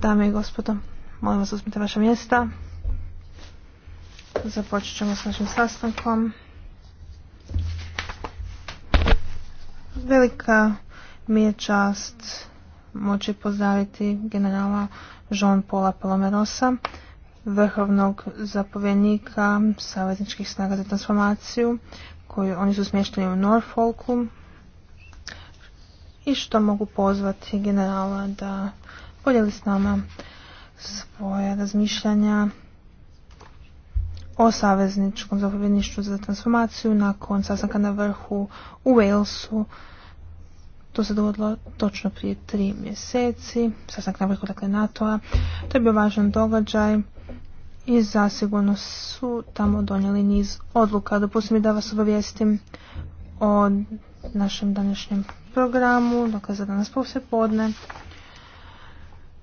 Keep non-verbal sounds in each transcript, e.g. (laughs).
Dame i gospodo, molim vas uzmite vaša mjesta. Započet ćemo s našim sastankom. Velika mi je čast moći pozdraviti generala Jean-Paula Palomerosa, vrhovnog zapovjednika savezničkih snaga za transformaciju, koji oni su smješteni u Norfolku, i što mogu pozvati generala da podijeli s nama svoje razmišljanja o savezničkom zapovjedništvu za transformaciju nakon sastanka na vrhu u Walesu. To se dogodilo točno prije tri mjeseci, sastanak na vrhu dakle NATO-a. To je bio važan događaj i zasigurno su tamo donijeli niz odluka. Dopustim mi da vas obavijestim o našem današnjem programu, dakle za danas povse podne.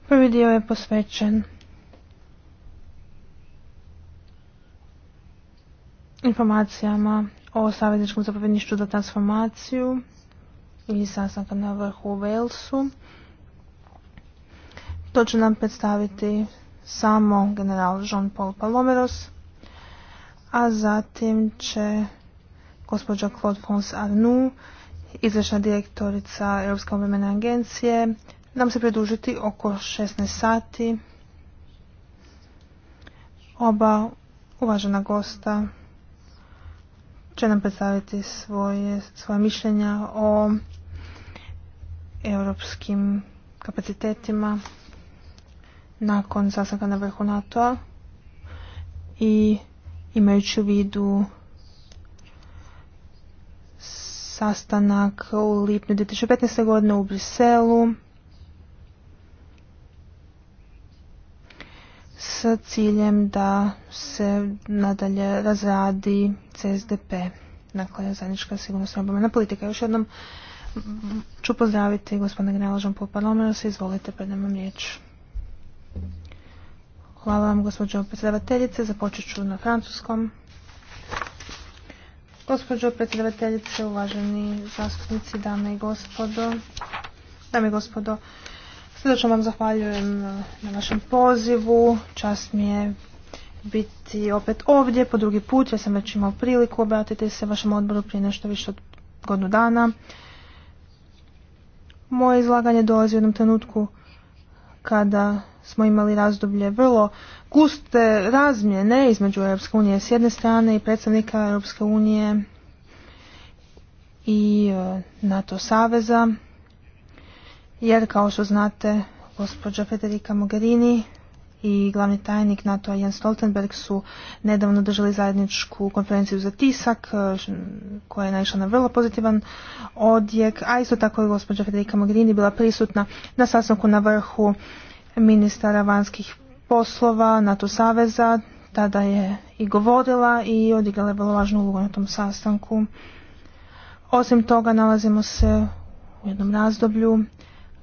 Prvi dio je posvećen informacijama o savjetničkom zapovjedništvu za transformaciju i sastanka na vrhu u Walesu. To će nam predstaviti samo general Jean-Paul Palomeros, a zatim će gospođa Claude France Arnoux izvršna direktorica Europske obrambene agencije nam se pridružiti oko 16 sati. Oba uvažena gosta će nam predstaviti svoje, mišljenja o europskim kapacitetima nakon sastanka na vrhu NATO-a i imajući u vidu sastanak u lipnju 2015. godine u Briselu s ciljem da se nadalje razradi CSDP, dakle zajednička sigurnosna obrambena politika. Još jednom ću pozdraviti gospodina generala Jean-Paul izvolite pred nama riječ. Hvala vam gospođo predsjedavateljice, započet ću na francuskom. Gospođo predsjedavateljice, uvaženi zastupnici, dame i gospodo, dame i gospodo, srdečno vam zahvaljujem na vašem pozivu, čast mi je biti opet ovdje po drugi put, ja sam već imao priliku obratiti se vašem odboru prije nešto više od godinu dana. Moje izlaganje dolazi u jednom trenutku kada smo imali razdoblje vrlo guste razmjene između Europske unije s jedne strane i predstavnika Europske unije i e, NATO saveza, jer kao što znate gospođa Federica Mogherini i glavni tajnik NATO Jens Stoltenberg su nedavno držali zajedničku konferenciju za tisak e, koja je naišla na vrlo pozitivan odjek, a isto tako je gospođa Federica Mogherini bila prisutna na sastanku na vrhu ministara vanjskih poslova NATO saveza tada je i govorila i odigrala je vrlo važnu ulogu na tom sastanku. Osim toga nalazimo se u jednom razdoblju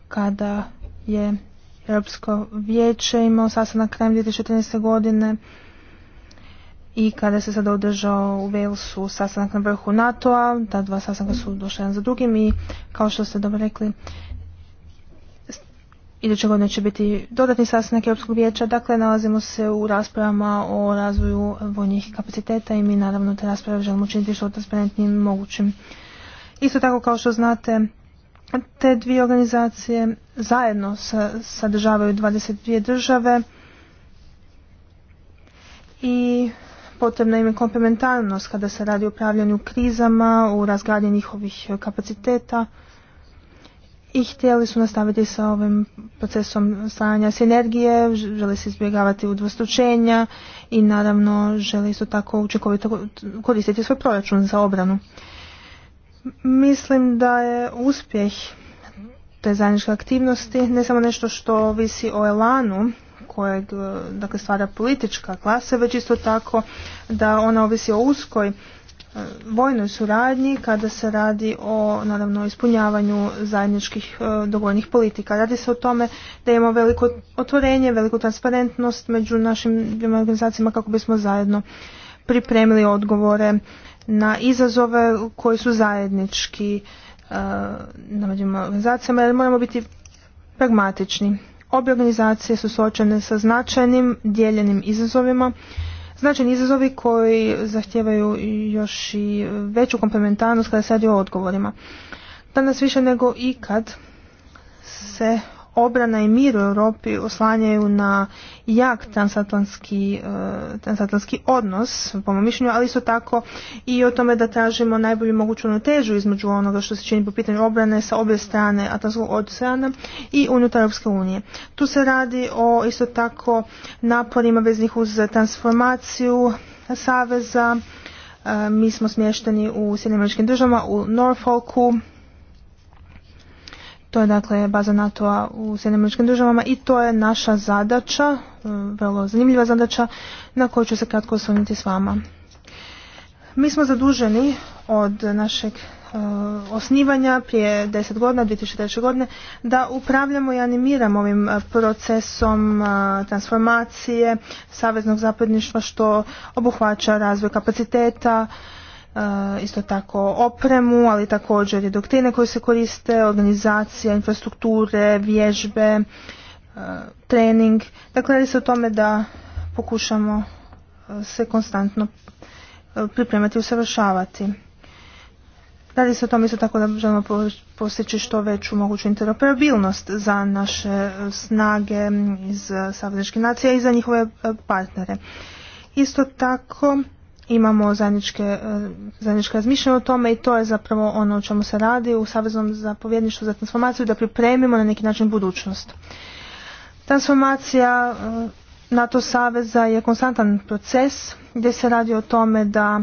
kada je Europsko vijeće imao sastanak krajem 2014. godine i kada se sada održao u Walesu sastanak na vrhu NATO-a, ta dva sastanka su došla jedan za drugim i kao što ste dobro rekli, Iduće godine će biti dodatni sastanak Europskog vijeća, dakle nalazimo se u raspravama o razvoju vojnih kapaciteta i mi naravno te rasprave želimo učiniti što transparentnim mogućim. Isto tako kao što znate, te dvije organizacije zajedno sadržavaju 22 države i potrebna im je komplementarnost kada se radi o upravljanju krizama, u razgradnji njihovih kapaciteta i htjeli su nastaviti sa ovim procesom stajanja sinergije, želi se izbjegavati udvostručenja i naravno želi isto tako učinkovito koristiti svoj proračun za obranu. Mislim da je uspjeh te zajedničke aktivnosti ne samo nešto što ovisi o elanu kojeg e, dakle, stvara politička klasa, već isto tako da ona ovisi o uskoj vojnoj suradnji kada se radi o naravno ispunjavanju zajedničkih e, dovoljnih politika. Radi se o tome da imamo veliko otvorenje, veliku transparentnost među našim organizacijama kako bismo zajedno pripremili odgovore na izazove koji su zajednički e, na organizacijama jer moramo biti pragmatični. Obje organizacije su suočene sa značajnim dijeljenim izazovima značajni izazovi koji zahtijevaju još i veću komplementarnost kada se radi o odgovorima. Danas više nego ikad se obrana i mir u Europi oslanjaju na jak e, transatlantski, odnos, po mom mišljenju, ali isto tako i o tome da tražimo najbolju moguću težu između onoga što se čini po pitanju obrane sa obje strane Atlantskog oceana i unutar Europske unije. Tu se radi o isto tako naporima veznih uz transformaciju saveza, e, mi smo smješteni u Sjedinim državama, u Norfolku, to je dakle baza NATO-a u Sjedinjeničkim državama i to je naša zadaća, e, vrlo zanimljiva zadaća na koju ću se kratko osvrnuti s vama. Mi smo zaduženi od našeg e, osnivanja prije 10 godina, 2003. godine, da upravljamo i animiramo ovim e, procesom transformacije saveznog zapadništva što obuhvaća razvoj kapaciteta, E, isto tako opremu, ali također i doktrine koje se koriste, organizacija, infrastrukture, vježbe, e, trening. Dakle, radi se o tome da pokušamo e, se konstantno pripremati i usavršavati. Radi se o tome isto tako da želimo postići što veću moguću interoperabilnost za naše snage iz savezničkih nacije i za njihove partnere. Isto tako imamo zajedničke, e, razmišljene o tome i to je zapravo ono o čemu se radi u Saveznom zapovjedništvu za transformaciju da pripremimo na neki način budućnost. Transformacija e, NATO saveza je konstantan proces gdje se radi o tome da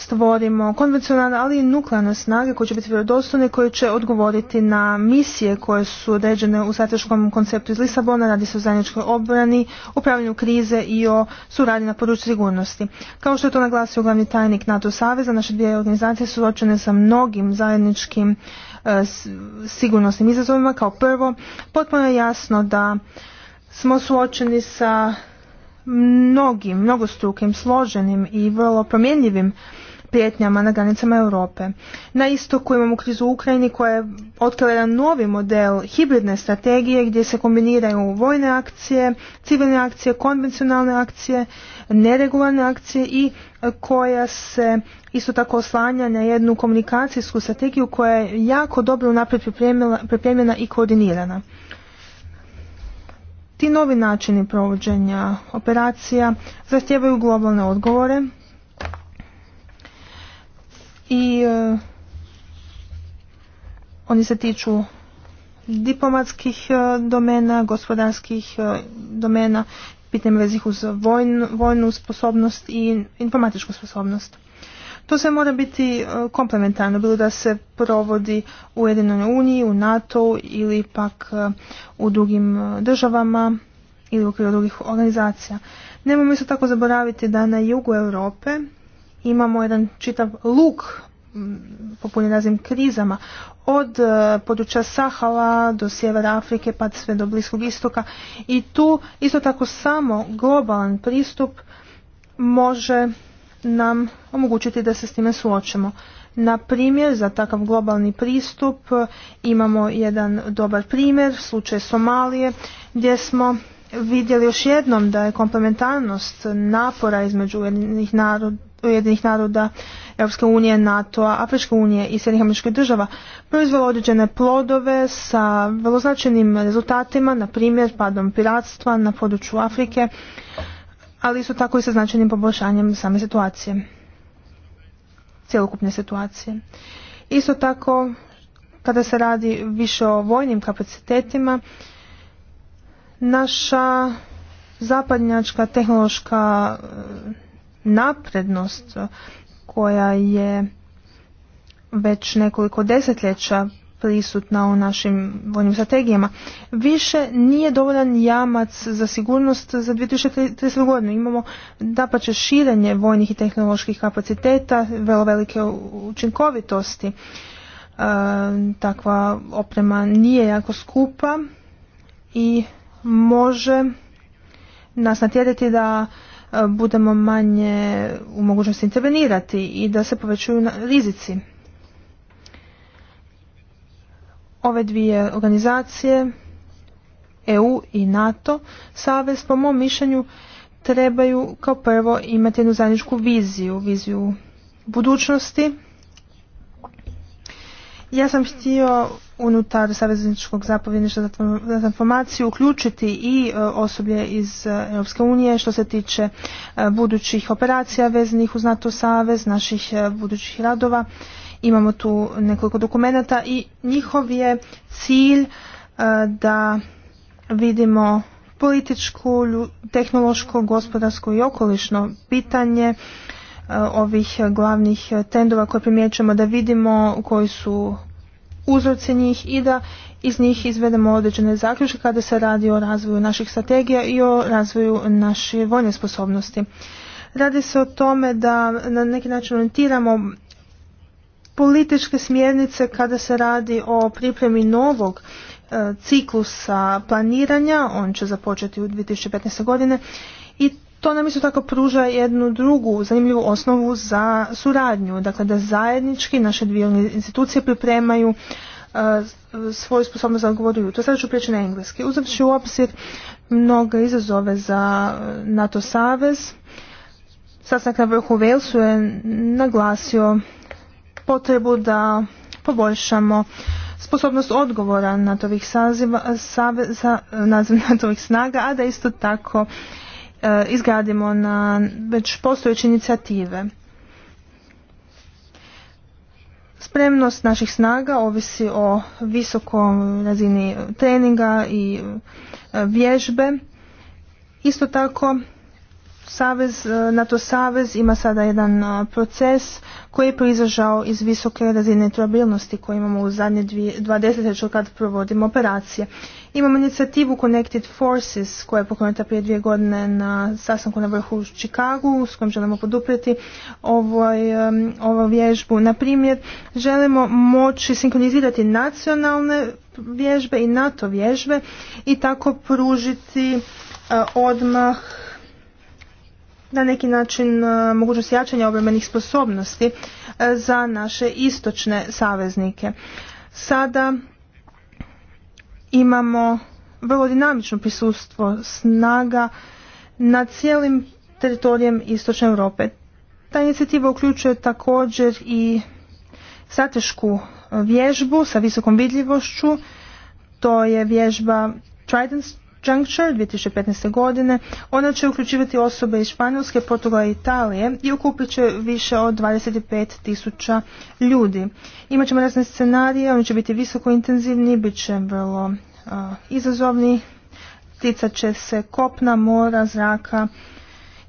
stvorimo konvencionalne, ali i nuklearne snage koje će biti vjerodostojne, koje će odgovoriti na misije koje su određene u strateškom konceptu iz Lisabona, radi se o zajedničkoj obrani, upravljanju krize i o suradnji na području sigurnosti. Kao što je to naglasio glavni tajnik NATO saveza, naše dvije organizacije su suočene sa mnogim zajedničkim e, sigurnosnim izazovima. Kao prvo, potpuno je jasno da smo suočeni sa mnogim, mnogostrukim, složenim i vrlo promjenljivim prijetnjama na granicama Europe. Na istoku imamo krizu u Ukrajini koja je otkrila jedan novi model hibridne strategije gdje se kombiniraju vojne akcije, civilne akcije, konvencionalne akcije, neregularne akcije i koja se isto tako oslanja na jednu komunikacijsku strategiju koja je jako dobro unaprijed pripremljena i koordinirana. Ti novi načini provođenja operacija zahtijevaju globalne odgovore i e, oni se tiču diplomatskih e, domena, gospodarskih e, domena, pitanje vezih uz vojnu sposobnost i informatičku sposobnost. To sve mora biti komplementarno, bilo da se provodi u Jedinoj uniji, u NATO ili pak u drugim državama ili u okviru drugih organizacija. Nemojmo isto tako zaboraviti da na jugu Europe imamo jedan čitav luk popunjen raznim krizama od e, područja Sahala do sjevera Afrike pa sve do Bliskog istoka i tu isto tako samo globalan pristup može nam omogućiti da se s time suočimo. Na primjer, za takav globalni pristup e, imamo jedan dobar primjer, slučaj Somalije, gdje smo vidjeli još jednom da je komplementarnost napora između jednih naroda Ujedinih naroda, Europske unije, NATO-a, Afričke unije i Sjednih američkih država proizvelo određene plodove sa vrlo značajnim rezultatima, na primjer padom piratstva na području Afrike, ali isto tako i sa značajnim poboljšanjem same situacije, cjelokupne situacije. Isto tako, kada se radi više o vojnim kapacitetima, naša zapadnjačka tehnološka naprednost koja je već nekoliko desetljeća prisutna u našim vojnim strategijama, više nije dovoljan jamac za sigurnost za 2030. godinu. Imamo dapače širenje vojnih i tehnoloških kapaciteta, velo velike učinkovitosti. E, takva oprema nije jako skupa i može nas natjeriti da budemo manje u mogućnosti intervenirati i da se povećuju rizici. Ove dvije organizacije, EU i NATO, Savez, po mom mišljenju, trebaju kao prvo imati jednu zajedničku viziju, viziju budućnosti ja sam htio unutar savezničkog zapovjedništva za informaciju uključiti i e, osoblje iz e, Europske unije što se tiče e, budućih operacija vezanih uz NATO savez, naših budućih radova. Imamo tu nekoliko dokumenata i njihov je cilj da vidimo političku, tehnološko, gospodarsko i okolišno pitanje E, ovih glavnih tendova koje primjećujemo, da vidimo koji su uzroci njih i da iz njih izvedemo određene zaključke kada se radi o razvoju naših strategija i o razvoju naše vojne sposobnosti. Radi se o tome da na neki način orientiramo političke smjernice kada se radi o pripremi novog e, ciklusa planiranja, on će započeti u 2015. godine to nam isto tako pruža jednu drugu zanimljivu osnovu za suradnju, dakle da zajednički naše dvije institucije pripremaju e, svoju sposobnost za odgovoru. To sada ću prijeći na engleski. Uzavši u obzir mnoge izazove za e, NATO savez, sastanak na vrhu Walesu je naglasio potrebu da poboljšamo sposobnost odgovora nato saziva, snaga, a da isto tako Eh, izgradimo na već postojeće inicijative. Spremnost naših snaga ovisi o visokom razini treninga i eh, vježbe. Isto tako Savez, e, NATO savez ima sada jedan e, proces koji je proizažao iz visoke razine trabilnosti koje imamo u zadnje dva desetljeća kad provodimo operacije. Imamo inicijativu Connected Forces koja je pokrenuta prije dvije godine na sastanku na vrhu u Čikagu s kojom želimo poduprijeti ovaj, ovu vježbu. Na primjer, želimo moći sinkronizirati nacionalne vježbe i NATO vježbe i tako pružiti odmah na neki način e, mogućnost jačanja obrambenih sposobnosti e, za naše istočne saveznike. Sada imamo vrlo dinamično prisustvo snaga na cijelim teritorijem istočne Europe. Ta inicijativa uključuje također i stratešku vježbu sa visokom vidljivošću. To je vježba Trident Juncture 2015. godine. Ona će uključivati osobe iz Španjolske, Portugala i Italije i okupit će više od 25 tisuća ljudi. Imaćemo razne scenarije, oni će biti visoko intenzivni, bit će vrlo izazovni, ticat će se kopna, mora, zraka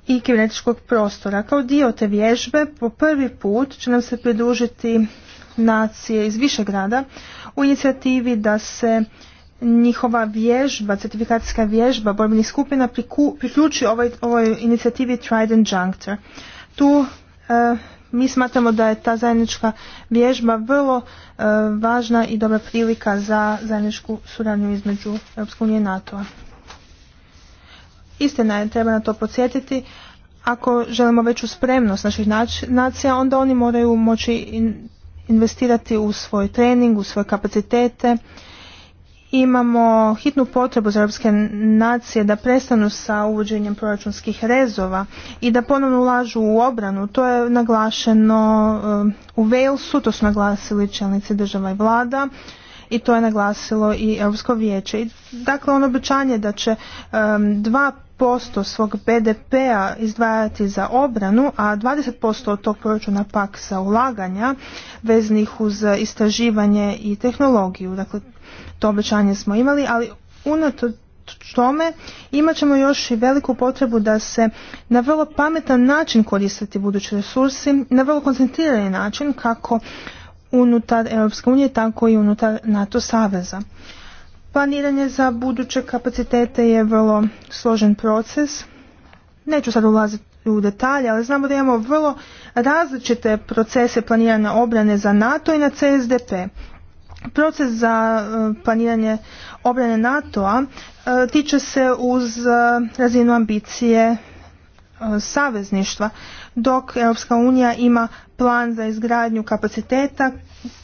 i kibernetičkog prostora. Kao dio te vježbe po prvi put će nam se pridružiti nacije iz više grada u inicijativi da se njihova vježba, certifikacijska vježba borbenih skupina priključi ovoj, ovoj inicijativi Trident Juncture. Tu e, mi smatramo da je ta zajednička vježba vrlo e, važna i dobra prilika za zajedničku suradnju između EU i NATO-a. Istina je, treba na to podsjetiti, ako želimo veću spremnost naših nacija, onda oni moraju moći investirati u svoj trening, u svoje kapacitete, imamo hitnu potrebu za europske nacije da prestanu sa uvođenjem proračunskih rezova i da ponovno ulažu u obranu. To je naglašeno um, u Walesu, to su naglasili čelnici država i vlada i to je naglasilo i Europsko vijeće. Dakle, ono obećanje da će um, dva posto svog BDP-a izdvajati za obranu, a 20% od tog proračuna pak za ulaganja veznih uz istraživanje i tehnologiju. Dakle, to obećanje smo imali, ali unatoč tome imat ćemo još i veliku potrebu da se na vrlo pametan način koristiti budući resursi, na vrlo koncentrirani način kako unutar Europske unije, tako i unutar NATO saveza. Planiranje za buduće kapacitete je vrlo složen proces. Neću sad ulaziti u detalje, ali znamo da imamo vrlo različite procese planiranja obrane za NATO i na CSDP. Proces za e, planiranje obrane NATO-a e, tiče se uz e, razinu ambicije savezništva, dok Europska unija ima plan za izgradnju kapaciteta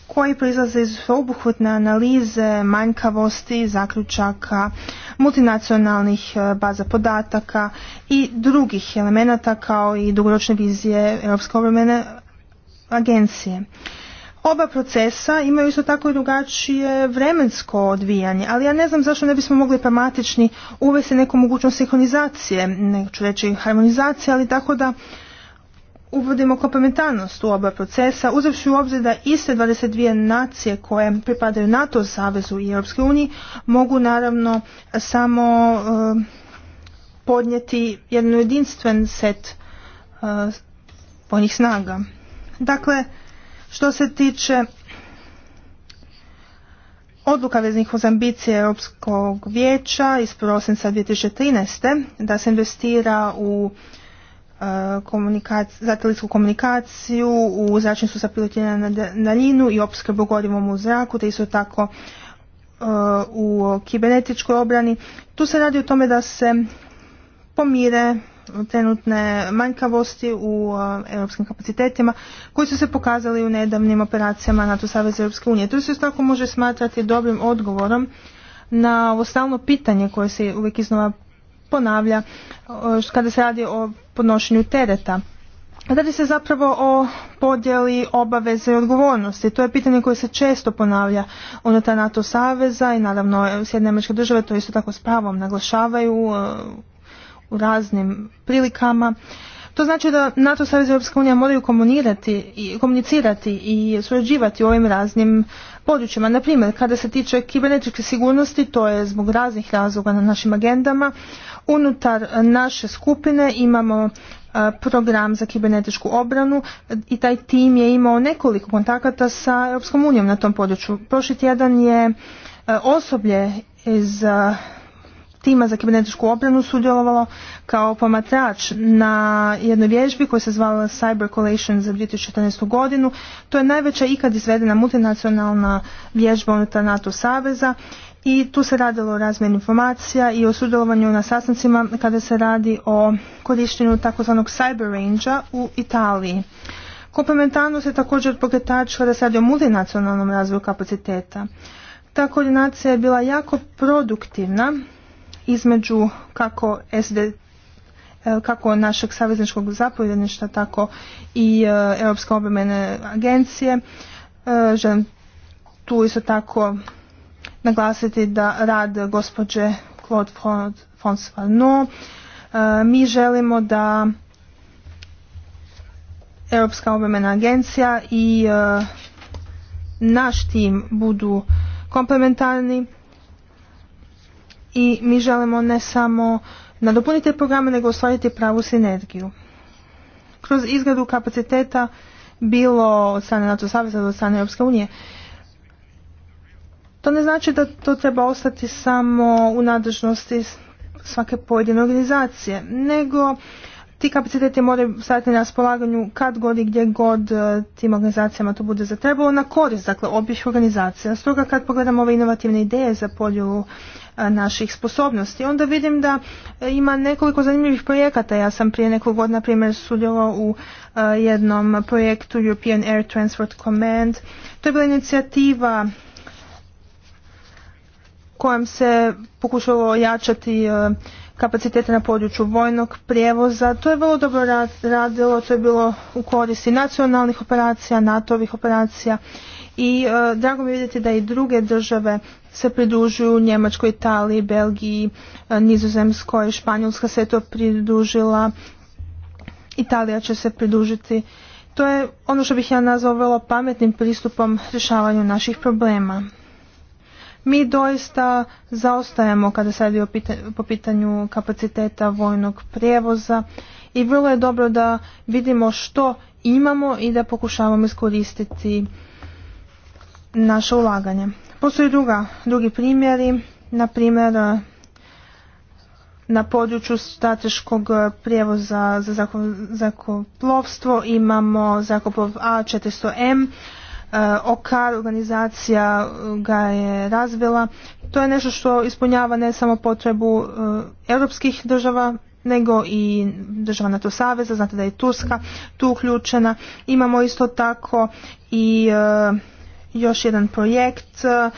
koji proizlaze iz obuhvatne analize manjkavosti, zaključaka, multinacionalnih baza podataka i drugih elemenata kao i dugoročne vizije Europske obrambene agencije. Oba procesa imaju isto tako i drugačije vremensko odvijanje, ali ja ne znam zašto ne bismo mogli pamatični uvesti neku mogućnost sinhronizacije, neću reći harmonizacije, ali tako da uvodimo komplementarnost u oba procesa, uzevši u obzir da iste 22 nacije koje pripadaju NATO savezu i Europske uniji mogu naravno samo eh, podnijeti jedan jedinstven set eh, onih snaga. Dakle, što se tiče odluka veznih uz ambicije Europskog vijeća iz prosinca 2013. da se investira u e, komunikac, komunikaciju, u zračni su pilotiranja na daljinu i opskrbu gorivom u zraku, te isto tako e, u kibernetičkoj obrani. Tu se radi o tome da se pomire trenutne manjkavosti u uh, europskim kapacitetima koji su se pokazali u nedavnim operacijama NATO Saveza Europske unije. To se tako može smatrati dobrim odgovorom na ovo stalno pitanje koje se uvijek iznova ponavlja uh, kada se radi o podnošenju tereta. Radi se zapravo o podjeli obaveze i odgovornosti. To je pitanje koje se često ponavlja unutar NATO saveza i naravno e, Sjedinjene američke države to isto tako s pravom naglašavaju e, u raznim prilikama. To znači da NATO Savez i Europska moraju komunirati i komunicirati i surađivati u ovim raznim područjima. Na primjer, kada se tiče kibernetičke sigurnosti, to je zbog raznih razloga na našim agendama. Unutar naše skupine imamo e, program za kibernetičku obranu i taj tim je imao nekoliko kontakata sa Europskom na tom području. Prošli tjedan je e, osoblje iz tima za kibernetičku obranu sudjelovalo kao pomatrač na jednoj vježbi koja se zvala Cyber Collation za 2014. godinu. To je najveća ikad izvedena multinacionalna vježba unutar NATO saveza i tu se radilo o informacija i o sudjelovanju na sastancima kada se radi o korištenju takozvanog cyber range u Italiji. Komplementarno se također pokretač kada se radi o multinacionalnom razvoju kapaciteta. Ta koordinacija je bila jako produktivna između kako SD e, kako našeg savezničkog zapovjedništva, tako i e, Europske obrambene agencije. E, želim tu isto tako naglasiti da rad gospođe Claude No. Mi želimo da Europska obrambena agencija i naš tim budu komplementarni i mi želimo ne samo nadopuniti programe, nego ostvariti pravu sinergiju. Kroz izgradu kapaciteta bilo od strane NATO saveza do strane Europske unije. To ne znači da to treba ostati samo u nadležnosti svake pojedine organizacije, nego ti kapaciteti moraju stati na raspolaganju kad god i gdje god e, tim organizacijama to bude zatrebalo na korist, dakle obih organizacija. Stoga kad pogledamo ove inovativne ideje za podjelu naših sposobnosti. Onda vidim da e, ima nekoliko zanimljivih projekata. Ja sam prije nekoliko godina, primjer, sudjelovala u e, jednom projektu European Air Transport Command. To je bila inicijativa kojom se pokušalo jačati e, kapacitete na području vojnog prijevoza. To je vrlo dobro radilo, to je bilo u koristi nacionalnih operacija, NATO-ovih operacija i e, drago mi vidjeti da i druge države se pridružuju Njemačkoj, Italiji, Belgiji, e, Nizozemskoj, Španjolska se to pridružila, Italija će se pridružiti. To je ono što bih ja nazvao vrlo pametnim pristupom rješavanju naših problema. Mi doista zaostajemo kada se radi po pitanju kapaciteta vojnog prijevoza i vrlo je dobro da vidimo što imamo i da pokušavamo iskoristiti naše ulaganje. Postoji druga, drugi primjeri, na primjer e, na području strateškog prijevoza za zakoplovstvo imamo zakoplov A400M, e, OKAR organizacija ga je razvila. To je nešto što ispunjava ne samo potrebu e, europskih država, nego i država NATO saveza, znate da je Turska tu uključena. Imamo isto tako i još jedan projekt e,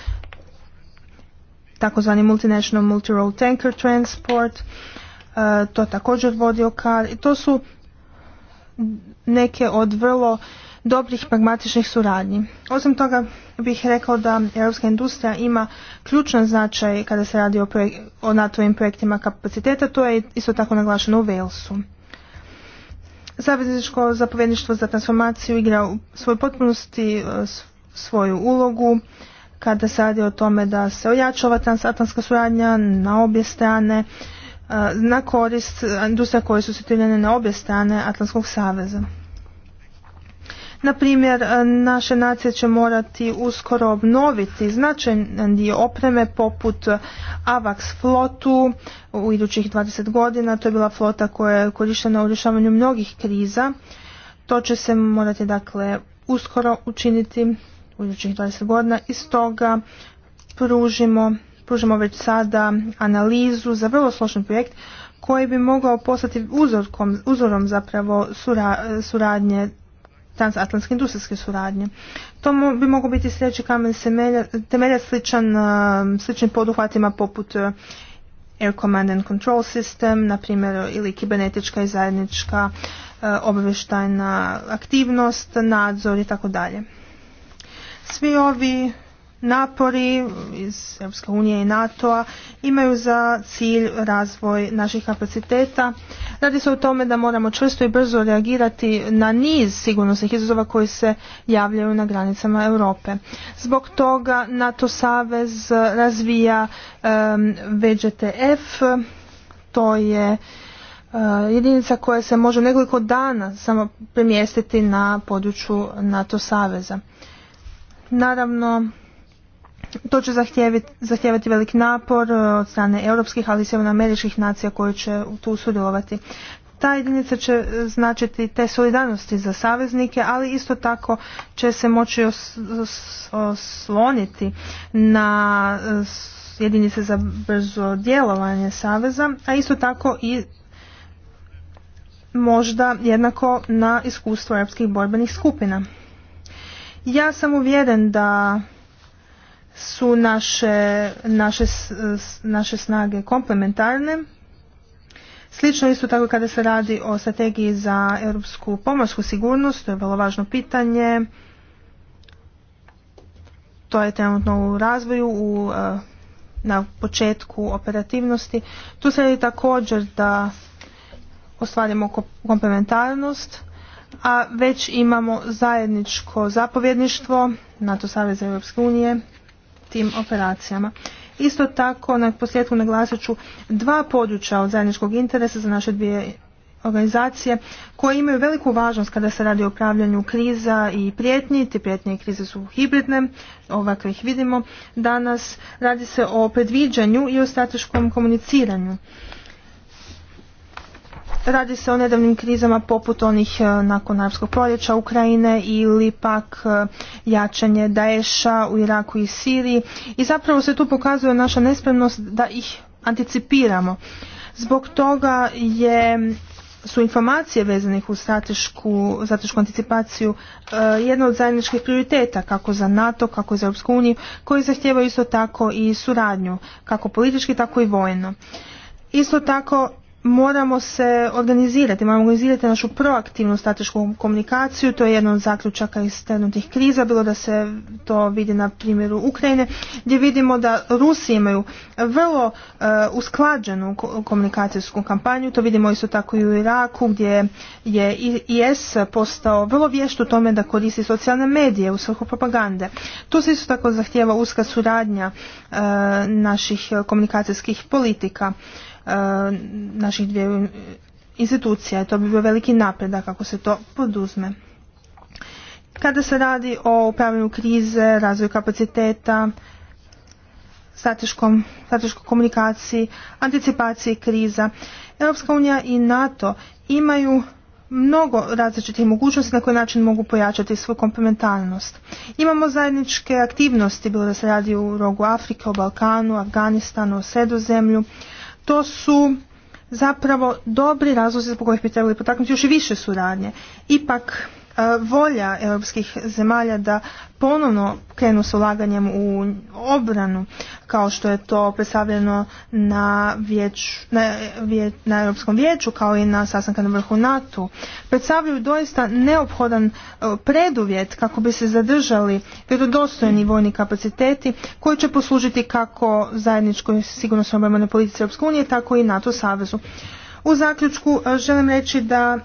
takozvani multinational multi-role tanker transport e, to također vodio okar i to su neke od vrlo dobrih pragmatičnih suradnji. Osim toga bih rekao da europska industrija ima ključan značaj kada se radi o, projek nato projektima kapaciteta, to je isto tako naglašeno u Walesu. Savezničko zapovjedništvo za transformaciju igra u svoj potpunosti e, svoju ulogu kada se radi o tome da se ojačava ova transatlantska suradnja na obje strane e, na korist industrija koje su situirane na obje strane Atlantskog saveza. Na primjer, e, naše nacije će morati uskoro obnoviti značajan dio opreme poput AVAX flotu u idućih 20 godina. To je bila flota koja je korištena u rješavanju mnogih kriza. To će se morati dakle uskoro učiniti u idućih 20 godina i stoga pružimo, pružimo već sada analizu za vrlo složen projekt koji bi mogao postati uzorkom, uzorom zapravo suradnje transatlantske industrijske suradnje. To bi mogao biti sljedeći kamen temelja sličan, um, sličnim poduhvatima poput uh, Air Command and Control System, na primjer, ili kibernetička i zajednička uh, obavještajna aktivnost, nadzor i tako dalje. Svi ovi napori iz Europske unije i NATO-a imaju za cilj razvoj naših kapaciteta. Radi se o tome da moramo čvrsto i brzo reagirati na niz sigurnosnih izazova koji se javljaju na granicama Europe. Zbog toga NATO savez razvija um, VGTF, to je eh, jedinica koja se može nekoliko dana samo premjestiti na području NATO saveza. Naravno, to će zahtijevati velik napor e, od strane europskih, ali i američkih nacija koje će tu sudjelovati. Ta jedinica će e, značiti te solidarnosti za saveznike, ali isto tako će se moći osloniti na e, jedinice za brzo djelovanje saveza, a isto tako i možda jednako na iskustvo europskih borbenih skupina. Ja sam uvjeren da su naše, naše, naše snage komplementarne. Slično isto tako kada se radi o strategiji za europsku pomorsku sigurnost, to je vrlo važno pitanje. To je trenutno u razvoju, u, e, na početku operativnosti. Tu se radi također da ostvarimo komplementarnost a već imamo zajedničko zapovjedništvo NATO Saveza Europske unije tim operacijama. Isto tako, na posljedku naglasit ću dva područja od zajedničkog interesa za naše dvije organizacije koje imaju veliku važnost kada se radi o upravljanju kriza i prijetnji. Te prijetnje i krize su hibridne, ovakve ih vidimo danas. Radi se o predviđanju i o strateškom komuniciranju. Radi se o nedavnim krizama poput onih e, nakon arapskog proljeća Ukrajine ili pak e, jačanje Daesha u Iraku i Siriji i zapravo se tu pokazuje naša nespremnost da ih anticipiramo. Zbog toga je su informacije vezanih u stratešku, stratešku anticipaciju e, jedno jedna od zajedničkih prioriteta kako za NATO, kako za Europsku uniju, koji zahtijevaju isto tako i suradnju, kako politički, tako i vojno. Isto tako moramo se organizirati, moramo organizirati našu proaktivnu stratešku komunikaciju, to je jedan od zaključaka iz trenutnih kriza, bilo da se to vidi na primjeru Ukrajine, gdje vidimo da Rusi imaju vrlo eh, usklađenu komunikacijsku kampanju, to vidimo isto tako i u Iraku gdje je IS postao vrlo vješt u tome da koristi socijalne medije u svrhu propagande. Tu se isto tako zahtjeva uska suradnja eh, naših komunikacijskih politika. E, naših dvije institucija. To bi bio veliki napredak ako se to poduzme. Kada se radi o upravljanju krize, razvoju kapaciteta, strateškoj komunikaciji, anticipaciji kriza, Europska unija i NATO imaju mnogo različitih mogućnosti na koji način mogu pojačati svoju komplementarnost. Imamo zajedničke aktivnosti, bilo da se radi u rogu Afrike, o Balkanu, Afganistanu, o Sredozemlju, to su zapravo dobri razlozi zbog kojih bi trebali potaknuti još i više suradnje. Ipak E, volja europskih zemalja da ponovno krenu s ulaganjem u obranu kao što je to predstavljeno na, na, Europskom vijeću kao i na sastanka na vrhu NATO predstavljaju doista neophodan e, preduvjet kako bi se zadržali vjerodostojni vojni kapaciteti koji će poslužiti kako zajedničkoj sigurnosno obrambenoj politici Europske unije tako i NATO savezu. U zaključku e, želim reći da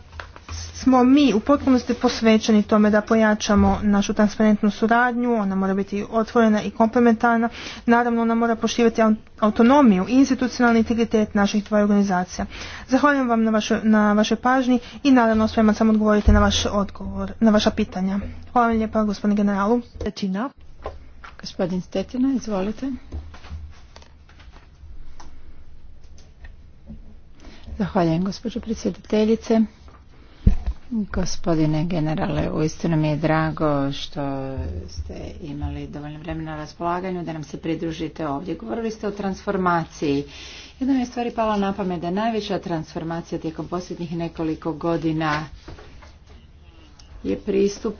smo mi u potpunosti posvećeni tome da pojačamo našu transparentnu suradnju, ona mora biti otvorena i komplementarna, naravno ona mora poštivati autonomiju i institucionalni integritet naših dva organizacija. Zahvaljujem vam na, vašoj pažnji i naravno spreman sam odgovoriti na vaš odgovor, na vaša pitanja. Hvala vam lijepa gospodine generalu. Stetina. Gospodin Stetina, izvolite. Zahvaljujem gospođo predsjedateljice. Gospodine generale, uistinu mi je drago što ste imali dovoljno vremena na raspolaganju da nam se pridružite ovdje. Govorili ste o transformaciji. Jedna mi je stvari pala na pamet da najveća transformacija tijekom posljednjih nekoliko godina je pristup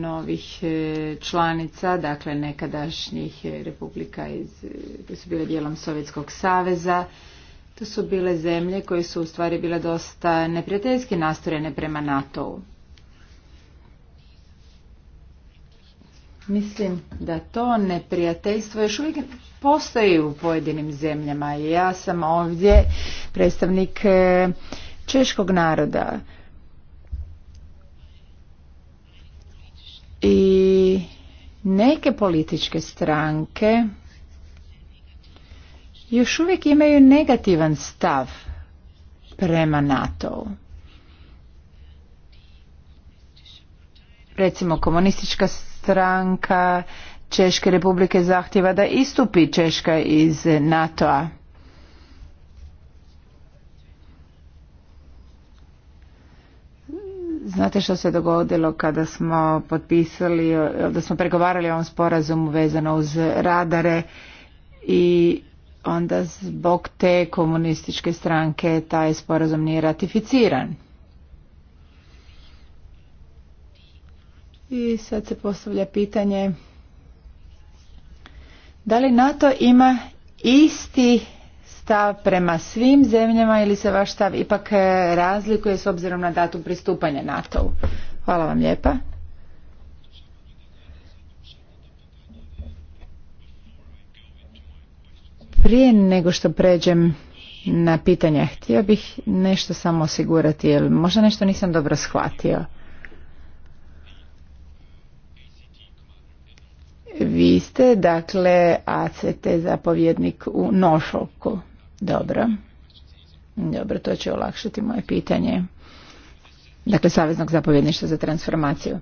novih e, članica, dakle nekadašnjih e, republika iz, e, koje su bile dijelom Sovjetskog saveza. To su bile zemlje koje su u stvari bile dosta neprijateljski nastrojene prema NATO-u. Mislim da to neprijateljstvo još uvijek postoji u pojedinim zemljama. Ja sam ovdje predstavnik e, češkog naroda. I neke političke stranke još uvijek imaju negativan stav prema NATO-u. Recimo komunistička stranka Češke republike zahtjeva da istupi Češka iz NATO-a. Znate što se dogodilo kada smo potpisali, da smo pregovarali o ovom sporazumu vezano uz radare i onda zbog te komunističke stranke taj sporazum nije ratificiran. I sad se postavlja pitanje da li NATO ima isti stav prema svim zemljama ili se vaš stav ipak eh, razlikuje s obzirom na datum pristupanja NATO-u? Hvala vam lijepa. Prije nego što pređem na pitanje, htio bih nešto samo osigurati, jer možda nešto nisam dobro shvatio. Vi ste, dakle, ACT zapovjednik u Nošoku. Dobro. Dobro, to će olakšati moje pitanje. Dakle, Saveznog zapovjedništva za transformaciju.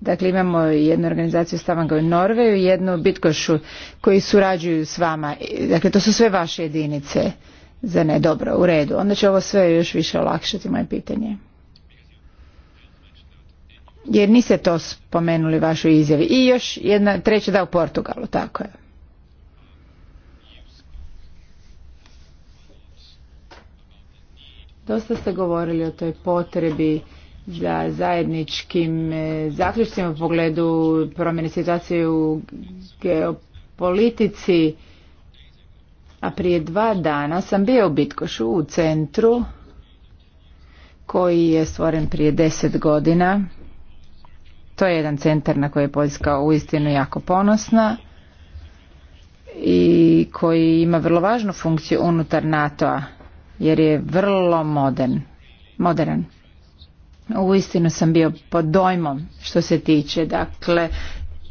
Dakle, imamo jednu organizaciju Stavanga u Norveju i jednu Bitkošu koji surađuju s vama. Dakle, to su sve vaše jedinice. Za ne, dobro, u redu. Onda će ovo sve još više olakšati moje pitanje. Jer niste to spomenuli vašoj izjavi. I još jedna, treća da u Portugalu, tako je. Dosta ste govorili o toj potrebi za zajedničkim e, zaključcima u pogledu promjene situacije u geopolitici. A prije dva dana sam bio u Bitkošu u centru koji je stvoren prije deset godina. To je jedan centar na koji je Poljska uistinu jako ponosna i koji ima vrlo važnu funkciju unutar NATO-a jer je vrlo modern, modern uistinu sam bio pod dojmom što se tiče dakle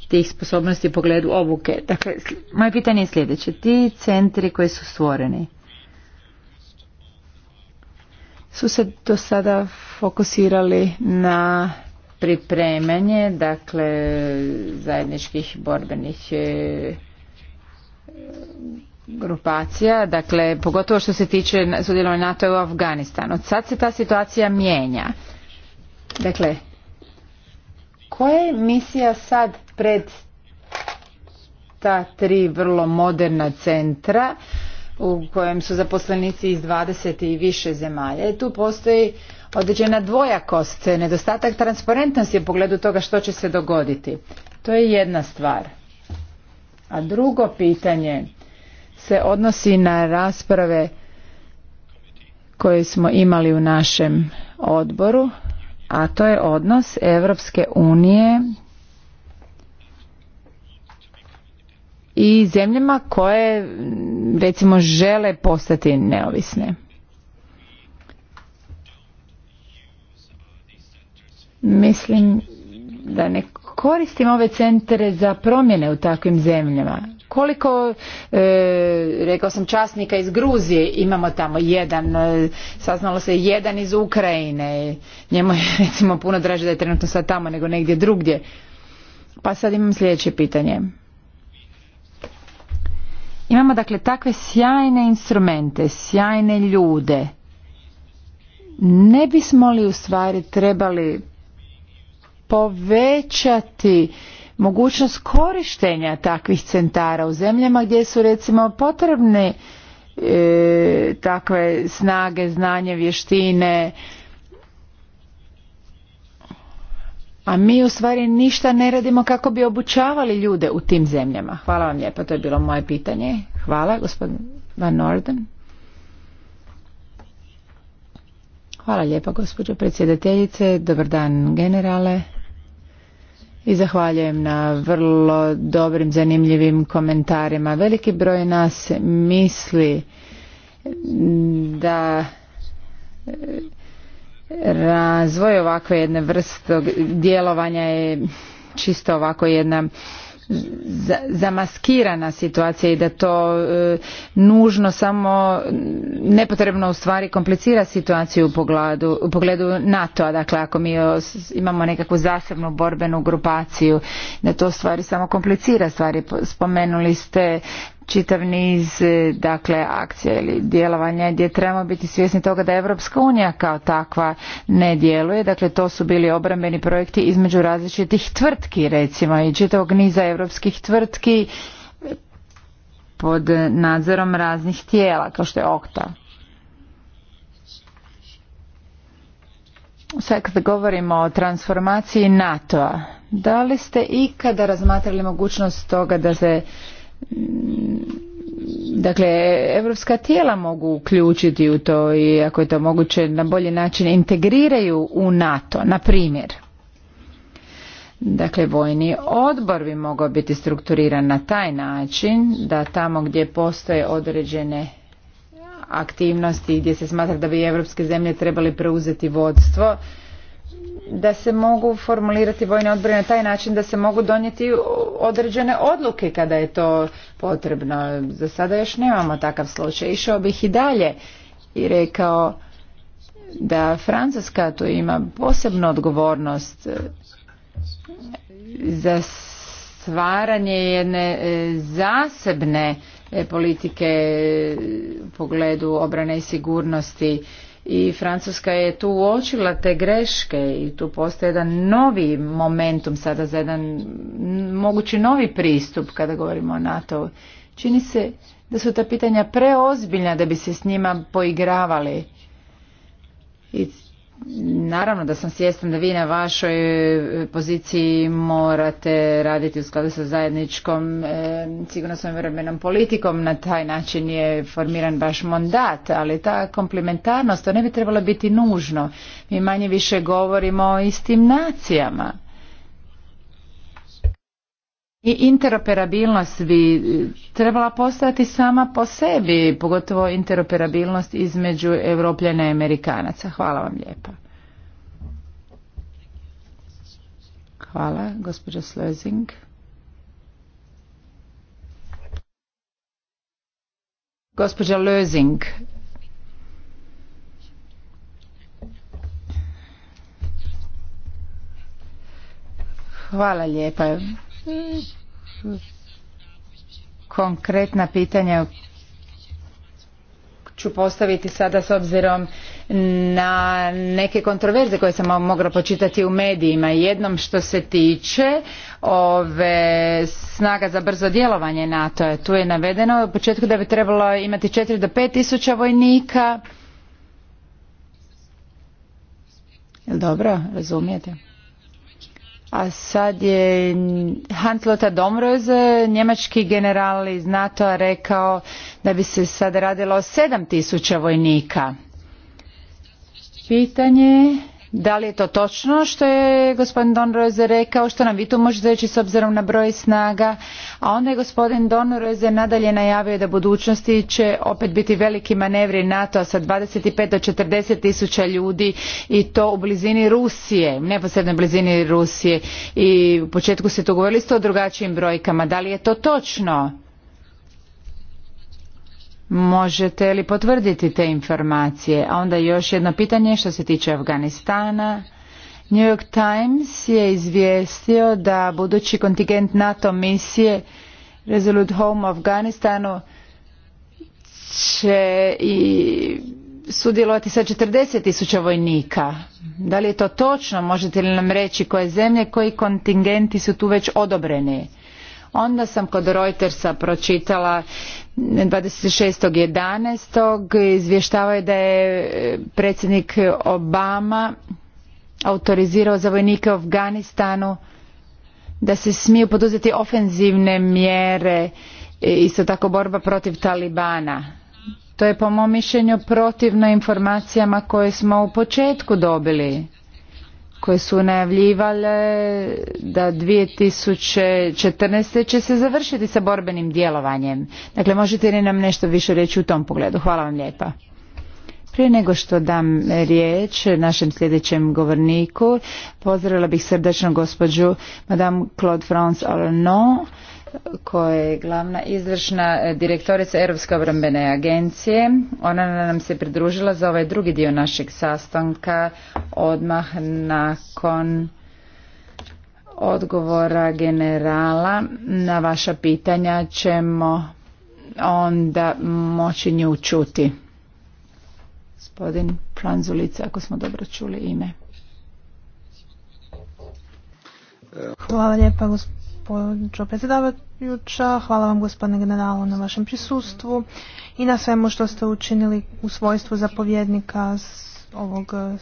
tih sposobnosti pogledu obuke. Dakle, moje pitanje je sljedeće. Ti centri koji su stvoreni su se do sada fokusirali na pripremanje, dakle, zajedničkih borbenih e, grupacija, dakle, pogotovo što se tiče sudjelovanja NATO u Afganistanu. Sad se ta situacija mijenja. Dakle, koja je misija sad pred ta tri vrlo moderna centra u kojem su zaposlenici iz 20 i više zemalja i tu postoji određena dvojakost, nedostatak transparentnosti u pogledu toga što će se dogoditi. To je jedna stvar. A drugo pitanje se odnosi na rasprave koje smo imali u našem odboru a to je odnos Evropske unije i zemljama koje recimo žele postati neovisne. Mislim da ne koristim ove centre za promjene u takvim zemljama koliko e, rekao sam časnika iz Gruzije imamo tamo jedan e, saznalo se jedan iz Ukrajine njemu je (laughs) recimo puno draže da je trenutno sad tamo nego negdje drugdje pa sad imam sljedeće pitanje imamo dakle takve sjajne instrumente sjajne ljude ne bismo li u stvari trebali povećati mogućnost korištenja takvih centara u zemljama gdje su recimo potrebne e, takve snage, znanje, vještine, a mi u stvari ništa ne radimo kako bi obučavali ljude u tim zemljama. Hvala vam lijepa, to je bilo moje pitanje. Hvala, gospodin Van Norden. Hvala lijepa, gospođo predsjedateljice. Dobar dan, generale i zahvaljujem na vrlo dobrim, zanimljivim komentarima. Veliki broj nas misli da razvoj ovakve jedne vrste djelovanja je čisto ovako jedna zamaskirana situacija i da to e, nužno samo nepotrebno u stvari komplicira situaciju u pogledu, u pogledu NATO-a. Dakle, ako mi imamo nekakvu zasebnu borbenu grupaciju, da to stvari samo komplicira stvari. Spomenuli ste čitav niz e, dakle akcija ili djelovanja gdje trebamo biti svjesni toga da Europska unija kao takva ne djeluje. Dakle, to su bili obrambeni projekti između različitih tvrtki recimo i čitavog niza europskih tvrtki pod nadzorom raznih tijela kao što je OKTA. Sad kad govorimo o transformaciji NATO-a, da li ste ikada razmatrali mogućnost toga da se Mm, dakle, evropska tijela mogu uključiti u to i ako je to moguće na bolji način integriraju u NATO, na primjer. Dakle, vojni odbor bi mogao biti strukturiran na taj način da tamo gdje postoje određene aktivnosti gdje se smatra da bi evropske zemlje trebali preuzeti vodstvo, da se mogu formulirati vojne odbore na taj način da se mogu donijeti određene odluke kada je to potrebno. Za sada još nemamo takav slučaj. Išao bih i dalje i rekao da Francuska tu ima posebnu odgovornost e, za stvaranje jedne e, zasebne e, politike u pogledu obrane i sigurnosti i Francuska je tu uočila te greške i tu postoji jedan novi momentum sada za jedan mogući novi pristup kada govorimo o NATO. Čini se da su ta pitanja preozbiljna da bi se s njima poigravali. I Naravno da sam svjestan da vi na vašoj e, poziciji morate raditi u skladu sa zajedničkom e, sigurno vremenom politikom, na taj način je formiran vaš mandat, ali ta komplementarnost to ne bi trebalo biti nužno. Mi manje više govorimo o istim nacijama i interoperabilnost bi eh, trebala postati sama po sebi, pogotovo interoperabilnost između Evropljana i Amerikanaca. Hvala vam lijepa. Hvala, gospođa Slezing. Gospođa Hvala lijepa konkretna pitanja ću postaviti sada s obzirom na neke kontroverze koje sam mogla počitati u medijima. Jednom što se tiče ove snaga za brzo djelovanje nato tu je navedeno u početku da bi trebalo imati 4 do 5 tisuća vojnika. Dobro, razumijete? A sad je Hans Lothar Domroze, njemački general iz nato rekao da bi se sad radilo o 7000 vojnika. Pitanje da li je to točno što je gospodin Don Roze rekao, što nam vi tu možete reći s obzirom na broj snaga, a onda je gospodin Don Roze nadalje najavio da budućnosti će opet biti veliki manevri nato sa 25 do 40 tisuća ljudi i to u blizini Rusije, neposrednoj blizini Rusije i u početku ste to govorili ste o drugačijim brojkama, da li je to točno? Možete li potvrditi te informacije? A onda još jedno pitanje što se tiče Afganistana. New York Times je izvijestio da budući kontingent NATO misije Resolute Home Afganistanu će i sudjelovati sa 40 tisuća vojnika. Da li je to točno? Možete li nam reći koje zemlje, koji kontingenti su tu već odobreni? Onda sam kod Reutersa pročitala 26.11. je da je eh, predsjednik Obama autorizirao za vojnike u Afganistanu da se smiju poduzeti ofenzivne mjere eh, isto tako borba protiv Talibana. To je po mom mišljenju protivno informacijama koje smo u početku dobili koje su najavljivale da 2014. će se završiti sa borbenim djelovanjem. Dakle, možete li nam nešto više reći u tom pogledu? Hvala vam lijepa. Prije nego što dam riječ našem sljedećem govorniku, pozdravila bih srdečno gospođu Madame Claude France Arnaud, koja je glavna izvršna direktorica Europske obrambene agencije. Ona nam se pridružila za ovaj drugi dio našeg sastanka odmah nakon odgovora generala na vaša pitanja ćemo onda moći nju čuti. Gospodin Pranzulica, ako smo dobro čuli ime. Hvala lijepa, gospođo predsjedavajuća. Hvala vam gospodine generalu na vašem prisustvu i na svemu što ste učinili u svojstvu zapovjednika ovog eh,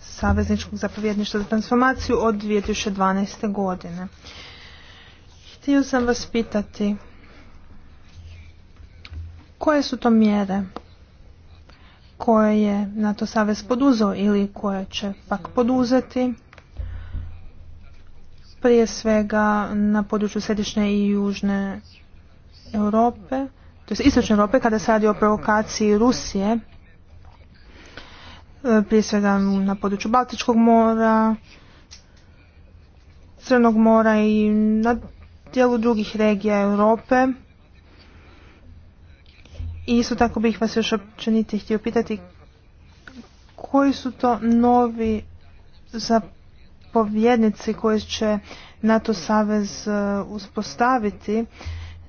savezničkog zapovjedništva za transformaciju od 2012. godine. Htio sam vas pitati koje su to mjere koje je NATO savez poduzeo ili koje će pak poduzeti prije svega na području središnje i južne Europe, to je istočne Europe kada se radi o provokaciji Rusije, e, prije svega na području Baltičkog mora, Crnog mora i na dijelu drugih regija Europe. I isto tako bih vas još općenite htio pitati koji su to novi za zapovjednici koji će NATO savez e, uspostaviti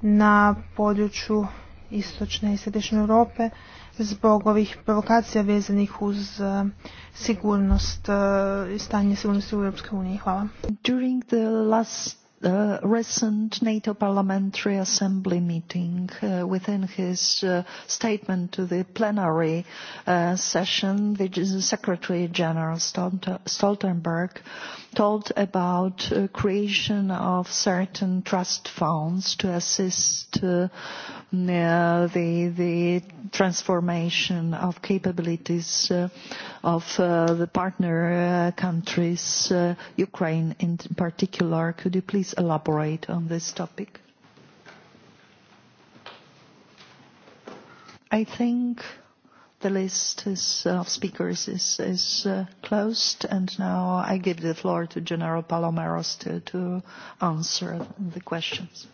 na području istočne i središnje Europe zbog ovih provokacija vezanih uz e, sigurnost e, i stanje sigurnosti u Europskoj uniji. Hvala. During the last the recent NATO Parliamentary Assembly meeting uh, within his uh, statement to the plenary uh, session, the Secretary General Stoltenberg told about uh, creation of certain trust funds to assist uh, mm, uh, the, the transformation of capabilities uh, of the partner countries, Ukraine in particular. Could you please elaborate on this topic? I think The list is, uh, of speakers is, is uh, closed, and now I give the floor to General Palomeros to, to answer the questions.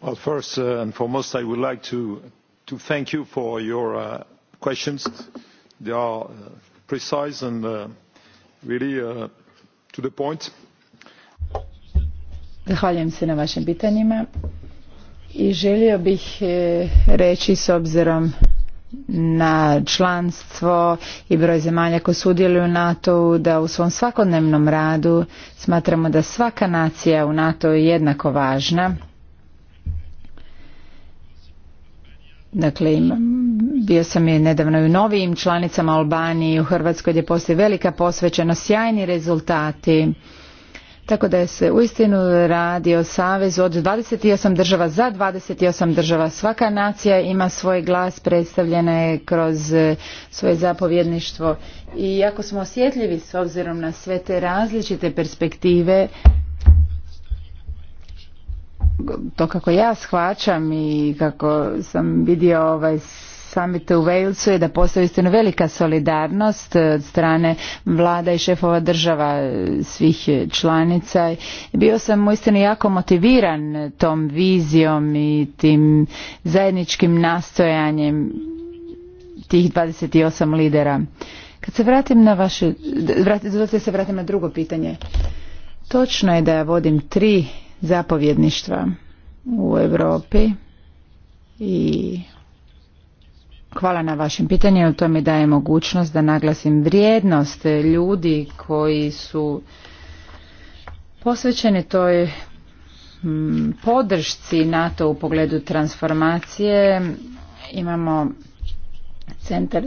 Well, first uh, and foremost, I would like to, to thank you for your uh, questions. They are uh, precise and really to the point. Zahvaljujem se na vašim pitanjima i želio bih e, reći s obzirom na članstvo i broj zemalja koji sudjeluju u NATO-u, da u svom svakodnevnom radu smatramo da svaka nacija u nato je jednako važna. Dakle, bio sam i nedavno i u novijim članicama Albanije i u Hrvatskoj gdje postoji velika posvećenost, sjajni rezultati tako da se uistinu radi o savezu od 28 država za 28 država. Svaka nacija ima svoj glas, predstavljena je kroz e, svoje zapovjedništvo. I jako smo osjetljivi s obzirom na sve te različite perspektive, to kako ja shvaćam i kako sam vidio ovaj samite u Walesu je da postoji istinu velika solidarnost eh, od strane vlada i šefova država eh, svih eh, članica. Bio sam uistinu jako motiviran tom vizijom i tim zajedničkim nastojanjem tih 28 lidera. Kad se vratim na vaše, vrat, se vratim na drugo pitanje. Točno je da ja vodim tri zapovjedništva u Europi i Hvala na vašem pitanju, to mi daje mogućnost da naglasim vrijednost ljudi koji su posvećeni toj mm, podršci NATO u pogledu transformacije. Imamo centar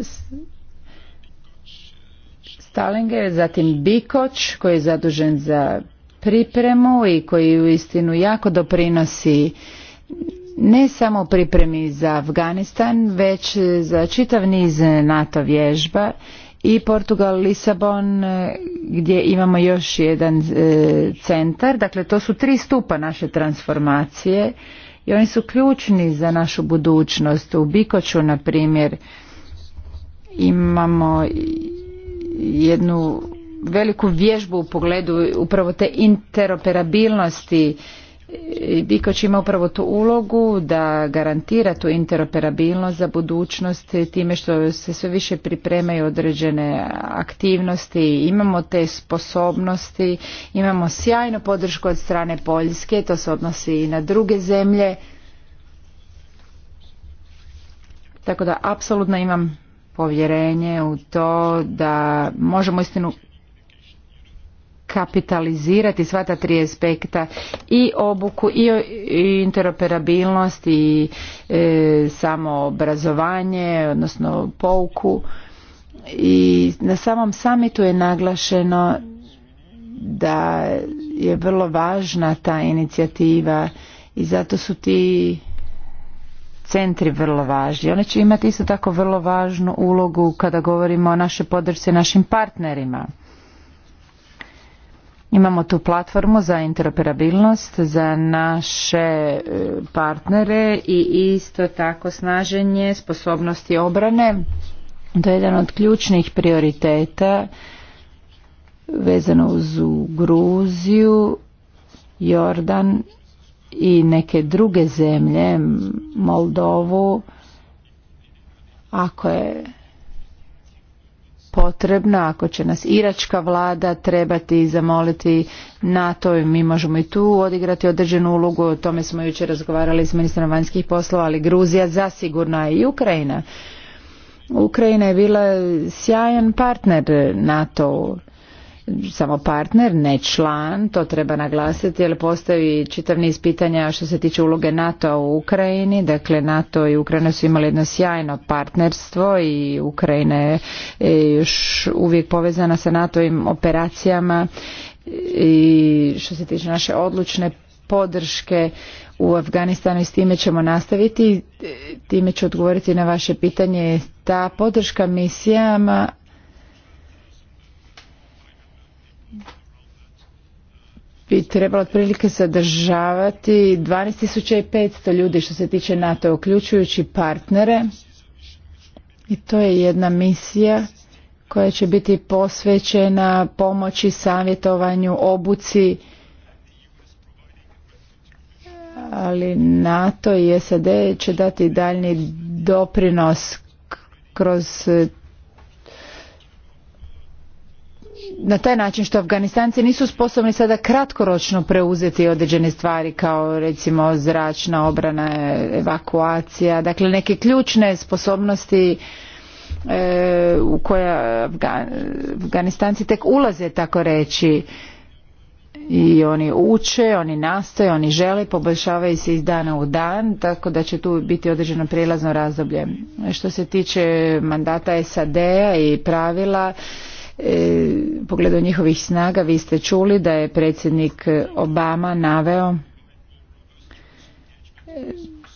Stalinger, zatim Bikoć koji je zadužen za pripremu i koji u istinu jako doprinosi ne samo pripremi za Afganistan, već za čitav niz NATO vježba i Portugal Lisabon e, gdje imamo još jedan e, centar. Dakle, to su tri stupa naše transformacije i oni su ključni za našu budućnost. U Bikoću, na primjer, imamo jednu veliku vježbu u pogledu upravo te interoperabilnosti Bikoć ima upravo tu ulogu da garantira tu interoperabilnost za budućnost time što se sve više pripremaju određene aktivnosti, imamo te sposobnosti, imamo sjajnu podršku od strane Poljske, to se odnosi i na druge zemlje. Tako da apsolutno imam povjerenje u to da možemo istinu kapitalizirati sva ta tri aspekta i obuku i interoperabilnost i e, samo obrazovanje odnosno pouku i na samom samitu je naglašeno da je vrlo važna ta inicijativa i zato su ti centri vrlo važni. Oni će imati isto tako vrlo važnu ulogu kada govorimo o našoj podršci našim partnerima. Imamo tu platformu za interoperabilnost za naše e, partnere i isto tako snaženje sposobnosti obrane. To je jedan od ključnih prioriteta vezano uz Gruziju, Jordan i neke druge zemlje, Moldovu, ako je potrebna, ako će nas iračka vlada trebati zamoliti NATO, i mi možemo i tu odigrati određenu ulogu, o tome smo jučer razgovarali s ministrom vanjskih poslova, ali Gruzija zasigurno je i Ukrajina. Ukrajina je bila sjajan partner NATO samo partner, ne član, to treba naglasiti, jer postoji čitav niz pitanja što se tiče uloge NATO u Ukrajini, dakle NATO i Ukrajina su imali jedno sjajno partnerstvo i Ukrajina je e, još uvijek povezana sa NATO-im operacijama i što se tiče naše odlučne podrške u Afganistanu i s time ćemo nastaviti. E, time ću odgovoriti na vaše pitanje. Ta podrška misijama bi trebalo otprilike sadržavati 12.500 ljudi što se tiče NATO, uključujući partnere. I to je jedna misija koja će biti posvećena pomoći, savjetovanju, obuci, ali NATO i SAD će dati daljni doprinos kroz na taj način što Afganistanci nisu sposobni sada kratkoročno preuzeti određene stvari kao recimo zračna obrana, evakuacija, dakle neke ključne sposobnosti e, u koja Afganistanci tek ulaze tako reći i oni uče, oni nastoje, oni žele, poboljšavaju se iz dana u dan, tako da će tu biti određeno prijelazno razdoblje. Što se tiče mandata SAD-a i pravila, E, u pogledu njihovih snaga vi ste čuli da je predsjednik Obama naveo e,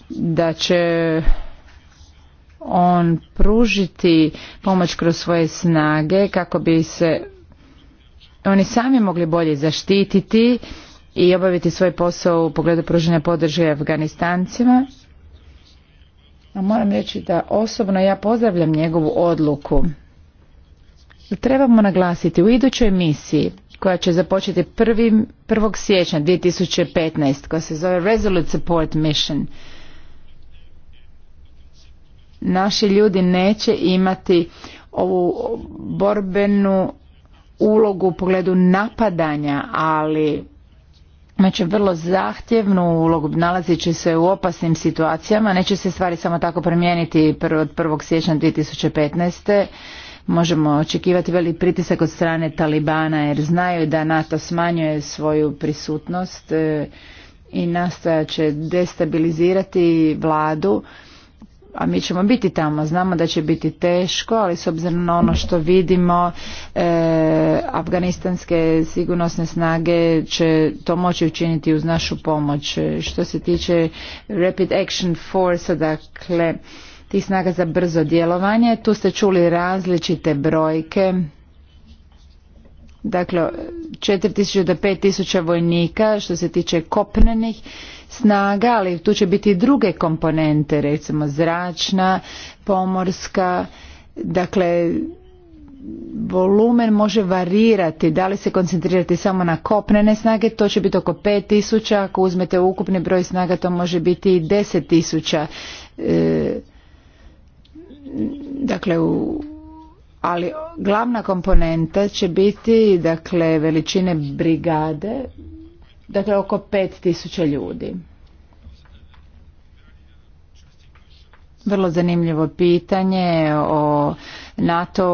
da će on pružiti pomoć kroz svoje snage kako bi se oni sami mogli bolje zaštititi i obaviti svoj posao u pogledu pružanja podrške Afganistancima. A moram reći da osobno ja pozdravljam njegovu odluku trebamo naglasiti u idućoj misiji koja će započeti 1. 1. 2015 koja se zove Resolute Support Mission naši ljudi neće imati ovu borbenu ulogu u pogledu napadanja, ali će vrlo zahtjevnu ulogu nalazit će se u opasnim situacijama, neće se stvari samo tako promijeniti od 1. siječnja 2015 možemo očekivati veliki pritisak od strane Talibana jer znaju da NATO smanjuje svoju prisutnost e, i nastoja će destabilizirati vladu a mi ćemo biti tamo, znamo da će biti teško, ali s obzirom na ono što vidimo, e, afganistanske sigurnosne snage će to moći učiniti uz našu pomoć. E, što se tiče Rapid Action Force, dakle, tih snaga za brzo djelovanje. Tu ste čuli različite brojke. Dakle, 4000 do 5000 vojnika što se tiče kopnenih snaga, ali tu će biti i druge komponente, recimo zračna, pomorska, dakle volumen može varirati, da li se koncentrirati samo na kopnene snage, to će biti oko 5000, ako uzmete ukupni broj snaga to može biti i 10.000 e, dakle u ali glavna komponenta će biti dakle veličine brigade dakle oko 5000 ljudi Vrlo zanimljivo pitanje o NATO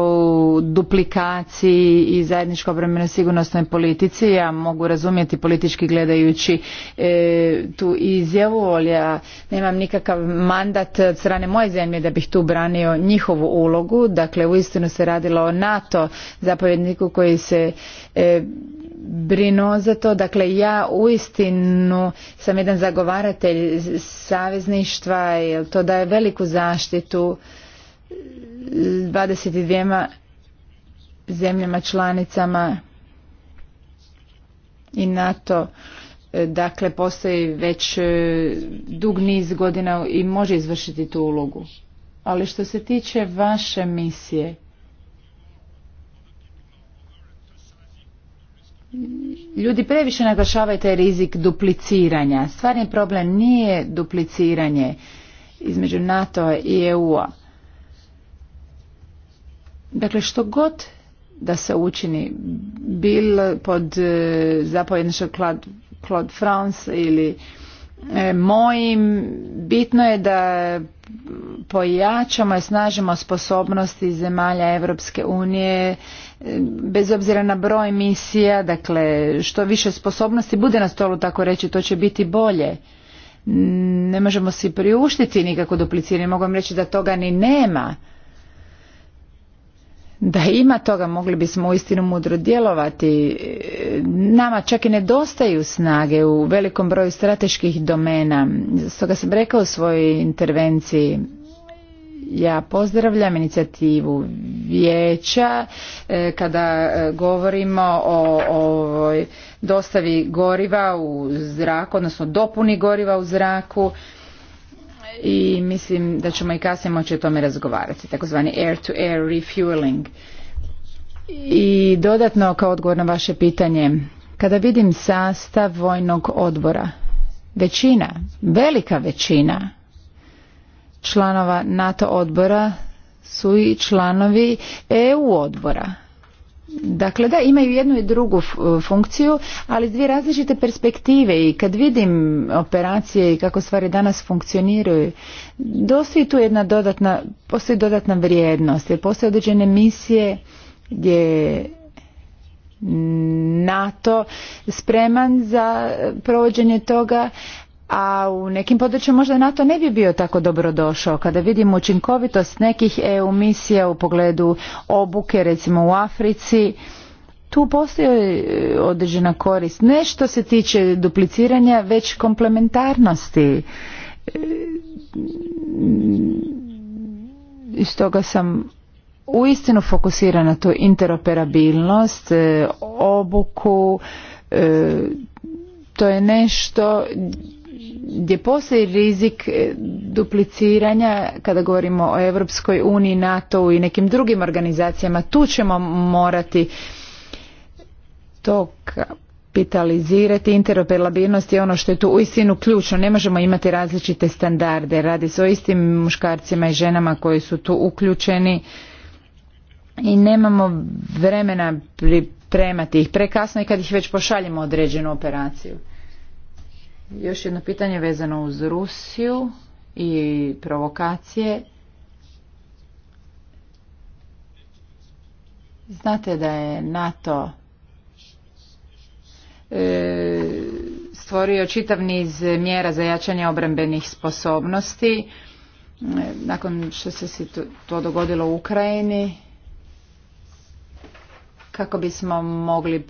duplikaciji i zajedničko obrambeno sigurnosnoj politici. Ja mogu razumjeti politički gledajući e, tu izjavu, ali ja nemam nikakav mandat od strane moje zemlje da bih tu branio njihovu ulogu. Dakle, uistinu se radilo o NATO zapovjedniku koji se e, brino za to. Dakle, ja uistinu sam jedan zagovaratelj savezništva jer to daje veliku zaštitu 22 zemljama članicama i NATO dakle postoji već e, dug niz godina i može izvršiti tu ulogu. Ali što se tiče vaše misije ljudi previše naglašavaju taj rizik dupliciranja. Stvarni problem nije dupliciranje između NATO i EU-a. Dakle, što god da se učini, bil pod e, klod Claude, France ili e, mojim, bitno je da pojačamo i snažimo sposobnosti zemalja Europske unije bez obzira na broj misija, dakle što više sposobnosti bude na stolu tako reći, to će biti bolje. Ne možemo si priuštiti nikako dupliciranje, mogu vam reći da toga ni nema. Da ima toga mogli bismo uistinu mudro djelovati. Nama čak i nedostaju snage u velikom broju strateških domena. Stoga sam rekao u svojoj intervenciji ja pozdravljam inicijativu vijeća e, kada e, govorimo o ovoj dostavi goriva u zraku, odnosno dopuni goriva u zraku i mislim da ćemo i kasnije moći o tome razgovarati, takozvani air to air refueling. I dodatno kao odgovor na vaše pitanje, kada vidim sastav vojnog odbora, većina, velika većina članova NATO odbora su i članovi EU odbora. Dakle, da, imaju jednu i drugu e, funkciju, ali dvije različite perspektive i kad vidim operacije i kako stvari danas funkcioniraju, dosti tu jedna dodatna, postoji dodatna vrijednost, jer postoje određene misije gdje NATO spreman za provođenje toga, a u nekim područjima možda NATO ne bi bio tako dobro došao. Kada vidimo učinkovitost nekih EU misija u pogledu obuke, recimo u Africi, tu postoji e, određena korist. Ne što se tiče dupliciranja, već komplementarnosti. E, iz stoga sam uistinu fokusira na tu interoperabilnost, e, obuku, to je nešto gdje postoji rizik e, dupliciranja kada govorimo o Europskoj uniji, nato i nekim drugim organizacijama, tu ćemo morati to kapitalizirati. Interoperabilnost je ono što je tu uistinu ključno. Ne možemo imati različite standarde. Radi se o istim muškarcima i ženama koji su tu uključeni i nemamo vremena pripremati ih prekasno i kad ih već pošaljemo određenu operaciju. Još jedno pitanje vezano uz Rusiju i provokacije. Znate da je NATO e, stvorio čitav niz mjera za jačanje obrambenih sposobnosti. E, nakon što se to dogodilo u Ukrajini, kako bismo mogli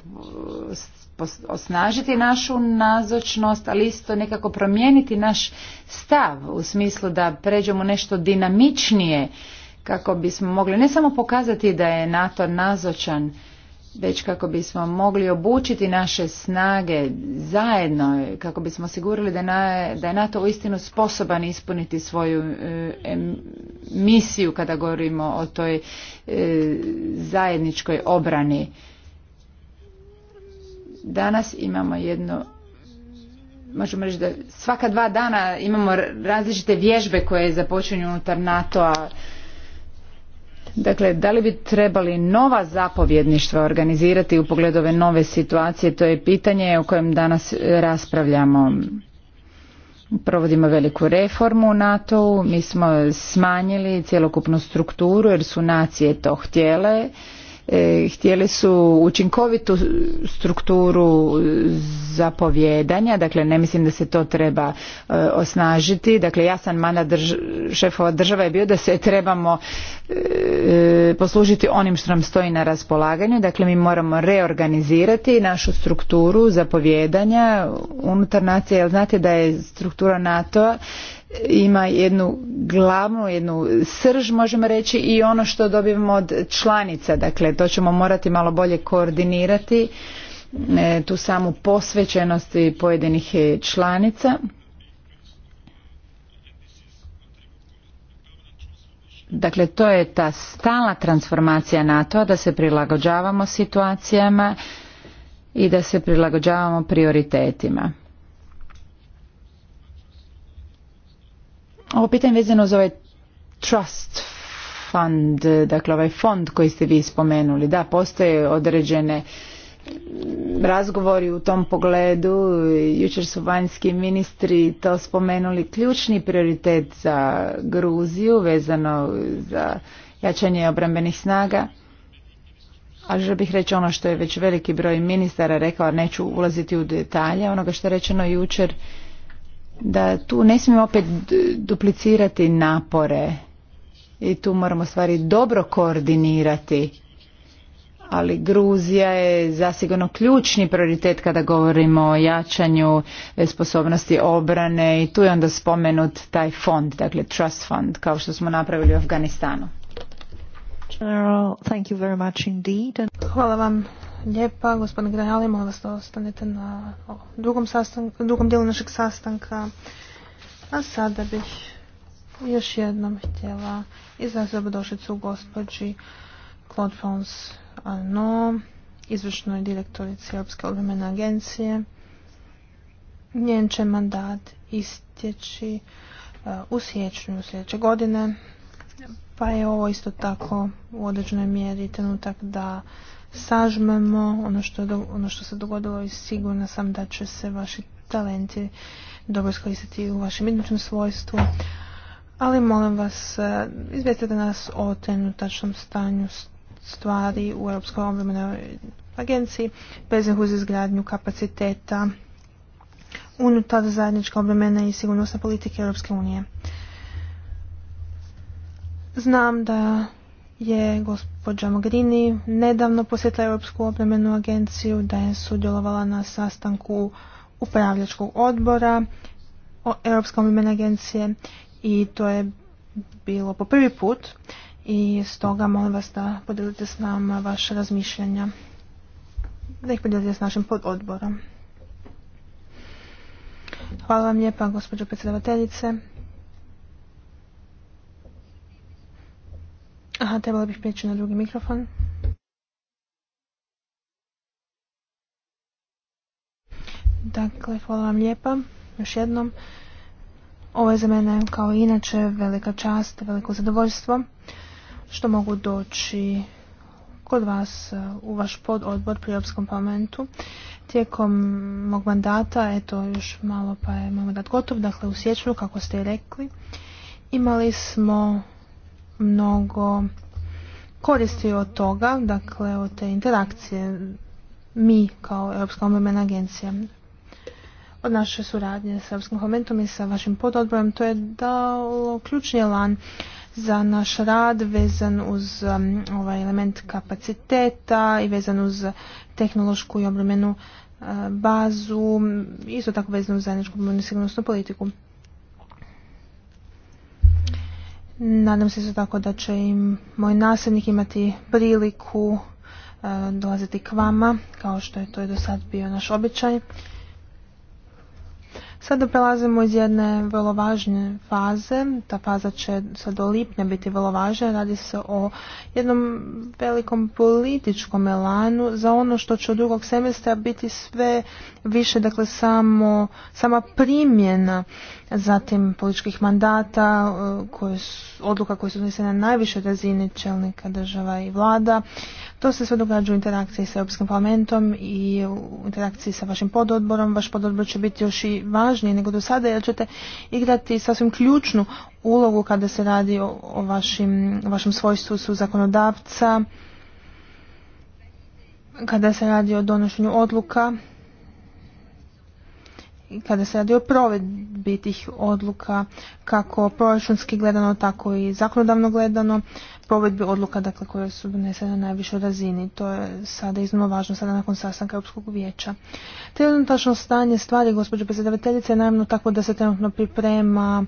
uh, osnažiti našu nazočnost, ali isto nekako promijeniti naš stav u smislu da pređemo nešto dinamičnije kako bismo mogli ne samo pokazati da je NATO nazočan, već kako bismo mogli obučiti naše snage zajedno, kako bismo osigurali da, je NATO uistinu sposoban ispuniti svoju e, misiju kada govorimo o toj e, zajedničkoj obrani. Danas imamo jedno možemo reći da svaka dva dana imamo različite vježbe koje započinju unutar NATO-a Dakle, da li bi trebali nova zapovjedništva organizirati u pogledu ove nove situacije, to je pitanje o kojem danas raspravljamo. Provodimo veliku reformu u NATO-u, mi smo smanjili cjelokupnu strukturu jer su nacije to htjele E, htjeli su učinkovitu strukturu zapovjedanja. dakle ne mislim da se to treba e, osnažiti, dakle jasan mandat šefova država je bio da se trebamo e, poslužiti onim što nam stoji na raspolaganju, dakle mi moramo reorganizirati našu strukturu zapovjedanja unutar nacije, jer znate da je struktura NATO ima jednu glavnu, jednu srž možemo reći i ono što dobivamo od članica, dakle to ćemo morati malo bolje koordinirati e, tu samu posvećenost pojedinih članica. Dakle, to je ta stalna transformacija NATO-a da se prilagođavamo situacijama i da se prilagođavamo prioritetima. Ovo pitanje vezano za ovaj trust fund, dakle ovaj fond koji ste vi spomenuli. Da, postoje određene razgovori u tom pogledu. Jučer su vanjski ministri to spomenuli. Ključni prioritet za Gruziju vezano za jačanje obrambenih snaga. A želio bih reći ono što je već veliki broj ministara rekao, neću ulaziti u detalje, onoga što je rečeno jučer da tu ne smijemo opet duplicirati napore i tu moramo stvari dobro koordinirati ali Gruzija je zasigurno ključni prioritet kada govorimo o jačanju e, sposobnosti obrane i tu je onda spomenut taj fond, dakle trust fund, kao što smo napravili u Afganistanu. Hvala vam lijepa. Gospodine Grajali, molim vas da ostanete na drugom, dijelu našeg sastanka. A sada bih još jednom htjela izraziti u gospođi Claude Fons Arnaud, izvršnoj direktorici Europske odbrambene agencije. Njen će mandat istječi uh, u siječnju sljedeće godine, pa je ovo isto tako u određenoj mjeri trenutak da sažmemo ono što, ono što se dogodilo i sigurna sam da će se vaši talenti dobro iskoristiti u vašem idućem svojstvu. Ali molim vas, e, izvijestite nas o trenutačnom stanju stvari u Europskoj obrambenoj agenciji bez uz izgradnju kapaciteta unutar zajednička obrambene i sigurnosne politike Europske unije. Znam da je gospođa Mogrini nedavno posjetila Europsku opremenu agenciju da je sudjelovala na sastanku upravljačkog odbora Europske obrambene agencije i to je bilo po prvi put i stoga molim vas da podijelite s nama vaše razmišljanja da ih podelite s našim pododborom. Hvala vam lijepa gospođo predsjedavateljice. Aha, trebala bih prijeći na drugi mikrofon. Dakle, hvala vam lijepa. Još jednom. Ovo je za mene, kao i inače, velika čast, veliko zadovoljstvo što mogu doći kod vas uh, u vaš pododbor pri Europskom parlamentu. Tijekom mog mandata, eto još malo pa je mandat gotov, dakle u siječnju, kako ste i rekli, imali smo mnogo koristi od toga, dakle od te interakcije mi kao Europska obrambena agencija. Od naše suradnje s Europskim komentom i sa vašim pododborom to je dao ključni lan za naš rad vezan uz um, ovaj element kapaciteta i vezan uz tehnološku i obremenu uh, bazu, isto tako vezan uz zajedničku sigurnosnu politiku. Nadam se isto tako da će im moj nasljednik imati priliku e, dolaziti k vama, kao što je to i do sad bio naš običaj. Sada prelazimo iz jedne vrlo važne faze. Ta faza će sad do lipnja biti vrlo važna. Radi se o jednom velikom političkom elanu za ono što će od drugog semestra biti sve više, dakle, samo, sama primjena zatim političkih mandata, e, koje odluka koje su donesene na najvišoj razini čelnika država i vlada. To se sve događa u interakciji sa Europskim parlamentom i u interakciji sa vašim pododborom. Vaš pododbor će biti još i važniji nego do sada jer ćete igrati sasvim ključnu ulogu kada se radi o, o vašim, vašem svojstvu su zakonodavca, kada se radi o donošenju odluka kada se radi o provedbi tih odluka kako proračunski gledano tako i zakonodavno gledano provedbi odluka dakle, koje su donesene na najvišoj razini. To je sada iznimno važno, sada nakon sastanka Europskog vijeća. Trenutačno stanje stvari, gospođo predsjedavateljice, je naravno tako da se trenutno priprema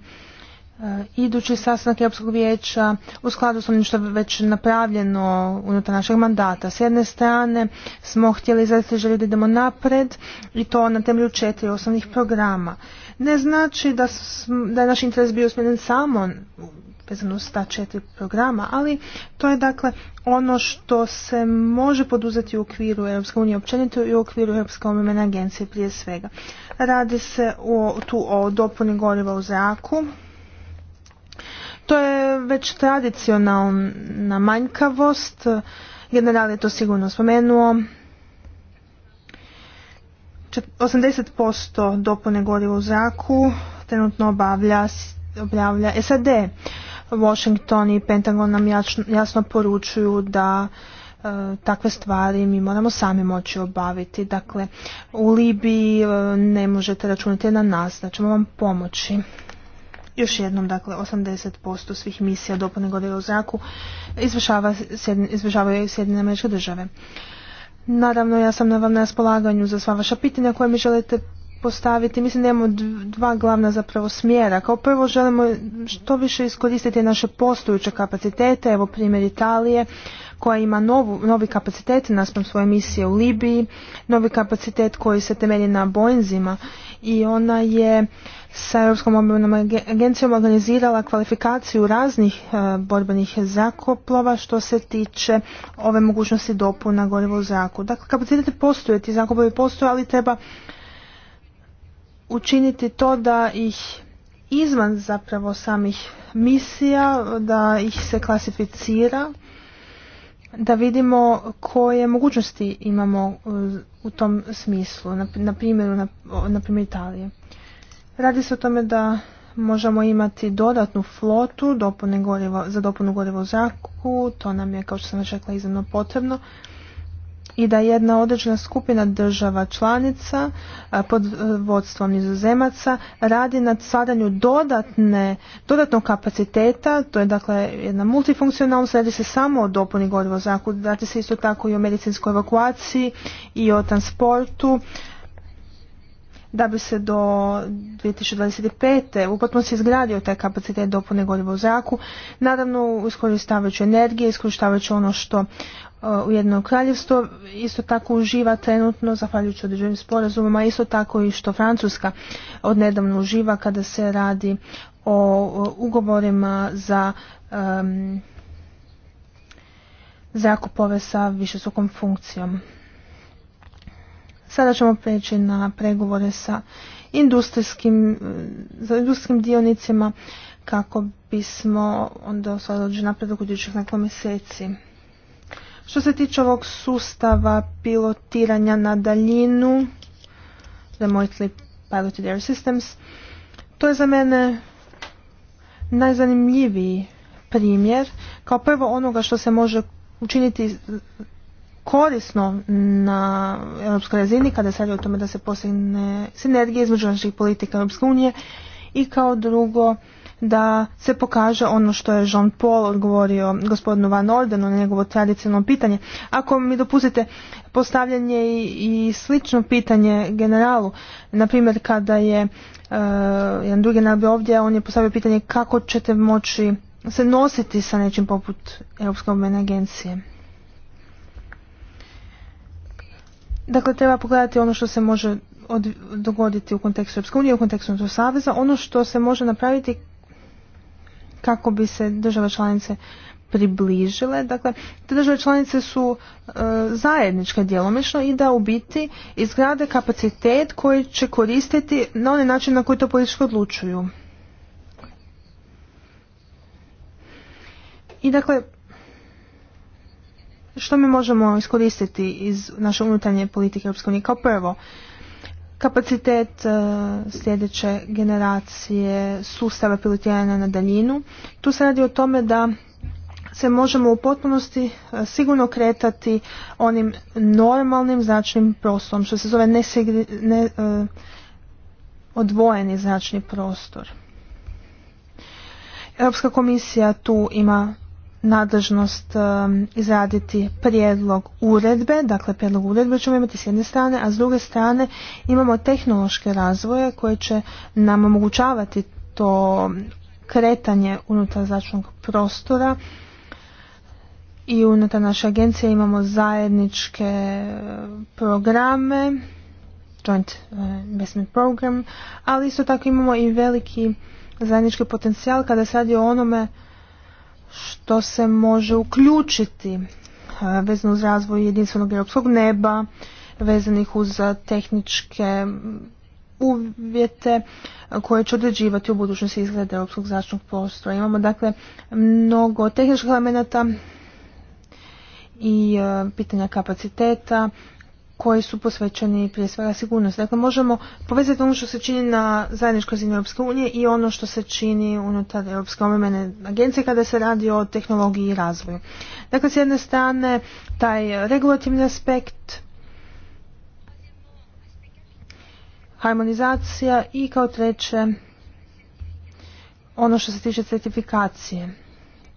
eh, idući sastanak Europskog vijeća u skladu s onim što je već napravljeno unutar našeg mandata. S jedne strane smo htjeli izraziti želju da idemo napred i to na temelju četiri osnovnih programa ne znači da, da je naš interes bio usmjeren samo vezano uz ta četiri programa, ali to je dakle ono što se može poduzeti u okviru Europske unije općenito i u okviru Europske omemene agencije prije svega. Radi se o, tu o dopuni goriva u zraku, to je već tradicionalna manjkavost, general je to sigurno spomenuo, 80% dopune goriva u zraku trenutno obavlja, obavlja SAD. Washington i Pentagon nam jasno poručuju da e, takve stvari mi moramo sami moći obaviti. Dakle, u Libiji e, ne možete računati na nas, da ćemo vam pomoći. Još jednom, dakle, 80% svih misija dopune godine u zraku izvršavaju Sjedinje američke države. Naravno, ja sam na vam na raspolaganju za sva vaša pitanja koje mi želite postaviti. Mislim da imamo dva glavna zapravo smjera. Kao prvo želimo što više iskoristiti naše postojuće kapacitete, evo primjer Italije koja ima novu, novi kapacitet naspram svoje misije u Libiji, novi kapacitet koji se temelji na bojnzima i ona je sa Europskom obavljenom agencijom organizirala kvalifikaciju raznih e, borbenih zrakoplova što se tiče ove mogućnosti dopuna gorivo u zraku. Dakle, kapacitete postoje, ti zakoplovi postoje, ali treba učiniti to da ih izvan zapravo samih misija, da ih se klasificira, da vidimo koje mogućnosti imamo e, u tom smislu, na primjeru na, primjer Italije. Radi se o tome da možemo imati dodatnu flotu za dopunu goriva u zraku, to nam je, kao što sam već rekla, iznimno potrebno i da jedna određena skupina država članica pod e, vodstvom nizozemaca radi na stvaranju dodatne, dodatnog kapaciteta, to je dakle jedna multifunkcionalnost, radi se samo o dopuni gorivo radi se isto tako i o medicinskoj evakuaciji i o transportu da bi se do 2025. u se izgradio taj kapacitet dopune goriva u zraku, naravno iskoristavajući energije, iskoristavajući ono što uh, Ujedinjeno kraljevstvo isto tako uživa trenutno, zahvaljujući određenim sporazumima, isto tako i što Francuska odnedavno uživa kada se radi o ugovorima za um, sa višestokom funkcijom. Sada ćemo preći na pregovore sa industrijskim, za industrijskim dionicima kako bismo onda osvadili napredak u nekoliko mjeseci. Što se tiče ovog sustava pilotiranja na daljinu, remotely piloted air systems, to je za mene najzanimljiviji primjer, kao prvo onoga što se može učiniti korisno na europskoj razini kada se radi o tome da se postigne sinergija između naših politika Europske unije i kao drugo da se pokaže ono što je Jean Paul odgovorio gospodinu Van Ordenu na njegovo tradicionalno pitanje. Ako mi dopustite postavljanje i, i slično pitanje generalu, na primjer kada je e, jedan drugi narod ovdje, on je postavio pitanje kako ćete moći se nositi sa nečim poput Europske obmene agencije. Dakle, treba pogledati ono što se može dogoditi u kontekstu Europske unije, u kontekstu NATO saveza, ono što se može napraviti kako bi se države članice približile. Dakle, te države članice su e, zajedničke djelomično i da u biti izgrade kapacitet koji će koristiti na onaj način na koji to politički odlučuju. I dakle, što mi možemo iskoristiti iz naše unutarnje politike Europske Kao prvo, kapacitet e, sljedeće generacije sustava pilotiranja na daljinu. Tu se radi o tome da se možemo u potpunosti e, sigurno kretati onim normalnim zračnim prostorom, što se zove e, odvojeni zračni prostor. Europska komisija tu ima nadležnost um, izraditi prijedlog uredbe, dakle prijedlog uredbe ćemo imati s jedne strane, a s druge strane imamo tehnološke razvoje koje će nam omogućavati to kretanje unutar zračnog prostora i unutar naše agencije imamo zajedničke uh, programe, joint uh, investment program, ali isto tako imamo i veliki zajednički potencijal kada se radi o onome što se može uključiti e, vezano uz razvoj jedinstvenog europskog neba, vezanih uz tehničke uvjete koje će određivati u budućnosti izgleda europskog zračnog prostora. Imamo dakle mnogo tehničkih elemenata i e, pitanja kapaciteta koji su posvećeni prije svega sigurnosti. Dakle, možemo povezati ono što se čini na zajedničkoj razini Europske unije i ono što se čini unutar Europske omemene agencije kada se radi o tehnologiji i razvoju. Dakle, s jedne strane, taj regulativni aspekt, harmonizacija i kao treće, ono što se tiče certifikacije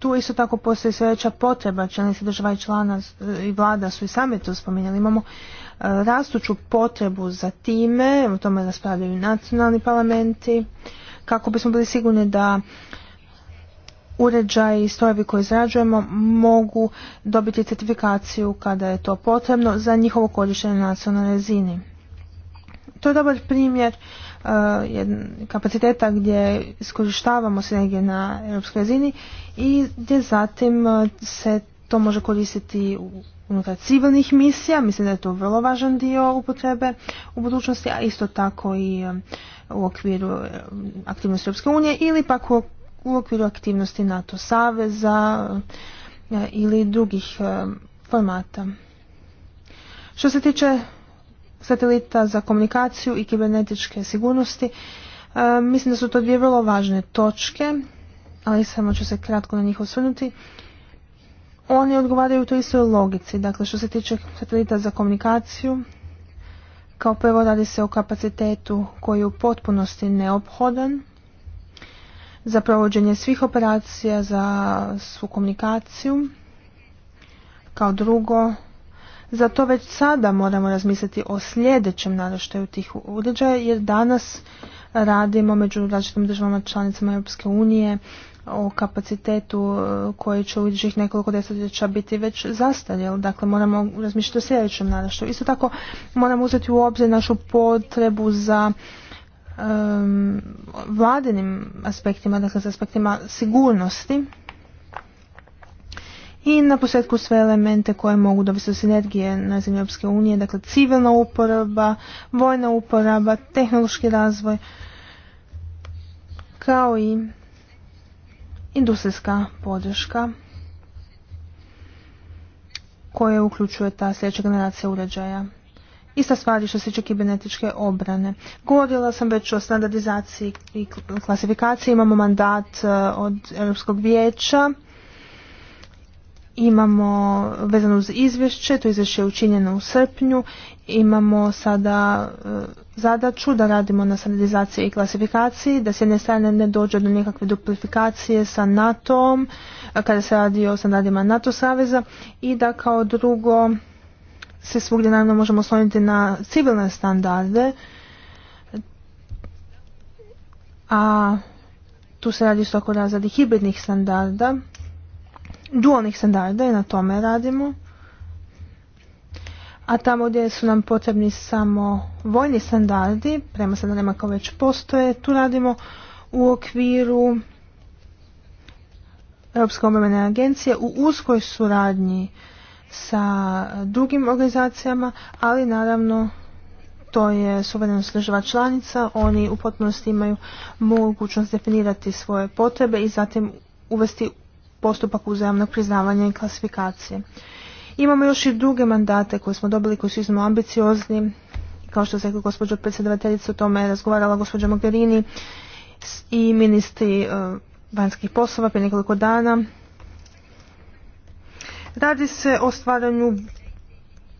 tu isto tako postoji sve veća potreba, čelnici država i člana i vlada su i sami to spominjali, imamo e, rastuću potrebu za time, o tome raspravljaju nacionalni parlamenti, kako bismo bili sigurni da uređaji i strojevi koje izrađujemo mogu dobiti certifikaciju kada je to potrebno za njihovo korištenje na nacionalnoj razini. To je dobar primjer Eh, kapaciteta gdje iskorištavamo sinergije na europskoj razini i gdje zatim eh, se to može koristiti unutar civilnih misija. Mislim da je to vrlo važan dio upotrebe u budućnosti, a isto tako i eh, u okviru aktivnosti Europske unije ili pak u okviru aktivnosti NATO saveza ili drugih formata. Što se tiče satelita za komunikaciju i kibernetičke sigurnosti. E, mislim da su to dvije vrlo važne točke, ali samo ću se kratko na njih osvrnuti. Oni odgovaraju u toj istoj logici, dakle što se tiče satelita za komunikaciju, kao prvo radi se o kapacitetu koji je u potpunosti neophodan za provođenje svih operacija za svu komunikaciju. Kao drugo, zato već sada moramo razmisliti o sljedećem naraštaju tih uređaja jer danas radimo među različitim državama članicama Europske unije o kapacitetu e, koji će u idućih nekoliko desetljeća biti već zastarjel. Dakle, moramo razmišljati o sljedećem naraštaju. Isto tako moramo uzeti u obzir našu potrebu za vladenim vladinim aspektima, dakle, sa aspektima sigurnosti i na posljedku sve elemente koje mogu dovesti do sinergije na zemlji Europske unije, dakle civilna uporaba, vojna uporaba, tehnološki razvoj, kao i industrijska podrška koje uključuje ta sljedeća generacija uređaja. Ista stvar što se tiče kibernetičke obrane. Govorila sam već o standardizaciji i klasifikaciji. Imamo mandat e, od Europskog vijeća imamo vezano uz izvješće, to izvješće je učinjeno u srpnju, imamo sada e, zadaću da radimo na standardizaciji i klasifikaciji, da s jedne strane ne dođe do nekakve duplifikacije sa NATO-om e, kada se radi o standardima NATO saveza i da kao drugo se svugdje naravno možemo osloniti na civilne standarde, a tu se radi isto oko razradi hibridnih standarda dualnih standarda i na tome radimo. A tamo gdje su nam potrebni samo vojni standardi, prema nema kao već postoje, tu radimo u okviru Europske obrambene agencije u uskoj suradnji sa drugim organizacijama, ali naravno to je suverenost država članica, oni u potpunosti imaju mogućnost definirati svoje potrebe i zatim uvesti postupak uzajamnog priznavanja i klasifikacije. Imamo još i druge mandate koje smo dobili koji su iznimno ambiciozni. Kao što se rekao gospođa predsjedavateljica o tome je razgovarala gospođa Mogherini i ministri e, vanjskih poslova prije nekoliko dana. Radi se o stvaranju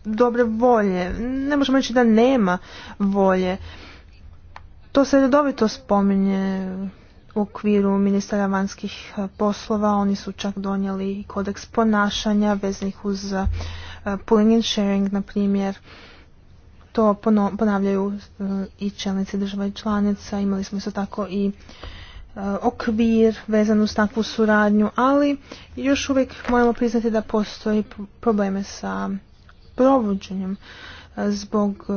dobre volje. Ne možemo reći da nema volje. To se redovito spominje u okviru ministara vanjskih e, poslova. Oni su čak donijeli kodeks ponašanja veznih uz e, pooling and sharing, na primjer. To ponavljaju e, i čelnici država i članica. Imali smo isto tako i okvir vezan uz takvu suradnju, ali još uvijek moramo priznati da postoji probleme sa provođenjem zbog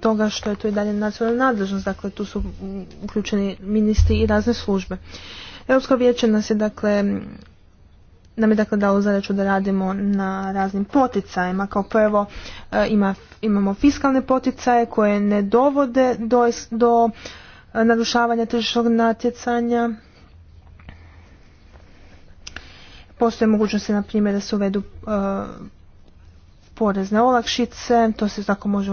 toga što je to i dalje nacionalna nadležnost, dakle tu su uključeni ministri i razne službe. Europsko vijeće nas je dakle nam je dakle dalo zadaću da radimo na raznim poticajima. Kao prvo e, ima, imamo fiskalne poticaje koje ne dovode do, do e, narušavanja tržišnog natjecanja. Postoje mogućnosti, na primjer, da se uvedu e, porezne olakšice, to se tako može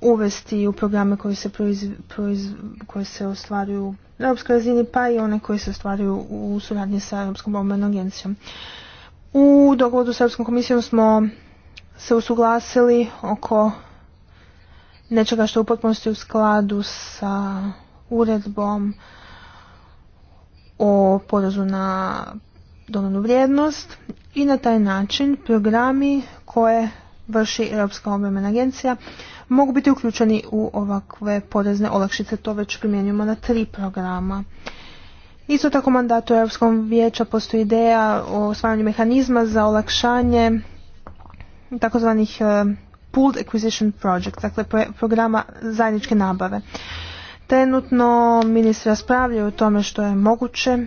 uvesti u programe koji se, proiz, se ostvaruju na europskoj razini, pa i one koji se ostvaruju u suradnji sa Europskom bombenom agencijom. U dogovoru s Europskom komisijom smo se usuglasili oko nečega što je u potpunosti u skladu sa uredbom o porazu na dodanu vrijednost i na taj način programi koje vrši Europska obrambena agencija mogu biti uključeni u ovakve porezne olakšice. To već primjenjujemo na tri programa. Isto tako mandatu Europskom vijeća postoji ideja o osvajanju mehanizma za olakšanje takozvanih e, pooled acquisition project, dakle programa zajedničke nabave. Trenutno ministri raspravljaju o tome što je moguće,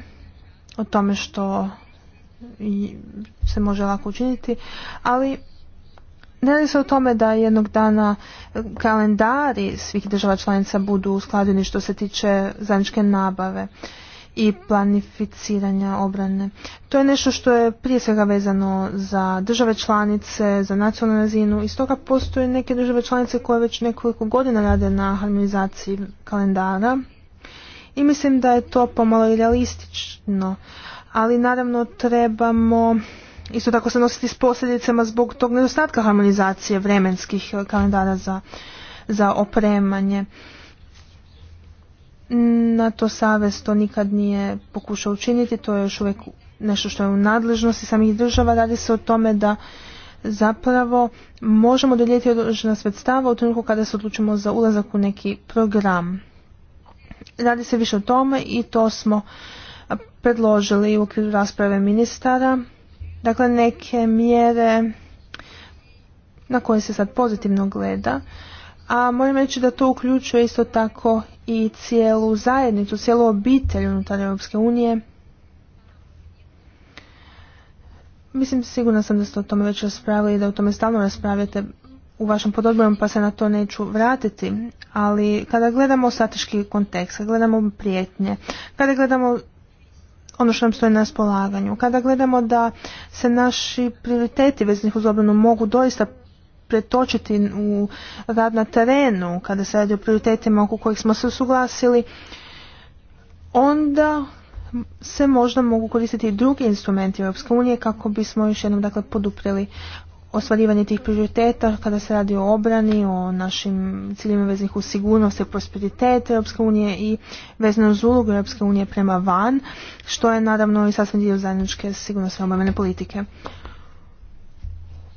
o tome što se može lako učiniti, ali ne se o tome da jednog dana kalendari svih država članica budu usklađeni što se tiče zajedničke nabave i planificiranja obrane. To je nešto što je prije svega vezano za države članice, za nacionalnu razinu i stoga postoje neke države članice koje već nekoliko godina rade na harmonizaciji kalendara i mislim da je to pomalo i realistično, ali naravno trebamo isto tako se nositi s posljedicama zbog tog nedostatka harmonizacije vremenskih eh, kalendara za, za opremanje. to savez to nikad nije pokušao učiniti, to je još uvijek nešto što je u nadležnosti samih država. Radi se o tome da zapravo možemo dodijeliti određena sredstava u trenutku kada se odlučimo za ulazak u neki program. Radi se više o tome i to smo predložili u okviru rasprave ministara Dakle, neke mjere na koje se sad pozitivno gleda, a moram reći da to uključuje isto tako i cijelu zajednicu, cijelu obitelj unutar Europske unije. Mislim, sigurna sam da ste o tome već raspravili i da o tome stalno raspravljate u vašem podobnom pa se na to neću vratiti, ali kada gledamo strateški kontekst, kada gledamo prijetnje, kada gledamo ono što nam stoji na raspolaganju. Kada gledamo da se naši prioriteti veznih uz obranu mogu doista pretočiti u rad na terenu, kada se radi o prioritetima oko kojih smo se usuglasili, onda se možda mogu koristiti i drugi instrumenti Europske unije kako bismo još jednom dakle podupreli ostvarivanje tih prioriteta kada se radi o obrani, o našim ciljima veznih u sigurnost i prosperitet Europske unije i vezano uz ulogu Europske unije prema van, što je naravno i sasvim dio zajedničke sigurnosne obrambene politike.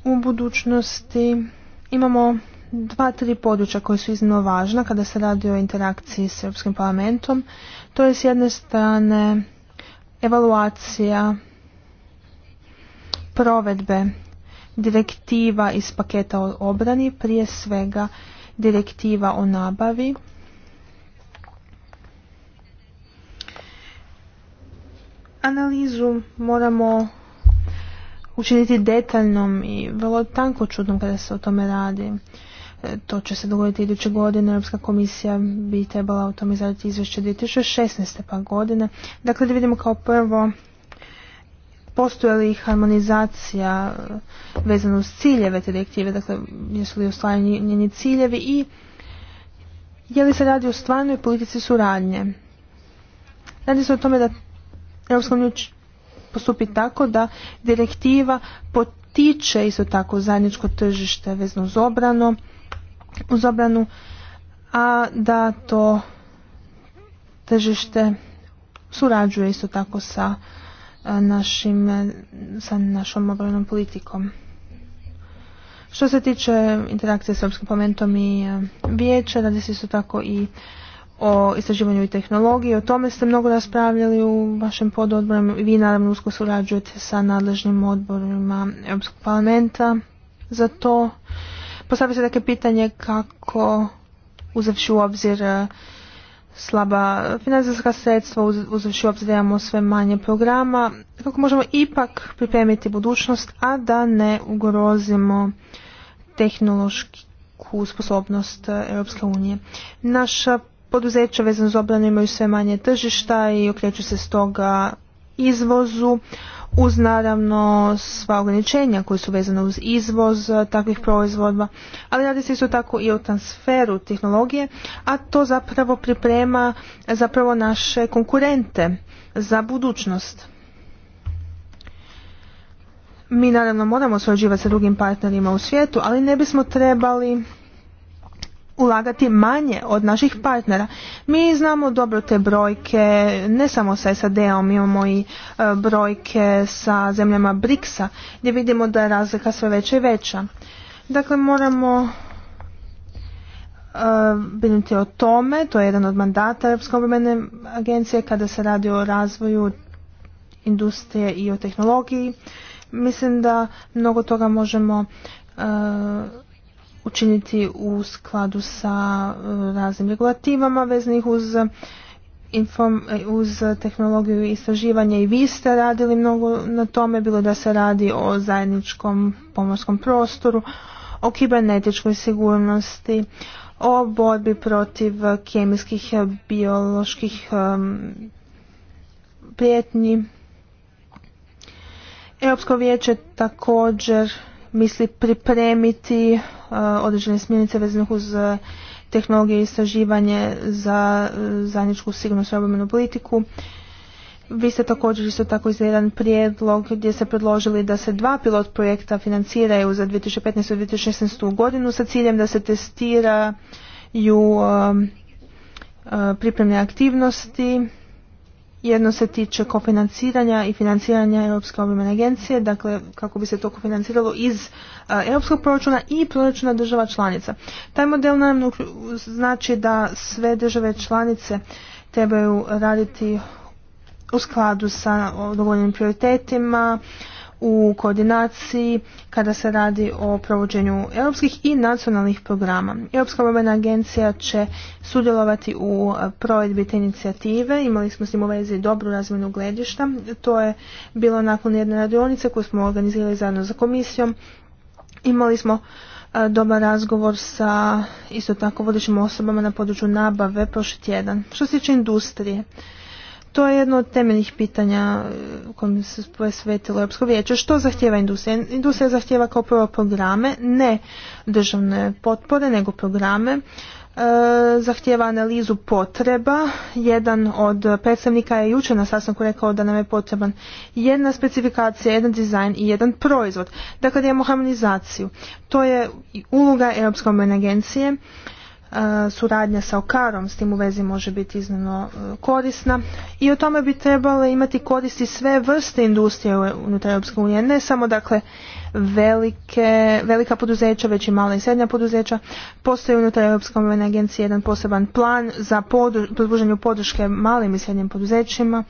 U budućnosti imamo dva, tri područja koje su iznimno važna kada se radi o interakciji s Europskim parlamentom. To je s jedne strane evaluacija provedbe direktiva iz paketa o obrani, prije svega direktiva o nabavi. Analizu moramo učiniti detaljnom i vrlo tanko čudnom kada se o tome radi. E, to će se dogoditi iduće godine. Europska komisija bi trebala o tome izraditi izvješće 2016. pa godine. Dakle, da vidimo kao prvo postoje li harmonizacija vezano uz ciljeve te direktive, dakle jesu li ostvareni njeni ciljevi i je li se radi o stvarnoj politici suradnje. Radi se o tome da Europska unija postupi tako da direktiva potiče isto tako zajedničko tržište vezano uz obranu, uz obranu a da to tržište surađuje isto tako sa našim, sa našom obrojnom politikom. Što se tiče interakcije s Europskim parlamentom i e, vijeća, radi se isto tako i o istraživanju i tehnologiji. O tome ste mnogo raspravljali u vašem pododboru i vi naravno usko surađujete sa nadležnim odborima Europskog parlamenta za to. Postavlja se neke pitanje kako uzavši u obzir e, slaba financijska sredstva, uzvrši obzir da imamo sve manje programa, kako možemo ipak pripremiti budućnost, a da ne ugrozimo tehnološku sposobnost e, Europske unije. Naša poduzeća vezano za obranu imaju sve manje tržišta i okreću se stoga izvozu, uz naravno sva ograničenja koji su vezana uz izvoz e, takvih proizvoda, ali radi se isto tako i o transferu tehnologije, a to zapravo priprema e, zapravo naše konkurente za budućnost. Mi naravno moramo surađivati sa drugim partnerima u svijetu, ali ne bismo trebali ulagati manje od naših partnera. Mi znamo dobro te brojke, ne samo sa SAD-om, imamo i e, brojke sa zemljama BRICS-a, gdje vidimo da je razlika sve veća i veća. Dakle, moramo e, brinuti o tome, to je jedan od mandata Europske obrambene agencije kada se radi o razvoju industrije i o tehnologiji. Mislim da mnogo toga možemo e, učiniti u skladu sa e, raznim regulativama veznih uz e, e, uz tehnologiju istraživanja i vi ste radili mnogo na tome, bilo da se radi o zajedničkom pomorskom prostoru, o kibernetičkoj sigurnosti, o borbi protiv kemijskih, bioloških prijetnji. Europsko vijeće također misli pripremiti E, određene smjernice vezanih uz e, tehnologije i istraživanje za e, zajedničku sigurnosnu obrambenu politiku. Vi ste također isto tako izdali jedan prijedlog gdje ste predložili da se dva pilot projekta financiraju za 2015. i 2016. godinu sa ciljem da se testiraju pripremne aktivnosti jedno se tiče kofinanciranja i financiranja Europske obrambene agencije, dakle kako bi se to kofinanciralo iz europskog proračuna i proračuna država članica. Taj model naravno znači da sve države članice trebaju raditi u skladu sa dovoljnim prioritetima, u koordinaciji kada se radi o provođenju europskih i nacionalnih programa. Europska obrambena agencija će sudjelovati u e, provedbi te inicijative. Imali smo s tim u vezi dobru razmjenu gledišta. To je bilo nakon jedne radionice koju smo organizirali zajedno za komisijom. Imali smo e, dobar razgovor sa isto tako vodećim osobama na području nabave prošli tjedan. Što se tiče industrije, to je jedno od temeljnih pitanja e, kojem se posvetilo Europsko vijeće. Što zahtjeva industrija? Industrija zahtjeva kao prvo programe, ne državne potpore, nego programe. E, zahtjeva analizu potreba. Jedan od predstavnika je jučer na sastanku rekao da nam je potreban jedna specifikacija, jedan dizajn i jedan proizvod. Dakle, imamo harmonizaciju. To je uloga Europske agencije suradnja sa Okarom s tim u vezi može biti iznimno e, korisna i o tome bi trebale imati koristi sve vrste industrije unutar Europske unije, ne samo dakle velike, velika poduzeća, već i mala i srednja poduzeća. Postoji unutar Europske unije agencije jedan poseban plan za podruženju podrške malim i srednjim poduzećima.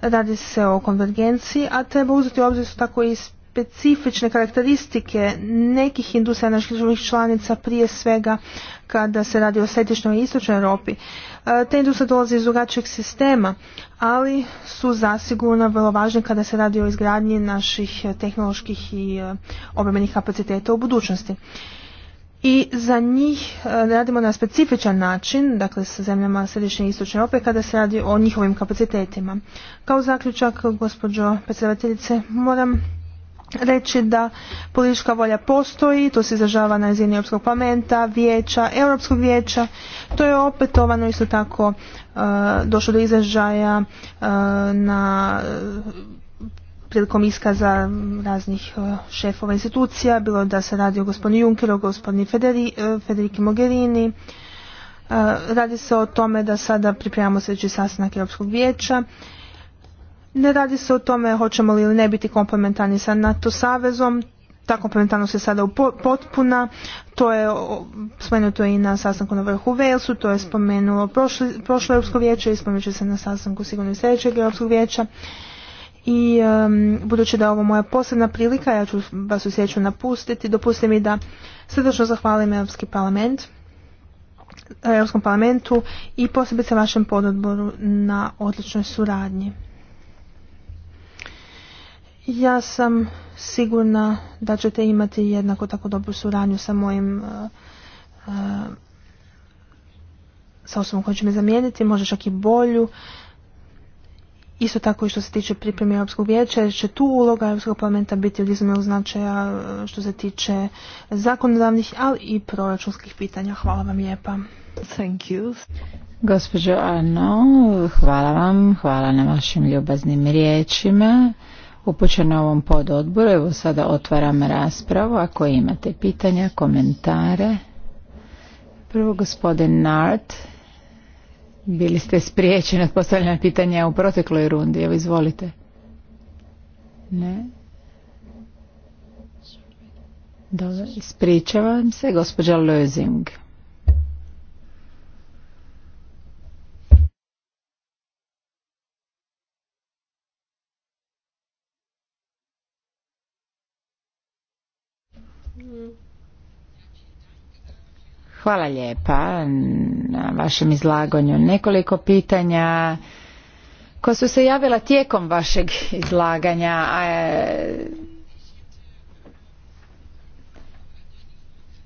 Radi se o konvergenciji, a treba uzeti u obzir su tako i specifične karakteristike nekih industrija naših članica prije svega kada se radi o središnjoj i istočnoj Europi. E, te industrije dolaze iz drugačijeg sistema, ali su zasigurno vrlo važne kada se radi o izgradnji naših tehnoloških i e, obrambenih kapaciteta u budućnosti. I za njih e, radimo na specifičan način, dakle sa zemljama središnje i istočne Europe, kada se radi o njihovim kapacitetima. Kao zaključak, gospođo predsjedateljice, moram reći da politička volja postoji, to se izražava na razini Europskog parlamenta, vijeća, Europskog vijeća. To je opetovano isto tako e, došlo do izražaja e, na e, prilikom iskaza raznih šefova institucija, bilo da se radi o gospodinu Junkeru, o gospodinu Federiki Mogherini. Radi se o tome da sada pripremamo sljedeći sastanak Europskog vijeća ne radi se o tome hoćemo li ili ne biti komplementarni sa NATO savezom, ta komplementarnost je sada potpuna, to je spomenuto i na sastanku na vrhu Velsu, to je spomenulo prošlo Europsko vijeće i spomenut će se na sastanku sigurno i sljedećeg Europskog vijeća. I budući da je ovo moja posebna prilika, ja ću vas u sjeću napustiti, dopustite mi da srdečno zahvalim Europski parlament, Europskom parlamentu i posebice vašem pododboru na odličnoj suradnji. Ja sam sigurna da ćete imati jednako tako dobru suradnju sa mojim e, e, sa osobom koja će me zamijeniti, možda čak i bolju. Isto tako i što se tiče pripreme Europskog vijeća, jer će tu uloga Europskog parlamenta biti od iznimnog značaja e, što se tiče zakonodavnih, ali i proračunskih pitanja. Hvala vam lijepa. Thank you. Gospođo Arno, hvala vam, hvala na vašim ljubaznim riječima upućena ovom pododboru. Evo sada otvaram raspravu. Ako imate pitanja, komentare. Prvo gospodin Nart. Bili ste spriječeni od postavljanja pitanja u protekloj rundi. Evo izvolite. Ne. Dobro, ispričavam se, gospođa Lozing. Hvala lijepa na vašem izlaganju. Nekoliko pitanja koja su se javila tijekom vašeg izlaganja. E,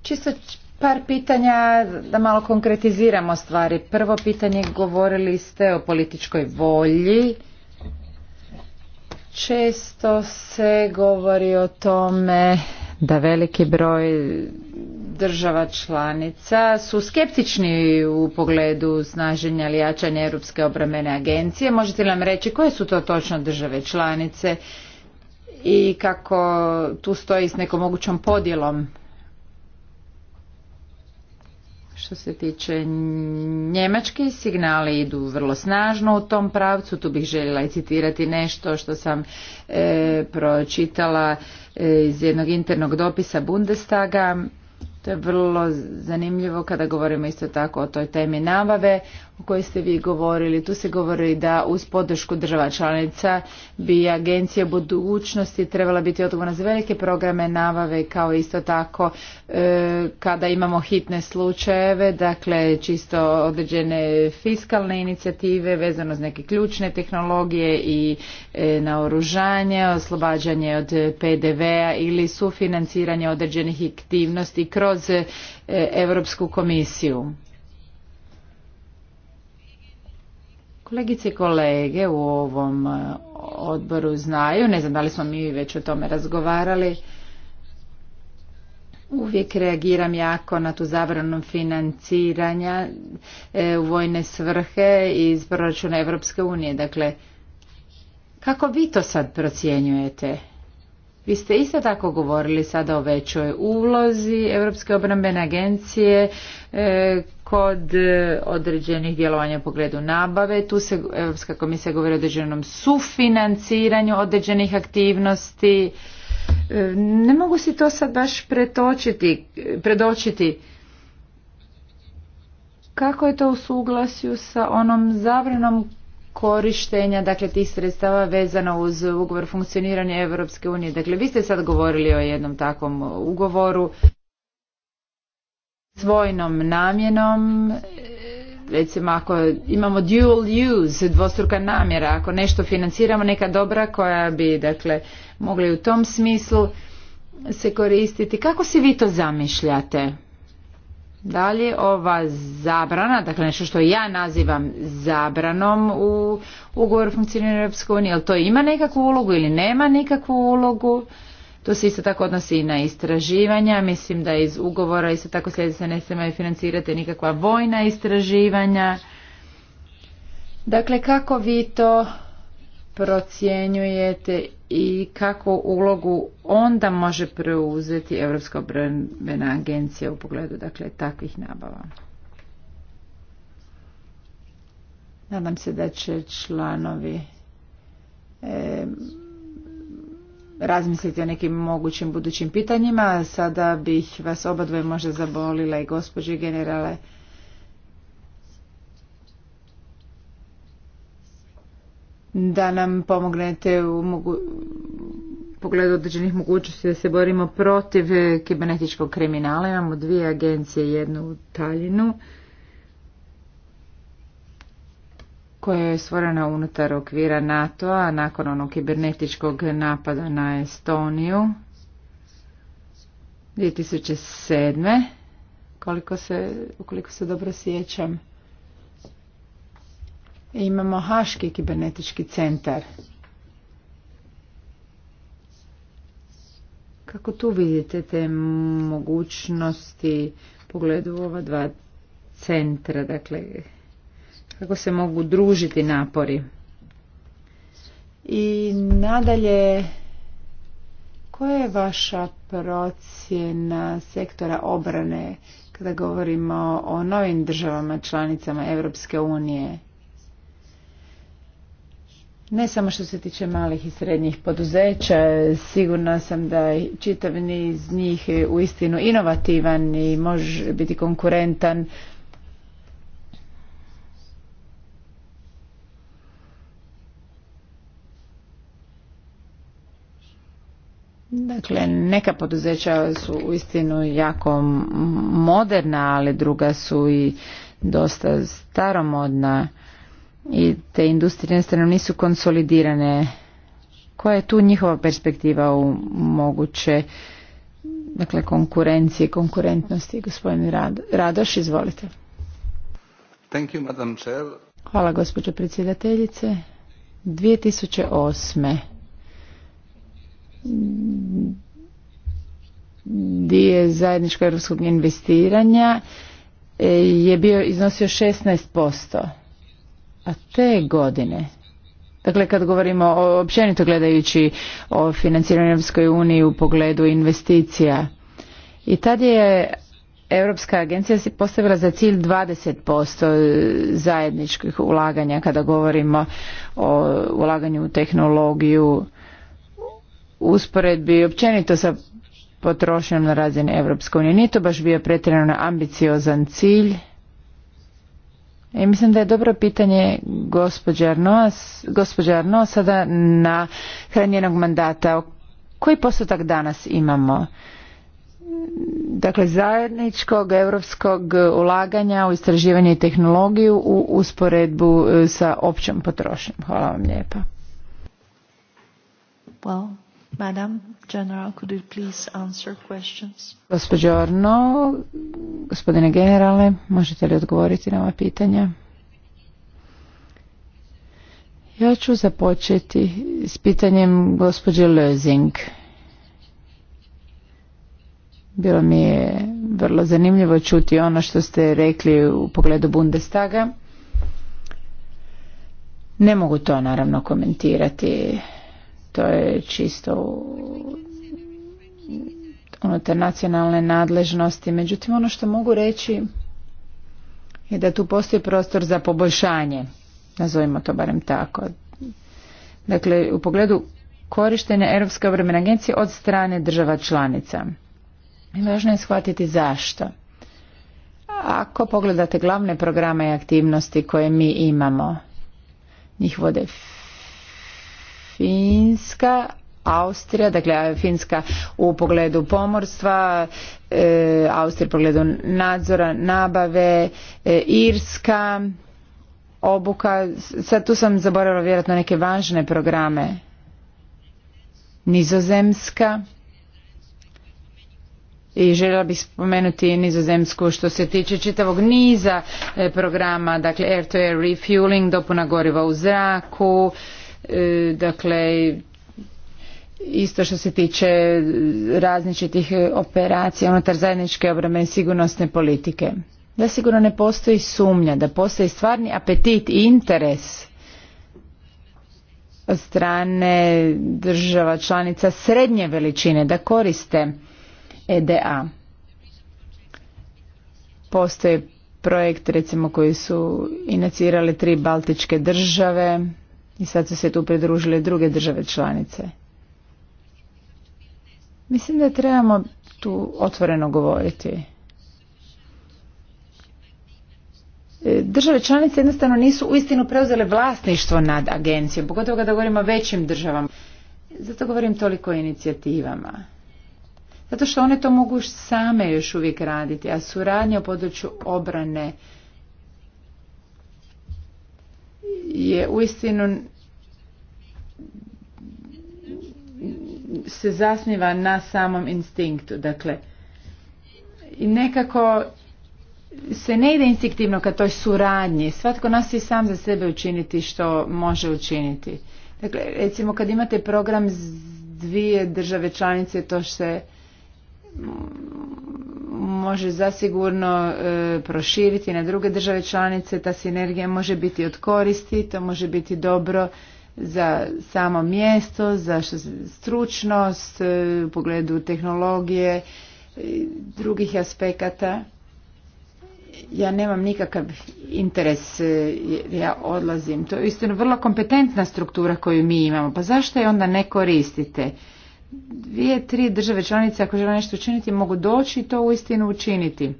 čisto par pitanja da malo konkretiziramo stvari. Prvo pitanje govorili ste o političkoj volji. Često se govori o tome da veliki broj država članica su skeptični u pogledu snaženja ili jačanja Europske obramene agencije. Možete li nam reći koje su to točno države članice i kako tu stoji s nekom mogućom podjelom što se tiče njemački signali idu vrlo snažno u tom pravcu, tu bih željela i citirati nešto što sam e, pročitala e, iz jednog internog dopisa Bundestaga to je vrlo zanimljivo kada govorimo isto tako o toj temi nabave o kojoj ste vi govorili. Tu se govori da uz podršku država članica bi agencija budućnosti trebala biti odgovorna za velike programe nabave kao isto tako e, kada imamo hitne slučajeve, dakle čisto određene fiskalne inicijative vezano uz neke ključne tehnologije i e, naoružanje, oslobađanje od PDV-a ili sufinanciranje određenih aktivnosti kroz e, Europsku komisiju. Kolegice i kolege u ovom e, odboru znaju, ne znam da li smo mi već o tome razgovarali, Uvijek reagiram jako na tu zabranu financiranja e, u vojne svrhe iz proračuna Evropske unije. Dakle, kako vi to sad procjenjujete? Vi ste isto tako govorili sada o većoj ulozi Europske obrambene agencije e, kod e, određenih djelovanja u pogledu nabave. Tu se Europska komisija govori o određenom sufinanciranju određenih aktivnosti. E, ne mogu si to sad baš pretočiti, predočiti. Kako je to u suglasju sa onom zabranom korištenja dakle tih sredstava vezano uz ugovor funkcioniranja Europske unije. Dakle, vi ste sad govorili o jednom takvom ugovoru. Svojnom namjenom recimo ako imamo dual use dvostruka namjera ako nešto financiramo neka dobra koja bi dakle mogli u tom smislu se koristiti kako si vi to zamišljate da li ova zabrana, dakle nešto što ja nazivam zabranom u ugovoru funkcioniranja Europske unije, jel to ima nekakvu ulogu ili nema nikakvu ulogu? To se isto tako odnosi i na istraživanja. Mislim da iz ugovora isto tako slijedi se ne smije financirati nikakva vojna istraživanja. Dakle, kako vi to procjenjujete i kakvu ulogu onda može preuzeti Europska obrambena agencija u pogledu dakle, takvih nabava? Nadam se da će članovi razmislite o nekim mogućim budućim pitanjima. Sada bih vas dvoje možda zabolila i gospođe generale. da nam pomognete u mogu... pogledu određenih mogućnosti da se borimo protiv kibernetičkog kriminala. Imamo dvije agencije, jednu u Talinu koja je stvorena unutar okvira NATO-a nakon onog kibernetičkog napada na Estoniju 2007. Koliko se, ukoliko se dobro sjećam. Imamo Haški kibernetički centar. Kako tu vidite te mogućnosti pogledu ova dva centra, dakle kako se mogu družiti napori. I nadalje, koja je vaša procjena sektora obrane kada govorimo o novim državama članicama Europske unije? Ne samo što se tiče malih i srednjih poduzeća, sigurna sam da je čitav niz njih uistinu inovativan i može biti konkurentan Dakle, neka poduzeća su uistinu jako moderna, ali druga su i dosta staromodna i te industrije jednostavno nisu konsolidirane. Koja je tu njihova perspektiva u moguće dakle, konkurencije, konkurentnosti? Gospodin Radoš, izvolite. Thank you, madam Hvala, gospođo predsjedateljice. 2008 dio zajedničkog europskog investiranja e, je bio iznosio 16%. A te godine, dakle kad govorimo o, općenito gledajući o financiranju Europskoj uniji u pogledu investicija, i tad je Europska agencija se postavila za cilj 20% zajedničkih ulaganja kada govorimo o ulaganju u tehnologiju, usporedbi općenito sa potrošnjom na razini Europske unije. Nije to baš bio pretjerano ambiciozan cilj. I mislim da je dobro pitanje gospođa Arno sada na njenog mandata. Koji postotak danas imamo? Dakle, zajedničkog europskog ulaganja u istraživanje i tehnologiju u usporedbu e, sa općom potrošnjom. Hvala vam lijepa. Hvala. Madam General, Gospođo Orno, gospodine generale, možete li odgovoriti na ova pitanja? Ja ću započeti s pitanjem gospođe Lözing. Bilo mi je vrlo zanimljivo čuti ono što ste rekli u pogledu Bundestaga. Ne mogu to naravno komentirati to je čisto unutar nacionalne nadležnosti. Međutim, ono što mogu reći je da tu postoji prostor za poboljšanje. Nazovimo to barem tako. Dakle, u pogledu korištenja Europske obrambene agencije od strane država članica. I važno je shvatiti zašto. Ako pogledate glavne programe i aktivnosti koje mi imamo, njih vode Finska, Austrija, dakle Finska u pogledu pomorstva, e, Austrija u pogledu nadzora, nabave, e, Irska, obuka, sad tu sam zaboravila vjerojatno neke važne programe, Nizozemska, i željela bih spomenuti nizozemsku što se tiče čitavog niza e, programa, dakle air to air refueling, dopuna goriva u zraku, E, dakle isto što se tiče različitih operacija unutar zajedničke obrame i sigurnosne politike. Da sigurno ne postoji sumnja, da postoji stvarni apetit i interes od strane država članica srednje veličine da koriste EDA. Postoje projekt recimo koji su inicirale tri baltičke države, i sad su se tu pridružile druge države članice. Mislim da trebamo tu otvoreno govoriti. E, države članice jednostavno nisu uistinu preuzele vlasništvo nad agencijom, pogotovo kada govorimo o većim državama. Zato govorim toliko o inicijativama. Zato što one to mogu same još uvijek raditi, a suradnje u području obrane je uistinu se zasniva na samom instinktu. Dakle, i nekako se ne ide instinktivno ka toj suradnji. Svatko nas je sam za sebe učiniti što može učiniti. Dakle, recimo kad imate program dvije države članice, to se može zasigurno e, proširiti na druge države članice, ta sinergija može biti od koristi, to može biti dobro za samo mjesto, za stručnost e, u pogledu tehnologije, drugih aspekata. Ja nemam nikakav interes, e, ja odlazim. To je istinu vrlo kompetentna struktura koju mi imamo. Pa zašto je onda ne koristite? dvije, tri države članice ako žele nešto učiniti mogu doći i to uistinu učiniti.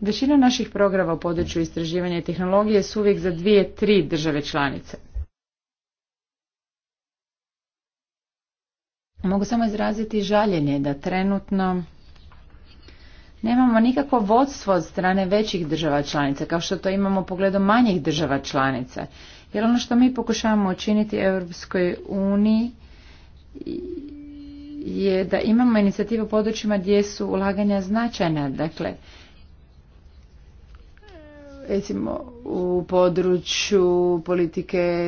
Većina naših programa u području istraživanja i tehnologije su uvijek za dvije, tri države članice. Mogu samo izraziti žaljenje da trenutno nemamo nikakvo vodstvo od strane većih država članica, kao što to imamo pogledom manjih država članica. Jer ono što mi pokušavamo učiniti Europskoj uniji je da imamo inicijativu u područjima gdje su ulaganja značajna. Dakle, recimo u području politike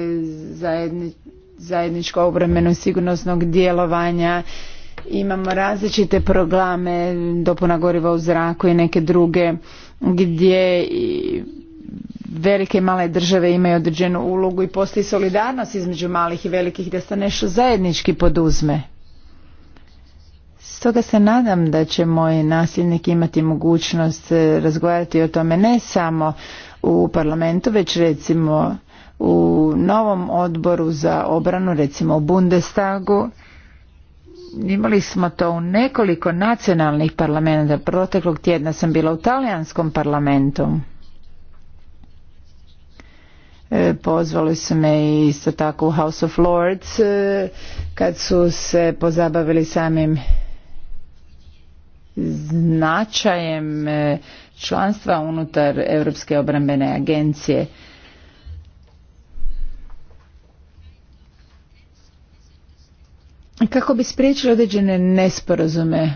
zajedni, zajedničko obremenu sigurnosnog djelovanja imamo različite programe dopuna goriva u zraku i neke druge gdje velike i male države imaju određenu ulogu i postoji solidarnost između malih i velikih da se nešto zajednički poduzme. Stoga se nadam da će moj nasljednik imati mogućnost e, razgovarati o tome ne samo u parlamentu, već recimo u novom odboru za obranu, recimo u Bundestagu. Imali smo to u nekoliko nacionalnih parlamenta. Proteklog tjedna sam bila u talijanskom parlamentu. E, pozvali su me isto tako u House of Lords e, kad su se pozabavili samim značajem e, članstva unutar Europske obrambene agencije. Kako bi spriječili određene nesporazume,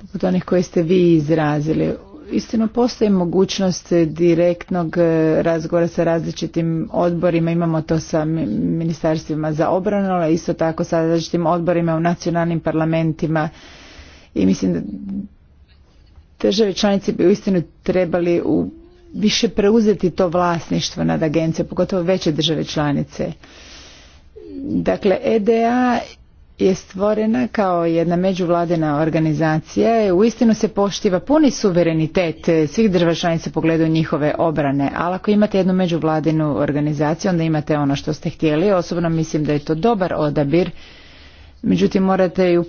poput onih koje ste vi izrazili, istino postoji mogućnost direktnog e, razgovora sa različitim odborima, imamo to sa ministarstvima za obranu, ali isto tako sa različitim odborima u nacionalnim parlamentima i mislim da Države članice bi uistinu trebali u više preuzeti to vlasništvo nad agencije, pogotovo veće države članice. Dakle, EDA je stvorena kao jedna međuvladina organizacija. Uistinu se poštiva puni suverenitet svih država članica u pogledu njihove obrane, ali ako imate jednu međuvladinu organizaciju, onda imate ono što ste htjeli. Osobno mislim da je to dobar odabir Međutim, morate ju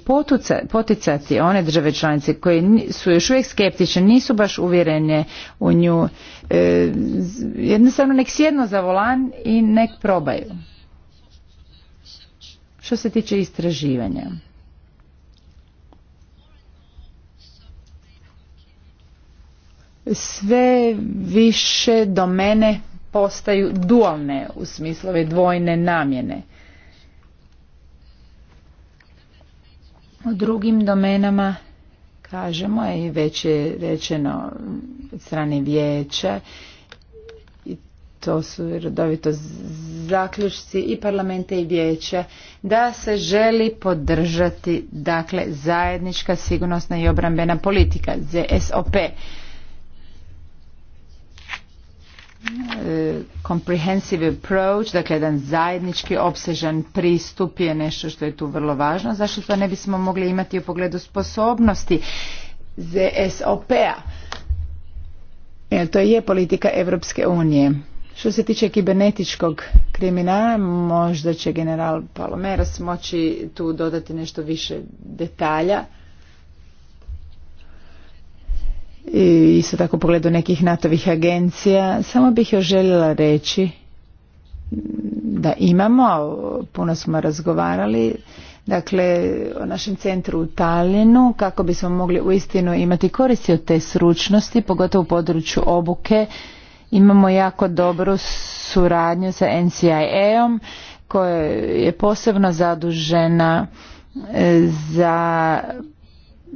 poticati one države članice koje su još uvijek skeptične, nisu baš uvjerene u nju. E, jednostavno nek sjedno za volan i nek probaju. Što se tiče istraživanja. Sve više domene postaju dualne u smislu dvojne namjene U drugim domenama kažemo i već je rečeno od strane vijeća i to su redovito zaključci i parlamenta i vijeća da se želi podržati dakle zajednička sigurnosna i obrambena politika ZSOP E, comprehensive approach, dakle jedan zajednički opsežan pristup je nešto što je tu vrlo važno. Zašto to ne bismo mogli imati u pogledu sposobnosti ZSOP-a? Jer to je politika Evropske unije. Što se tiče kibernetičkog kriminala, možda će general Palomeras moći tu dodati nešto više detalja i isto tako u pogledu nekih natovih agencija. Samo bih još željela reći da imamo, puno smo razgovarali, dakle o našem centru u Talinu kako bismo mogli uistinu imati koristi od te sručnosti, pogotovo u području obuke. Imamo jako dobru suradnju sa NCIA-om koja je posebno zadužena e, za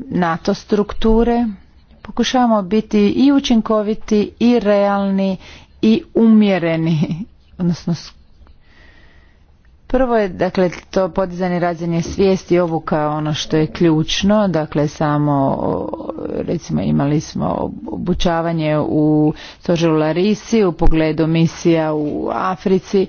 NATO strukture Pokušavamo biti i učinkoviti i realni i umjereni, (laughs) odnosno Prvo je dakle to podizanje razine svijesti kao ono što je ključno, dakle samo recimo imali smo obučavanje u stožeru Larisi u pogledu misija u Africi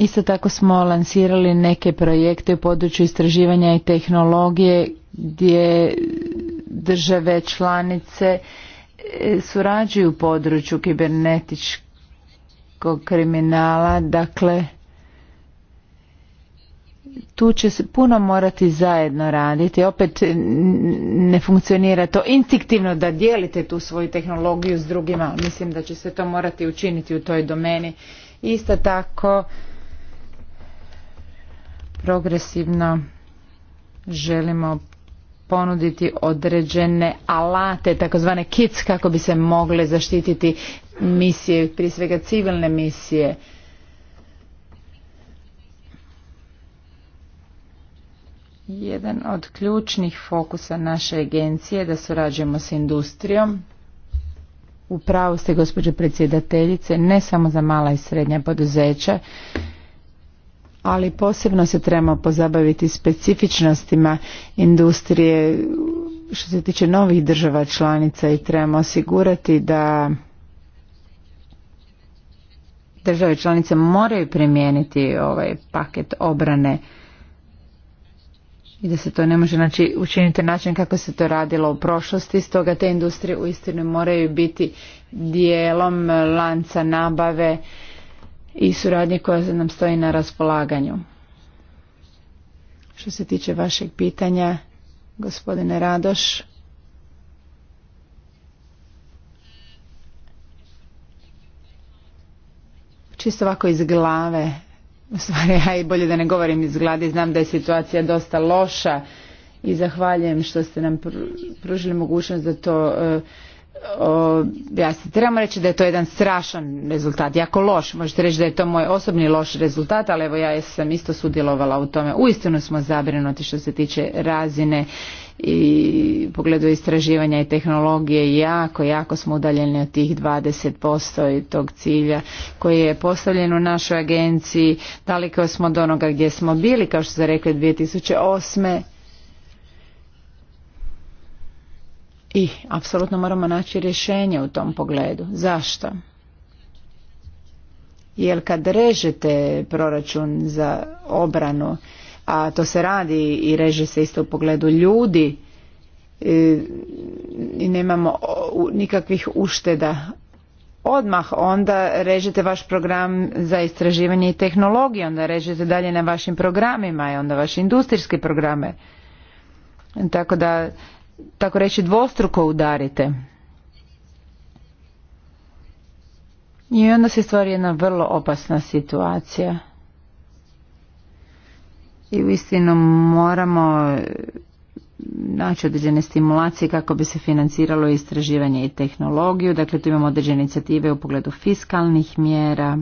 Isto tako smo lansirali neke projekte u području istraživanja i tehnologije gdje države članice e, surađuju u području kibernetičkog kriminala, dakle tu će se puno morati zajedno raditi. Opet ne funkcionira to instiktivno da dijelite tu svoju tehnologiju s drugima. Mislim da će se to morati učiniti u toj domeni. Isto tako progresivno želimo ponuditi određene alate, takozvane kits, kako bi se mogle zaštititi misije, prije svega civilne misije. Jedan od ključnih fokusa naše agencije je da surađujemo s industrijom. U pravu ste, gospođo predsjedateljice, ne samo za mala i srednja poduzeća, ali posebno se trebamo pozabaviti specifičnostima industrije što se tiče novih država članica i trebamo osigurati da države članice moraju primijeniti ovaj paket obrane i da se to ne može znači, učiniti način kako se to radilo u prošlosti, stoga te industrije uistinu moraju biti dijelom lanca nabave i suradnje koja nam stoji na raspolaganju. Što se tiče vašeg pitanja, gospodine Radoš, čisto ovako iz glave, u stvari ja (laughs) i bolje da ne govorim iz glade, znam da je situacija dosta loša i zahvaljujem što ste nam pružili mogućnost da to e, se Trebamo reći da je to jedan strašan rezultat, jako loš. Možete reći da je to moj osobni loš rezultat, ali evo ja sam isto sudjelovala u tome. Uistinu smo zabrinuti što se tiče razine i pogledu istraživanja i tehnologije jako, jako smo udaljeni od tih 20% i tog cilja koji je postavljen u našoj agenciji. Daleko smo od onoga gdje smo bili, kao što ste rekli, 2008 I apsolutno moramo naći rješenje u tom pogledu. Zašto? Jer kad režete proračun za obranu, a to se radi i reže se isto u pogledu ljudi, e, i nemamo nikakvih ušteda odmah onda režete vaš program za istraživanje i tehnologije, onda režete dalje na vašim programima i onda vaše industrijske programe tako da tako reći dvostruko udarite. I onda se stvari jedna vrlo opasna situacija. I uistinu moramo naći određene stimulacije kako bi se financiralo istraživanje i tehnologiju. Dakle, tu imamo određene inicijative u pogledu fiskalnih mjera,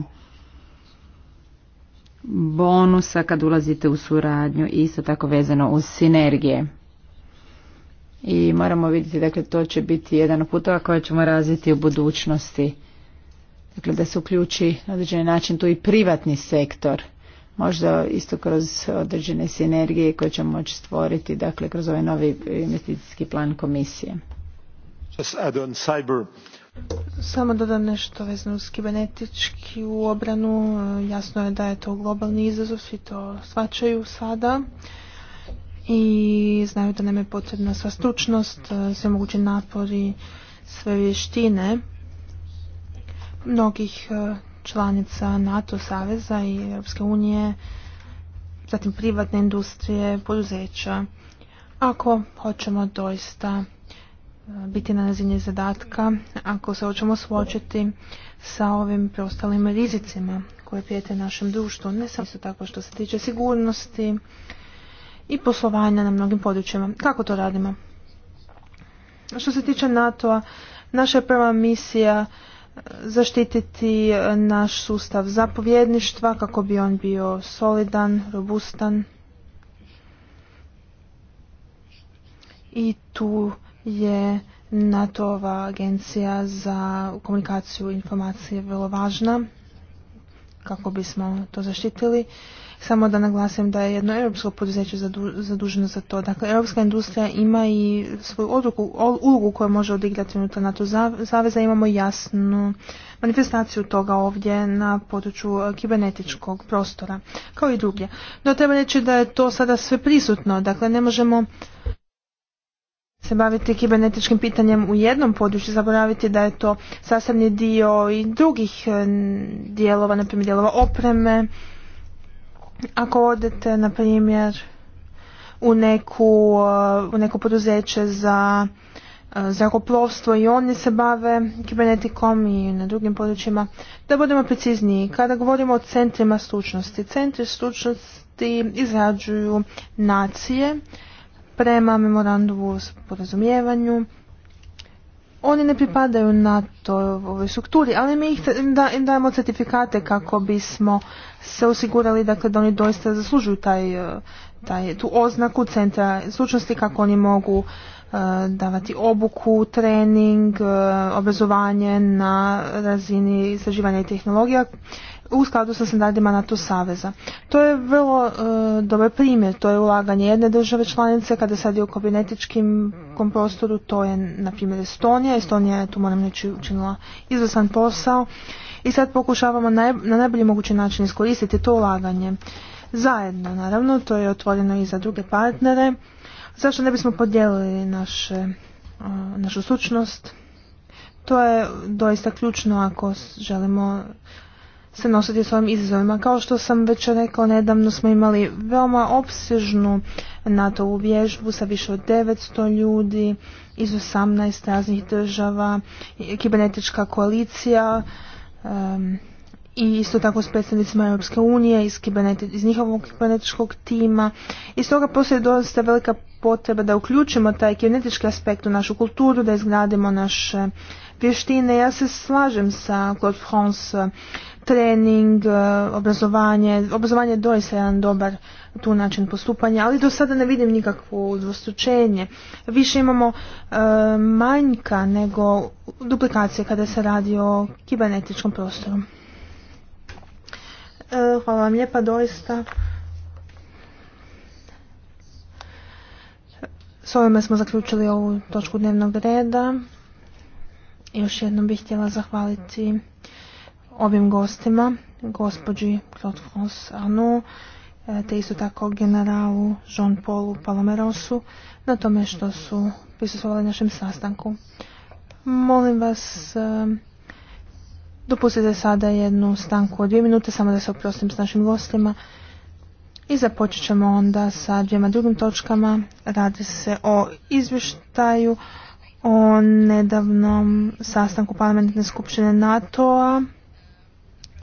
bonusa kad ulazite u suradnju i isto tako vezano uz sinergije i moramo vidjeti, dakle to će biti jedan od putova koje ćemo razviti u budućnosti. Dakle da se uključi na određeni način tu i privatni sektor, možda isto kroz određene sinergije koje ćemo moći stvoriti, dakle kroz ovaj novi investicijski plan komisije. Samo add on Samo nešto vezano uz kibernetički u obranu. E, jasno je da je to globalni izazov, svi to svačaju sada i znaju da nam je potrebna sva stručnost, e, sve moguće napori, sve vještine mnogih e, članica NATO saveza i Europske unije, zatim privatne industrije, poduzeća. Ako hoćemo doista e, biti na razini zadatka, ako se hoćemo suočiti sa ovim preostalim rizicima koje prijete našem društvu, ne samo tako što se tiče sigurnosti, i poslovanja na mnogim područjima. Kako to radimo? Što se tiče NATO-a, naša je prva misija e, zaštititi e, naš sustav zapovjedništva kako bi on bio solidan, robustan. I tu je NATO-ova agencija za komunikaciju informacije vrlo važna kako bismo to zaštitili. Samo da naglasim da je jedno europsko poduzeće zaduženo za to. Dakle, europska industrija ima i svoju odluku, ulogu koju može odigrati unutar NATO zaveza. Imamo jasnu manifestaciju toga ovdje na području e, kibernetičkog prostora, kao i drugdje. No treba reći da je to sada sve prisutno. Dakle, ne možemo se baviti kibernetičkim pitanjem u jednom području, zaboraviti da je to sastavni dio i drugih e, dijelova, na primjer dijelova opreme, ako odete, na primjer, u, neku, uh, u neko poduzeće za uh, zrakoplovstvo i oni se bave kibernetikom i na drugim područjima. Da budemo precizniji, kada govorimo o centrima stručnosti, centri stručnosti izrađuju nacije prema memorandumu o porazumijevanju, oni ne pripadaju to ovoj strukturi, ali mi ih da, im dajemo certifikate kako bismo se osigurali dakle, da oni doista zaslužuju taj, eh, taj, tu oznaku centra slučnosti kako oni mogu eh, davati obuku, trening, eh, obrazovanje na razini istraživanja i tehnologija u skladu sa standardima NATO saveza. To je vrlo e, dobar primjer, to je ulaganje jedne države članice kada sad je u kabinetičkim prostoru, to je na primjer Estonija, Estonija je tu moram reći učinila izvrstan posao i sad pokušavamo naj, na najbolji mogući način iskoristiti to ulaganje. Zajedno naravno, to je otvoreno i za druge partnere. Zašto ne bismo podijelili naše, e, našu sučnost? To je doista ključno ako želimo se nositi s ovim izazovima. Kao što sam već rekla, nedavno smo imali veoma opsežnu NATO vježbu sa više od 900 ljudi iz 18 raznih država, kibernetička koalicija i isto tako s predstavnicima Europske unije iz, iz njihovog kibernetičkog tima. I stoga postoji dosta velika potreba da uključimo taj kibernetički aspekt u našu kulturu, da izgradimo naše vještine. Ja se slažem sa Claude France trening, e, obrazovanje. Obrazovanje je doista jedan dobar tu način postupanja, ali do sada ne vidim nikakvo udvostručenje. Više imamo e, manjka nego duplikacije kada se radi o kibernetičkom prostoru. E, hvala vam lijepa, doista. S ovime smo zaključili ovu točku dnevnog reda. Još jednom bih htjela zahvaliti ovim gostima, gospođi Claude France Arnaud, e, te isto tako generalu Jean-Paulu Palomerosu na tome što su prisustvovali našem sastanku. Molim vas, e, dopustite sada jednu stanku od dvije minute, samo da se oprostim s našim gostima. I započet ćemo onda sa dvijema drugim točkama. Radi se o izvještaju o nedavnom sastanku parlamentarne skupštine NATO-a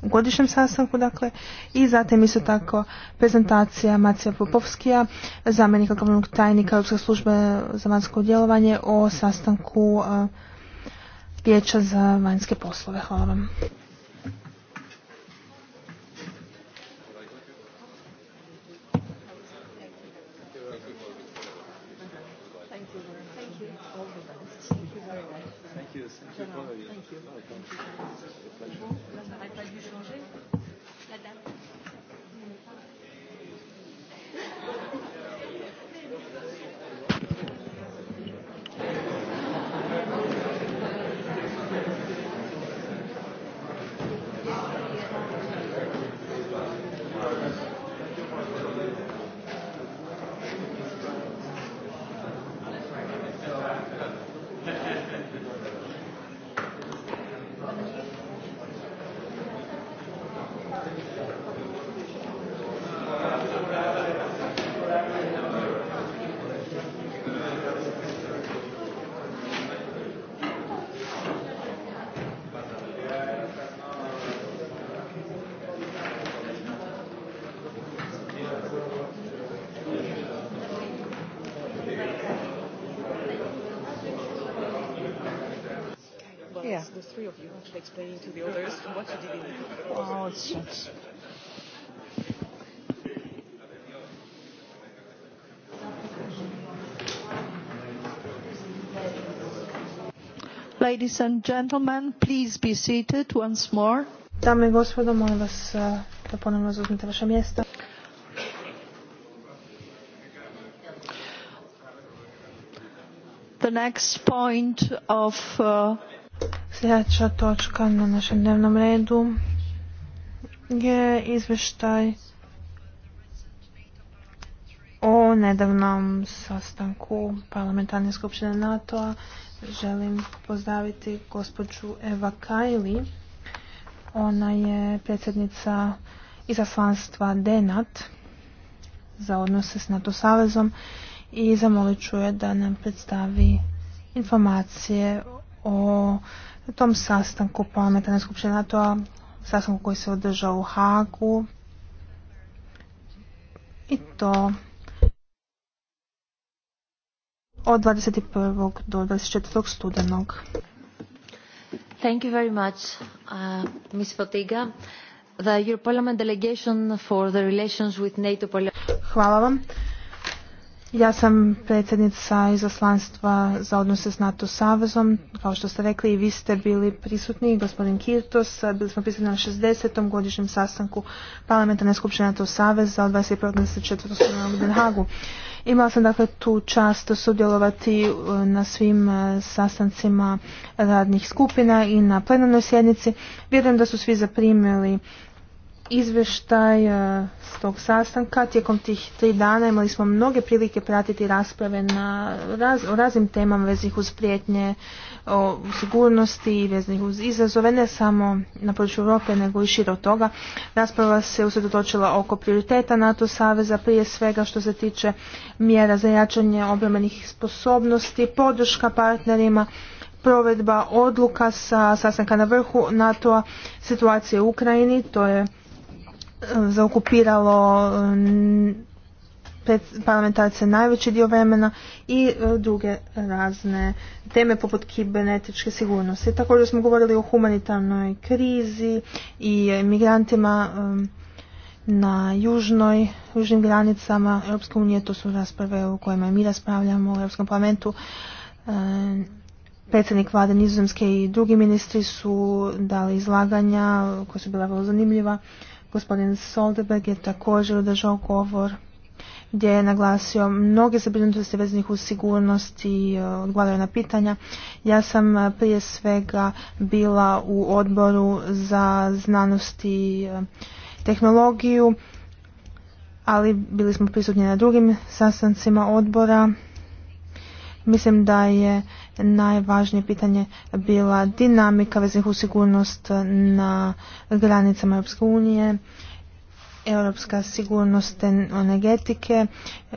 godišnjem sastanku, dakle, i zatim isto tako prezentacija Macija Popovskija, zamjenika glavnog tajnika Europske službe za vanjsko djelovanje o sastanku Vijeća za vanjske poslove. Hvala vam. explaining to the others what you did in Oh, shit. Ladies and gentlemen, please be seated once more. Dame i gospodo, molim vas eh, da ponovno zauzmete vaše mjesto. The next point of eh, Sljedeća točka na našem dnevnom redu je izveštaj o nedavnom sastanku parlamentarne skupštine NATO-a. Želim pozdraviti gospođu Eva Kajli. Ona je predsjednica izaslanstva DENAT za odnose s NATO savezom i zamolit ću je da nam predstavi informacije o tom sastanku parlamentarne skupštine NATO-a, sastanku koji se održao u Hagu i to od 21. do 24. studenog. Thank you very much, uh, Ms. Fotiga. The European Parliament delegation for the relations with NATO Hvala vam. Ja sam predsjednica izaslanstva za odnose s NATO savezom. Kao što ste rekli i vi ste bili prisutni, gospodin Kirtos, bili smo prisutni na 60. godišnjem sastanku parlamentarne skupštine NATO saveza od 25. u Den Hagu. Imala sam dakle tu čast sudjelovati e, na svim e, sastancima radnih skupina i na plenarnoj sjednici. Vjerujem da su svi zaprimili izvještaj e, s tog sastanka. Tijekom tih tri dana imali smo mnoge prilike pratiti rasprave na o raznim temama veznih uz prijetnje, o sigurnosti i veznih uz izazove, ne samo na području Europe, nego i širo toga. Rasprava se usredotočila oko prioriteta NATO saveza, prije svega što se tiče mjera za jačanje obrambenih sposobnosti, podrška partnerima, provedba odluka sa sastanka na vrhu NATO-a situacije u Ukrajini, to je zaokupiralo parlamentarce najveći dio vremena i e, druge razne teme poput kibernetičke sigurnosti. Također smo govorili o humanitarnoj krizi i migrantima na južnoj, južnim granicama Europske unije. To su rasprave u kojima mi raspravljamo u Europskom parlamentu. Predsjednik vlade Nizozemske i drugi ministri su dali izlaganja koja su bila vrlo zanimljiva Gospodin Soldeberg je također održao govor gdje je naglasio mnoge zabrinutosti vezanih uz sigurnost i e, odgovaraju na pitanja. Ja sam e, prije svega bila u odboru za znanost i e, tehnologiju, ali bili smo prisutni na drugim sastancima odbora Mislim da je najvažnije pitanje bila dinamika veznih u sigurnost na granicama Europske unije, europska sigurnost energetike, e,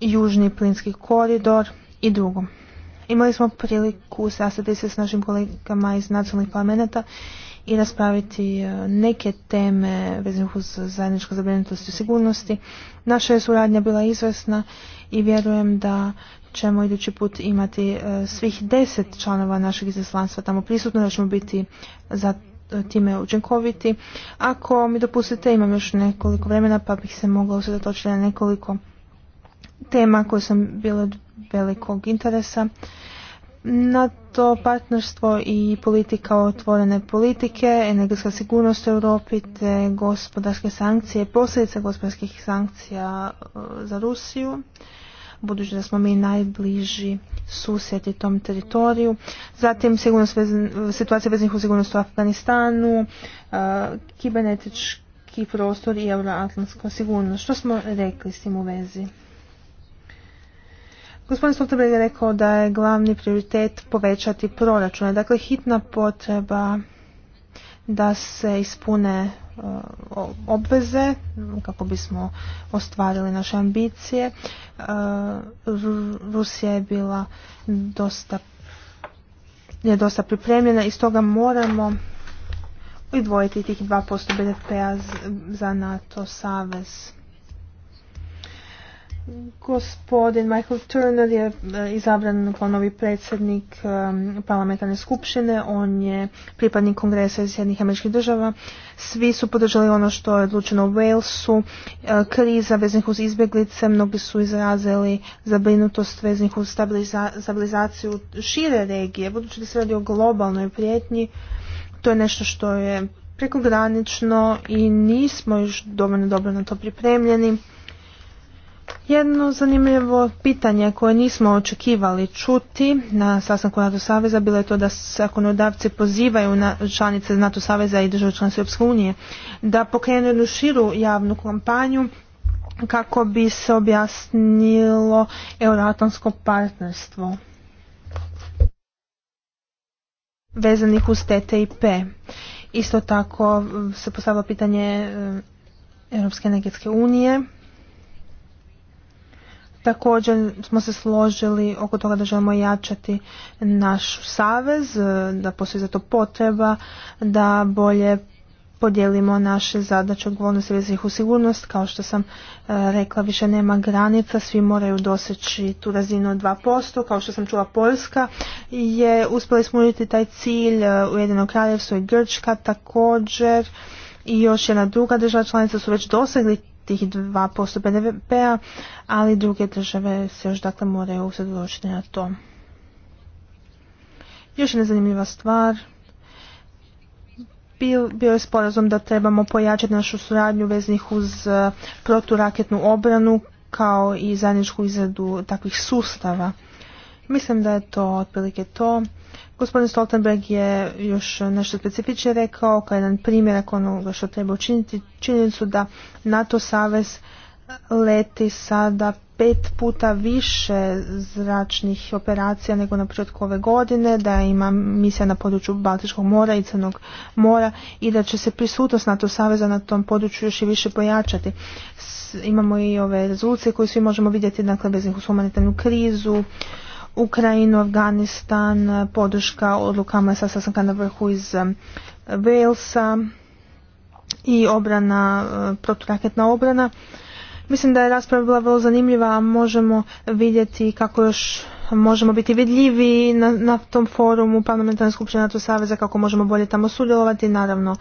južni plinski koridor i drugo. Imali smo priliku sastati se s našim kolegama iz nacionalnih parlamenta i raspraviti e, neke teme vezanih uz zajedničku zabrinutost i sigurnosti. Naša je suradnja bila izvrsna i vjerujem da ćemo idući put imati e, svih deset članova našeg izaslanstva tamo prisutno, da ćemo biti za e, time učinkoviti. Ako mi dopustite, imam još nekoliko vremena pa bih se mogla usredotočiti na nekoliko tema koje sam bile od velikog interesa. Na to partnerstvo i politika otvorene politike, energetska sigurnost u Europi te gospodarske sankcije, posljedice gospodarskih sankcija e, za Rusiju budući da smo mi najbliži susjeti tom teritoriju. Zatim situacija veznih u sigurnost u Afganistanu, e, kibernetički prostor i euroatlantska sigurnost. Što smo rekli s tim u vezi? Gospodin Stoltenberg je rekao da je glavni prioritet povećati proračune. Dakle, hitna potreba da se ispune obveze kako bismo ostvarili naše ambicije. E, Rusija je bila dosta je dosta pripremljena i stoga moramo udvojiti tih 2% BDP-a za NATO savez. Gospodin Michael Turner je eh, izabran kao novi predsjednik eh, parlamentarne skupštine. On je pripadnik kongresa iz Sjednih američkih država. Svi su podržali ono što je odlučeno u Walesu. Eh, kriza veznih uz izbjeglice. Mnogi su izrazili zabrinutost veznih uz stabilizaciju šire regije. Budući da se radi o globalnoj prijetnji, to je nešto što je prekogranično i nismo još dovoljno dobro na to pripremljeni. Jedno zanimljivo pitanje koje nismo očekivali čuti na sastanku NATO Saveza bilo je to da zakonodavci pozivaju na članice NATO Saveza i države članice EU unije da pokrenu jednu širu javnu kampanju kako bi se objasnilo euroatlantsko partnerstvo vezanih uz TTIP. Isto tako se postavilo pitanje e, Europske energetske unije Također smo se složili oko toga da želimo jačati naš savez, e, da postoji za to potreba, da bolje podijelimo naše zadaće odgovornosti vezanih u sigurnost. Kao što sam e, rekla, više nema granica, svi moraju doseći tu razinu od 2%. Kao što sam čula, Poljska je uspjela ispuniti taj cilj, e, Ujedino kraljevstvo i Grčka također i još jedna druga država članica su već dosegli tih 2% BDP-a, ali druge države se još dakle moraju usredočiti na to. Još jedna zanimljiva stvar, bio, bio je sporazum da trebamo pojačati našu suradnju veznih uz e, proturaketnu obranu kao i zajedničku izradu takvih sustava. Mislim da je to otprilike to. Gospodin Stoltenberg je još nešto specifičnije rekao, kao jedan primjerak onoga što treba učiniti, činjenicu da NATO savez leti sada pet puta više zračnih operacija nego na početku ove godine, da ima misija na području Baltičkog mora i Crnog mora i da će se prisutnost NATO saveza na tom području još i više pojačati. Imamo i ove rezolucije koje svi možemo vidjeti, dakle, bez uz humanitarnu krizu, Ukrajinu, Afganistan, eh, podrška odlukama sa sasnaka na vrhu iz eh, Walesa i obrana, eh, proturaketna obrana. Mislim da je rasprava bila vrlo zanimljiva, a možemo vidjeti kako još možemo biti vidljivi na, tom forumu Parlamentarne skupštine NATO Saveza, kako možemo bolje tamo sudjelovati, naravno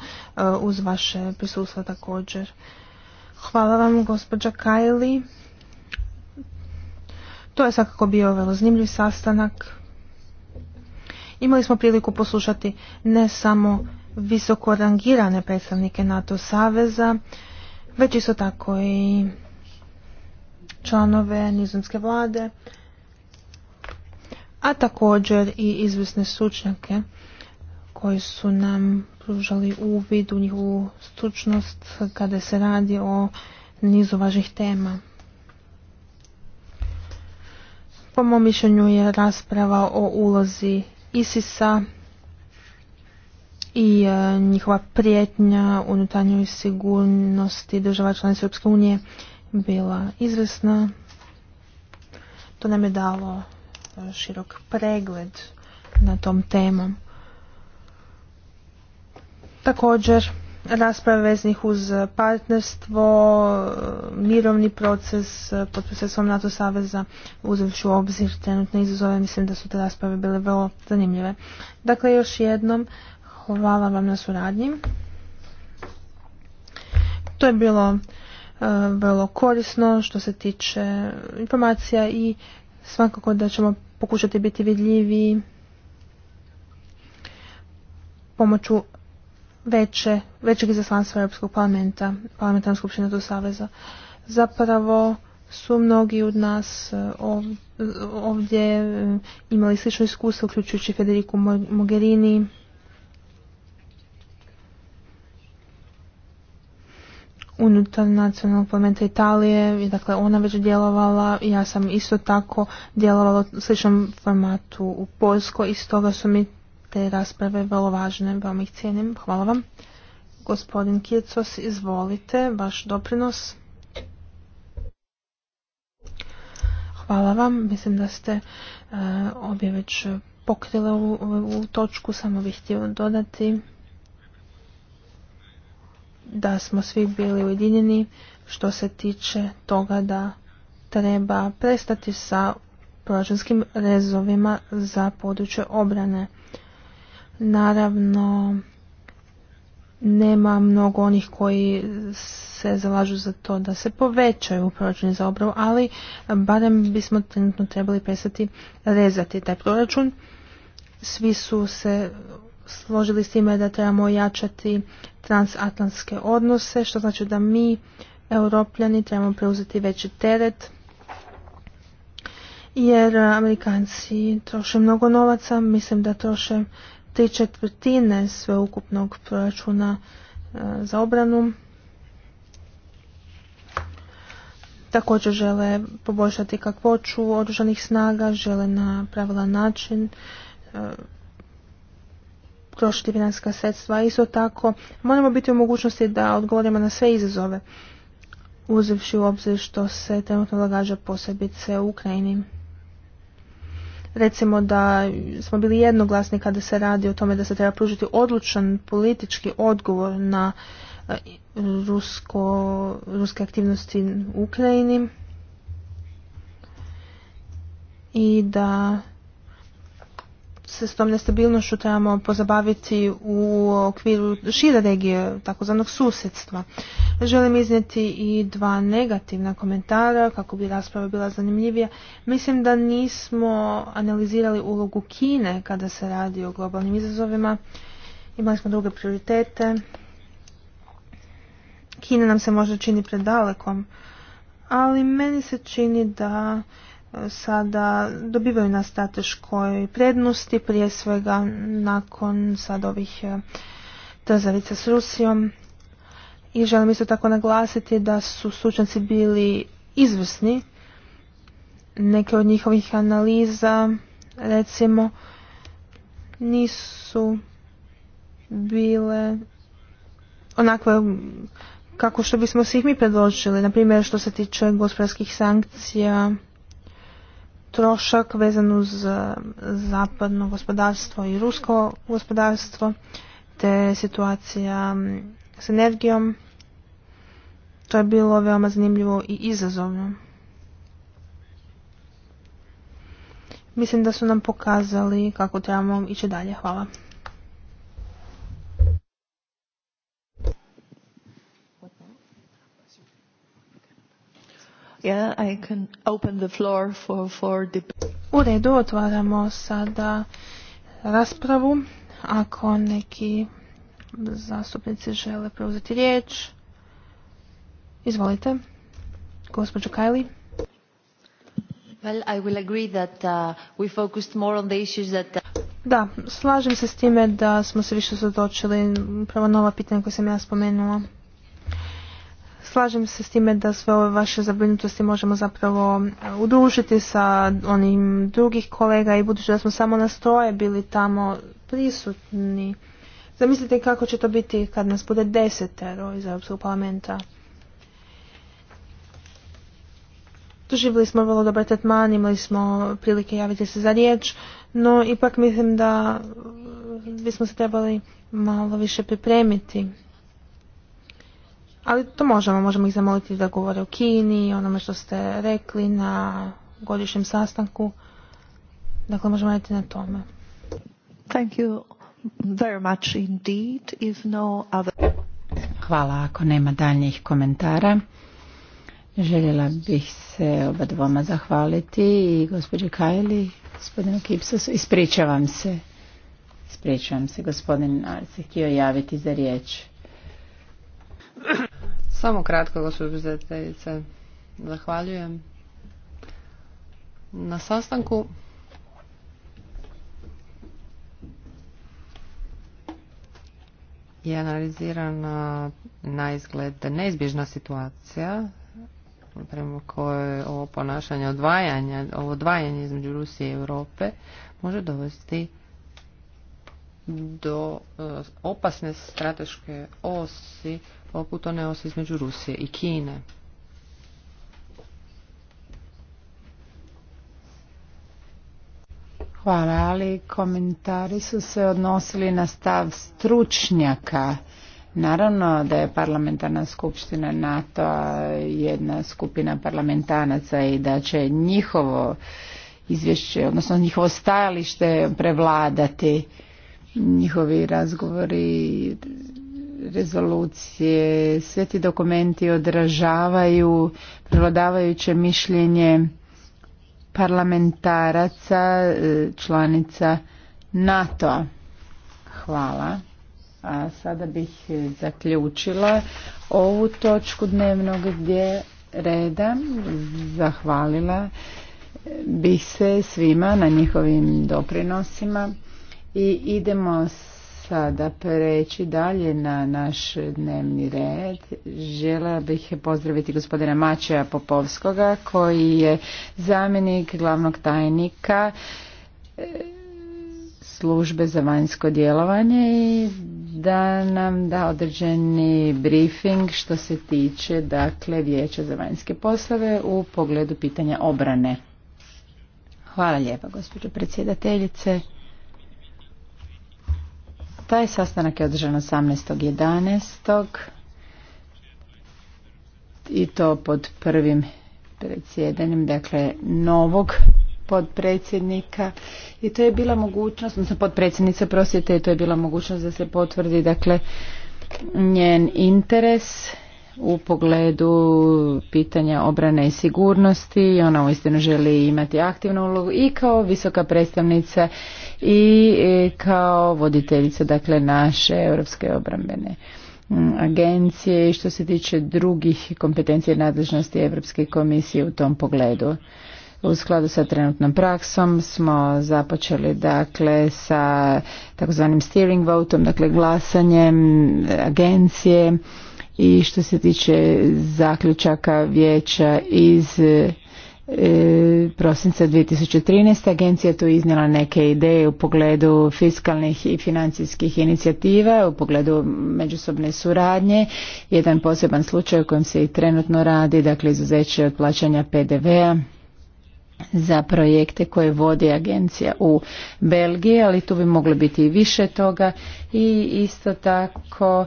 uz vaše prisustvo također. Hvala vam gospođa Kajli. To je svakako bio vrlo zanimljiv sastanak. Imali smo priliku poslušati ne samo visoko rangirane predstavnike NATO saveza, već isto tako i članove nizomske vlade, a također i izvisne stručnjake koji su nam pružali uvid u njihovu stručnost kada se radi o nizu važnih tema. Po mom mišljenju je rasprava o ulozi ISIS-a i e, njihova prijetnja unutarnjoj sigurnosti država članica Europske unije bila izvesna. To nam je dalo e, širok pregled na tom temom. Također, rasprave veznih uz partnerstvo, mirovni proces pod procesom NATO saveza uzevši u obzir trenutne izazove, mislim da su te rasprave bile vrlo zanimljive. Dakle, još jednom hvala vam na suradnji. To je bilo e, vrlo korisno što se tiče informacija i svakako da ćemo pokušati biti vidljivi pomoću veće, većeg izaslanstva Europskog parlamenta, parlamentarnog skupština do Saveza. Zapravo su mnogi od nas eh, ovdje eh, imali slično iskustvo, uključujući Federiku Mogherini, unutar nacionalnog parlamenta Italije i dakle ona već djelovala ja sam isto tako djelovala u sličnom formatu u Poljskoj i stoga su mi rasprave vrlo važne, vam ih cijenim. Hvala vam. Gospodin Kircos, izvolite, vaš doprinos. Hvala vam, mislim da ste ovdje obje već pokrile u, točku, samo bih htio dodati da smo svi bili ujedinjeni što se tiče toga da treba prestati sa proračunskim rezovima za područje obrane. Naravno, nema mnogo onih koji se zalažu za to da se povećaju proračuni za obravu ali barem bismo trenutno trebali prestati rezati taj proračun. Svi su se složili s time da trebamo ojačati transatlantske odnose, što znači da mi, europljani, trebamo preuzeti veći teret, jer Amerikanci troše mnogo novaca, mislim da troše tri četvrtine sveukupnog proračuna e, za obranu. Također žele poboljšati kakvoću oružanih snaga, žele na pravilan način e, trošiti financijska sredstva. Isto tako moramo biti u mogućnosti da odgovorimo na sve izazove, uzivši u obzir što se trenutno događa posebice u Ukrajini recimo da smo bili jednoglasni kada se radi o tome da se treba pružiti odlučan politički odgovor na e, rusko, ruske aktivnosti u Ukrajini i da se s tom nestabilnošću trebamo pozabaviti u okviru šire regije, takozvanog susjedstva. Želim iznijeti i dva negativna komentara kako bi rasprava bila zanimljivija. Mislim da nismo analizirali ulogu Kine kada se radi o globalnim izazovima. Imali smo druge prioritete. Kina nam se možda čini predalekom, ali meni se čini da sada dobivaju na strateškoj prednosti, prije svega nakon sad ovih e, trzavica s Rusijom. I želim isto tako naglasiti da su stručnjaci bili izvrsni. Neke od njihovih analiza, recimo, nisu bile onakve kako što bismo svih mi predložili. Naprimjer, što se tiče gospodarskih sankcija, trošak vezan uz eh, zapadno gospodarstvo i rusko gospodarstvo, te situacija mm, s energijom. To je bilo veoma zanimljivo i izazovno. Mislim da su nam pokazali kako trebamo ići dalje. Hvala. U redu otvaramo sada raspravu. Ako neki zastupnici žele preuzeti riječ, izvolite. Gospođo Kajli. Uh, uh, da, slažem se s time da smo se više zadočili pravo nova pitanja koja sam ja spomenula. Slažem se s time da sve ove vaše zabrinutosti možemo zapravo e, udružiti sa onim drugih kolega i budući da smo samo na stroje bili tamo prisutni. Zamislite kako će to biti kad nas bude desetero iz Europskog parlamenta. Doživili smo vrlo dobar tretman, imali smo prilike javiti se za riječ, no ipak mislim da bismo se trebali malo više pripremiti ali to možemo, možemo ih zamoliti da govore o Kini, onome što ste rekli na godišnjem sastanku. Dakle, možemo raditi na tome. Thank you very much indeed, if no other... Hvala ako nema daljnjih komentara. Željela bih se oba dvoma zahvaliti i gospođe Kajli, gospodinu Kipsosu. Ispričavam se. Ispričavam se, gospodin Arce htio javiti za riječ. Samo kratko, gospođo Zahvaljujem. Na sastanku je analizirana na izgled neizbježna situacija prema kojoj ovo ponašanje odvajanja, ovo odvajanje između Rusije i Europe može dovesti do e, opasne strateške osi poput one osa između Rusije i Kine. Hvala, ali komentari su se odnosili na stav stručnjaka. Naravno da je parlamentarna skupština NATO jedna skupina parlamentanaca i da će njihovo izvješće, odnosno njihovo stajalište prevladati njihovi razgovori rezolucije, sve ti dokumenti odražavaju prevladavajuće mišljenje parlamentaraca, e, članica nato Hvala. A sada bih e, zaključila ovu točku dnevnog gdje reda. Zahvalila bih se svima na njihovim doprinosima i idemo s sada preći dalje na naš dnevni red. Žela bih pozdraviti gospodina Mačeja Popovskoga koji je zamjenik glavnog tajnika e, službe za vanjsko djelovanje i da nam da određeni briefing što se tiče dakle vijeća za vanjske poslove u pogledu pitanja obrane. Hvala lijepa gospođo predsjedateljice. Taj sastanak je održan 18.11. i to pod prvim predsjedanjem, dakle novog podpredsjednika i to je bila mogućnost, odnosno podpredsjednica prosjete i to je bila mogućnost da se potvrdi dakle njen interes u pogledu pitanja obrane i sigurnosti. Ona uistinu želi imati aktivnu ulogu i kao visoka predstavnica i e, kao voditeljica dakle naše europske obrambene mm, agencije i što se tiče drugih kompetencija i nadležnosti Europske komisije u tom pogledu. U skladu sa trenutnom praksom smo započeli dakle sa takozvanim steering votom, dakle glasanjem agencije i što se tiče zaključaka vijeća iz e, e prosinca 2013. agencija tu iznijela neke ideje u pogledu fiskalnih i financijskih inicijativa, u pogledu međusobne suradnje, jedan poseban slučaj u kojem se i trenutno radi, dakle izuzeće od plaćanja PDV-a za projekte koje vodi agencija u Belgiji, ali tu bi moglo biti i više toga i isto tako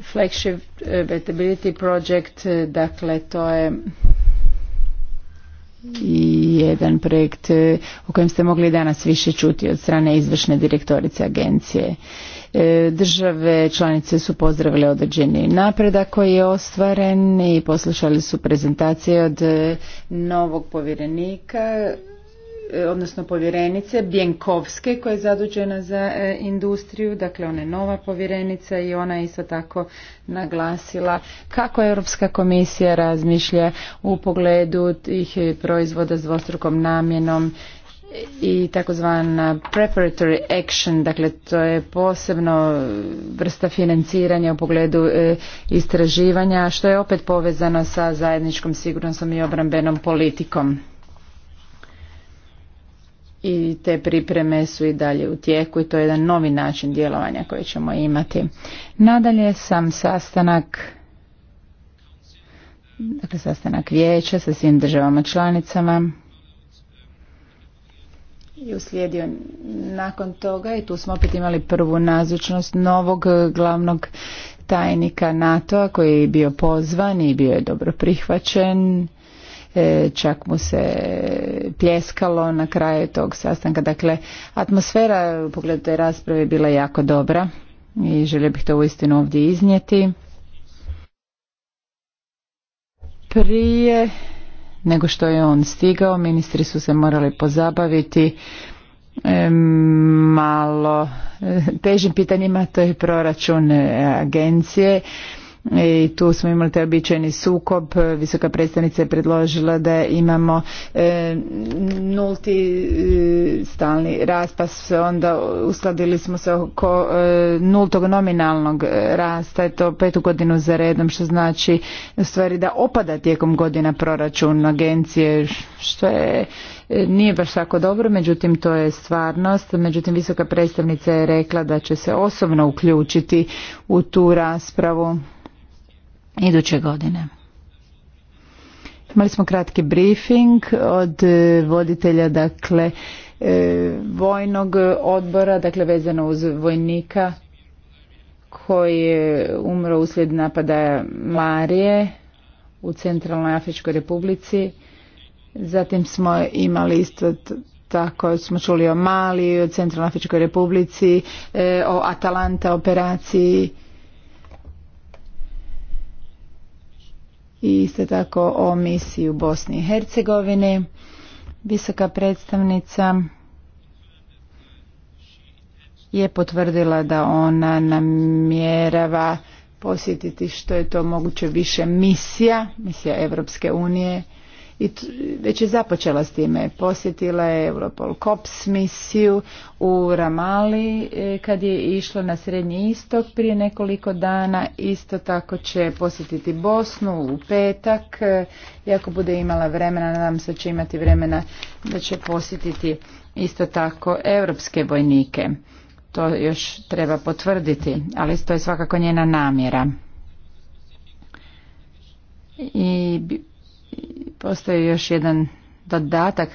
flagship eh, vetability project, eh, dakle to je jedan projekt eh, o kojem ste mogli danas više čuti od strane izvršne direktorice agencije. Države članice su pozdravile određeni napredak koji je ostvaren i poslušali su prezentacije od novog povjerenika E, odnosno povjerenice Bjenkovske koja je zadužena za e, industriju, dakle ona je nova povjerenica i ona je isto tako naglasila kako Europska komisija razmišlja u pogledu tih proizvoda s dvostrukom namjenom i takozvana preparatory action, dakle to je posebno vrsta financiranja u pogledu e, istraživanja, što je opet povezano sa zajedničkom sigurnosnom i obrambenom politikom i te pripreme su i dalje u tijeku i to je jedan novi način djelovanja koji ćemo imati. Nadalje sam sastanak dakle sastanak vijeća sa svim državama članicama i uslijedio nakon toga i tu smo opet imali prvu nazočnost novog glavnog tajnika NATO-a koji je bio pozvan i bio je dobro prihvaćen E, čak mu se pljeskalo na kraju tog sastanka. Dakle, atmosfera u pogledu te rasprave je bila jako dobra i želio bih to uistinu ovdje iznijeti. Prije nego što je on stigao, ministri su se morali pozabaviti e, malo e, težim pitanjima, to je proračun agencije i tu smo imali taj običajni sukob. Visoka predstavnica je predložila da imamo e, nulti e, stalni se onda uskladili smo se oko e, nultog nominalnog rasta, je to petu godinu za redom, što znači u stvari da opada tijekom godina proračun agencije, što je e, nije baš tako dobro, međutim to je stvarnost. Međutim, visoka predstavnica je rekla da će se osobno uključiti u tu raspravu iduće godine. Imali smo kratki briefing od e, voditelja dakle e, vojnog odbora, dakle vezano uz vojnika koji je umro uslijed napada Marije u Centralnoj Afričkoj Republici. Zatim smo imali isto tako smo čuli o Mali, o Centralnoj Afričkoj Republici, e, o Atalanta operaciji i isto tako o misiji u Bosni i Hercegovini. Visoka predstavnica je potvrdila da ona namjerava posjetiti što je to moguće više misija, misija Europske unije i već je započela s time. Posjetila je Europol Kops misiju u Ramali e, kad je išla na Srednji istok prije nekoliko dana. Isto tako će posjetiti Bosnu u petak. Iako e, bude imala vremena, nadam se će imati vremena da će posjetiti isto tako europske vojnike. To još treba potvrditi, ali to je svakako njena namjera. I Postoji još jedan dodatak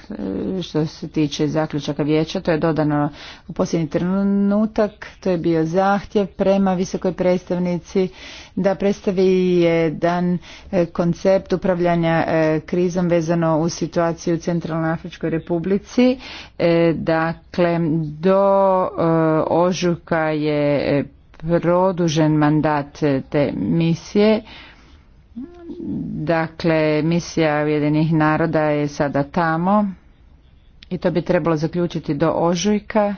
e, što se tiče zaključaka vijeća, to je dodano u posljednji trenutak, to je bio zahtjev prema visokoj predstavnici da predstavi jedan e, koncept upravljanja e, krizom vezano u situaciju u Centralnoj Afričkoj Republici. Dakle, do ožuka je produžen mandat te misije Dakle, misija Ujedinih naroda je sada tamo i to bi trebalo zaključiti do ožujka.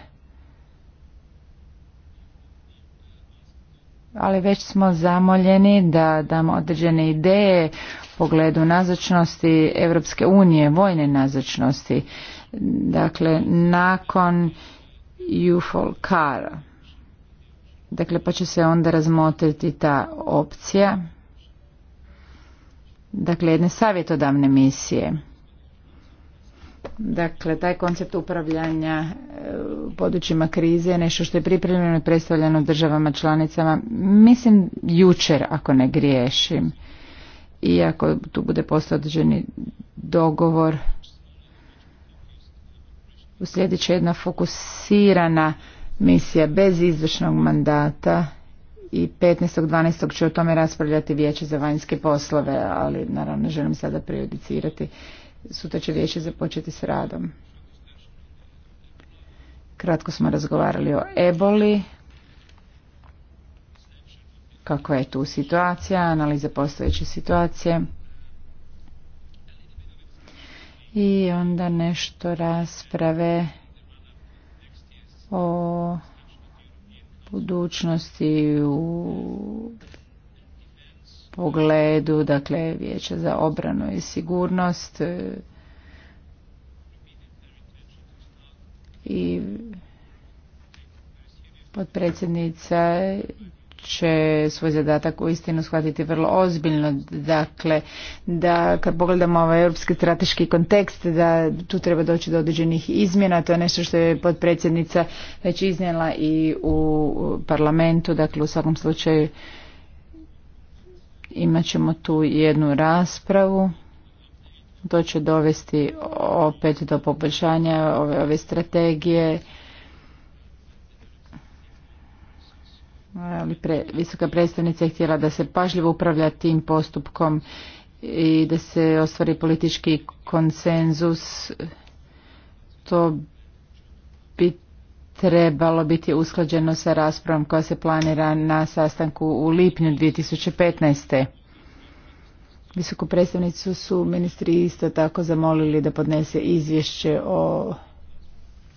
Ali već smo zamoljeni da damo određene ideje u pogledu nazočnosti Europske unije, vojne nazočnosti. Dakle, nakon UFOL kara. Dakle, pa će se onda razmotriti ta opcija dakle jedne savjetodavne misije. Dakle, taj koncept upravljanja e, područjima krize je nešto što je pripremljeno i predstavljeno državama članicama, mislim jučer ako ne griješim. I ako tu bude postoji određeni dogovor, uslijedit će jedna fokusirana misija bez izvršnog mandata i 15.12. će o tome raspravljati vijeće za vanjske poslove, ali naravno želim sada prejudicirati. Sutra će vijeće započeti s radom. Kratko smo razgovarali o eboli, kakva je tu situacija, analiza postojeće situacije. I onda nešto rasprave o budućnosti u pogledu dakle vijeća za obranu i sigurnost i potpredsjednica će svoj zadatak uistinu shvatiti vrlo ozbiljno. Dakle, da kad pogledamo ovaj europski strateški kontekst, da tu treba doći do određenih izmjena, to je nešto što je podpredsjednica već iznijela i u parlamentu, dakle u svakom slučaju imat ćemo tu jednu raspravu. To će dovesti opet do poboljšanja ove, ove strategije. ali visoka predstavnica je htjela da se pažljivo upravlja tim postupkom i da se ostvari politički konsenzus. To bi trebalo biti usklađeno sa raspravom koja se planira na sastanku u lipnju 2015. Visoku predstavnicu su ministri isto tako zamolili da podnese izvješće o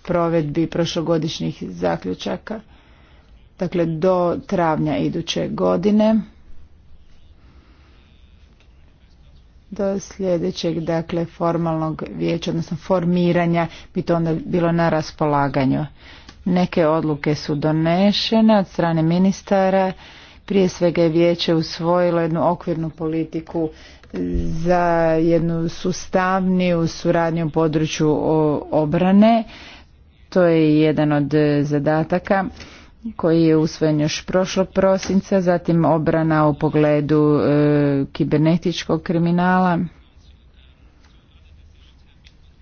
provedbi prošlogodišnjih zaključaka dakle do travnja iduće godine do sljedećeg dakle formalnog vijeća odnosno formiranja bi to onda bilo na raspolaganju neke odluke su donešene od strane ministara prije svega je vijeće usvojilo jednu okvirnu politiku za jednu sustavniju suradnju u području obrane to je jedan od zadataka koji je usvojen još prošlog prosinca, zatim obrana u pogledu e, kibernetičkog kriminala.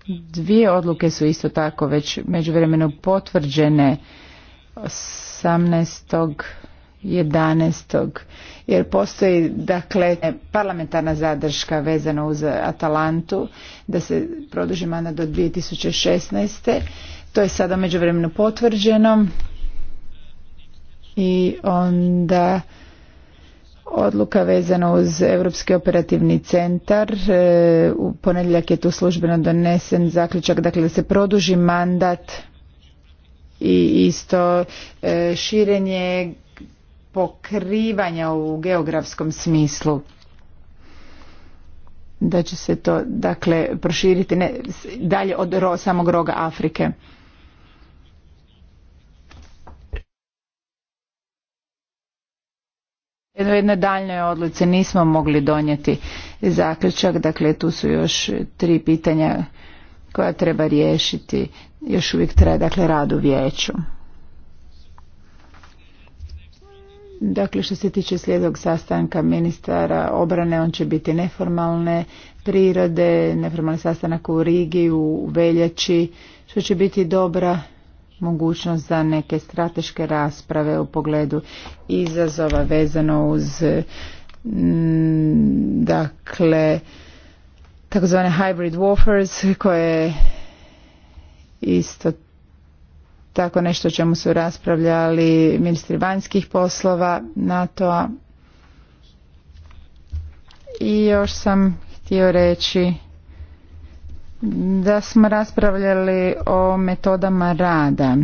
Dvije odluke su isto tako već međuvremeno potvrđene 18. 11. jer postoji dakle parlamentarna zadrška vezana uz Atalantu da se produži mandat do 2016. To je sada međuvremeno potvrđeno i onda odluka vezana uz Europski operativni centar. E, u ponedjeljak je tu službeno donesen zaključak dakle da se produži mandat i isto e, širenje pokrivanja u geografskom smislu da će se to dakle proširiti dalje od ro, samog roga Afrike. u jednoj daljnoj odluci nismo mogli donijeti zaključak, dakle tu su još tri pitanja koja treba riješiti, još uvijek traje dakle rad u vijeću. Dakle, što se tiče slijedog sastanka ministara obrane, on će biti neformalne prirode, neformalni sastanak u Rigi, u Veljači, što će biti dobra mogućnost za neke strateške rasprave u pogledu izazova vezano uz mm, dakle takozvane hybrid warfare koje isto tako nešto o čemu su raspravljali ministri vanjskih poslova NATO-a. I još sam htio reći da smo raspravljali o metodama rada.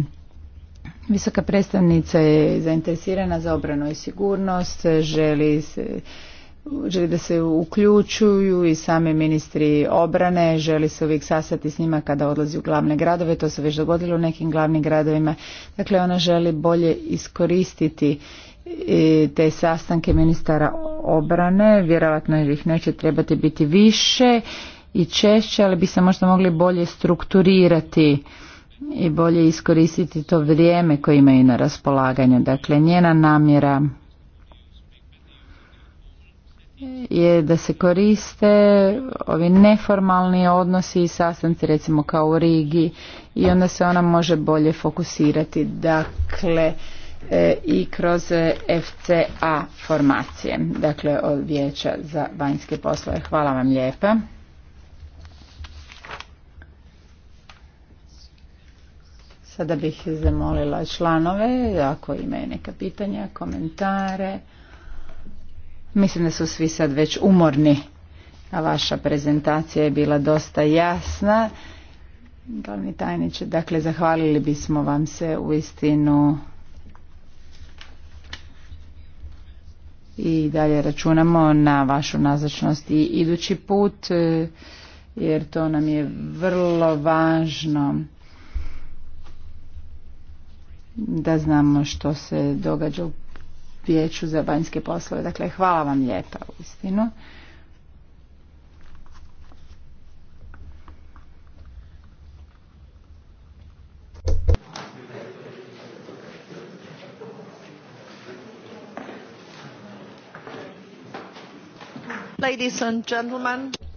Visoka predstavnica je zainteresirana za obranu i sigurnost, želi se želi da se uključuju i sami ministri obrane, želi se uvijek sastati s njima kada odlazi u glavne gradove, to se već dogodilo u nekim glavnim gradovima. Dakle, ona želi bolje iskoristiti e, te sastanke ministara obrane, vjerojatno ih neće trebati biti više i češće, ali bi se možda mogli bolje strukturirati i bolje iskoristiti to vrijeme koje imaju na raspolaganju. Dakle, njena namjera je da se koriste ovi neformalni odnosi i sastanci recimo kao u Rigi i onda se ona može bolje fokusirati dakle e, i kroz e, FCA formacije dakle od vijeća za vanjske poslove hvala vam lijepa Sada bih zamolila članove, ako imaju neka pitanja, komentare. Mislim da su svi sad već umorni, a vaša prezentacija je bila dosta jasna. Glavni tajniče, dakle, zahvalili bismo vam se u istinu i dalje računamo na vašu nazočnost i idući put, eh, jer to nam je vrlo važno da znamo što se događa u vijeću za vanjske poslove. Dakle, hvala vam lijepa, uistinu. Ladies and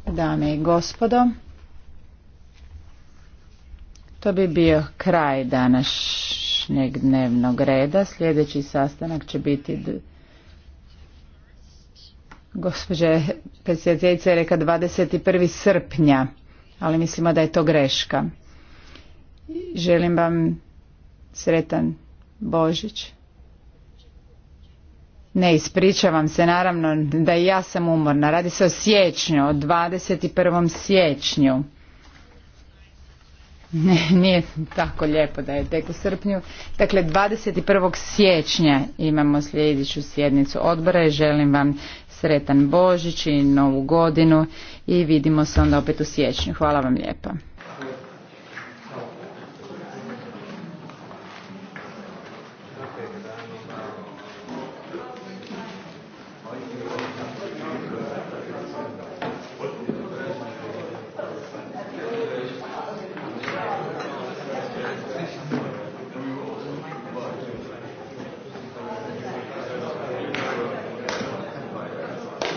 Dame i gospodo, to bi bio kraj današnjeg današnjeg dnevnog reda. Sljedeći sastanak će biti gospođe predsjedateljica je reka 21. srpnja, ali mislimo da je to greška. Želim vam sretan Božić. Ne, ispričavam se naravno da i ja sam umorna. Radi se o siječnju, o 21. siječnju. (laughs) Ne, nije tako lijepo da je tek u srpnju. Dakle, 21. siječnja imamo sljedeću sjednicu odbora i želim vam sretan Božić i novu godinu i vidimo se onda opet u siječnju. Hvala vam lijepa.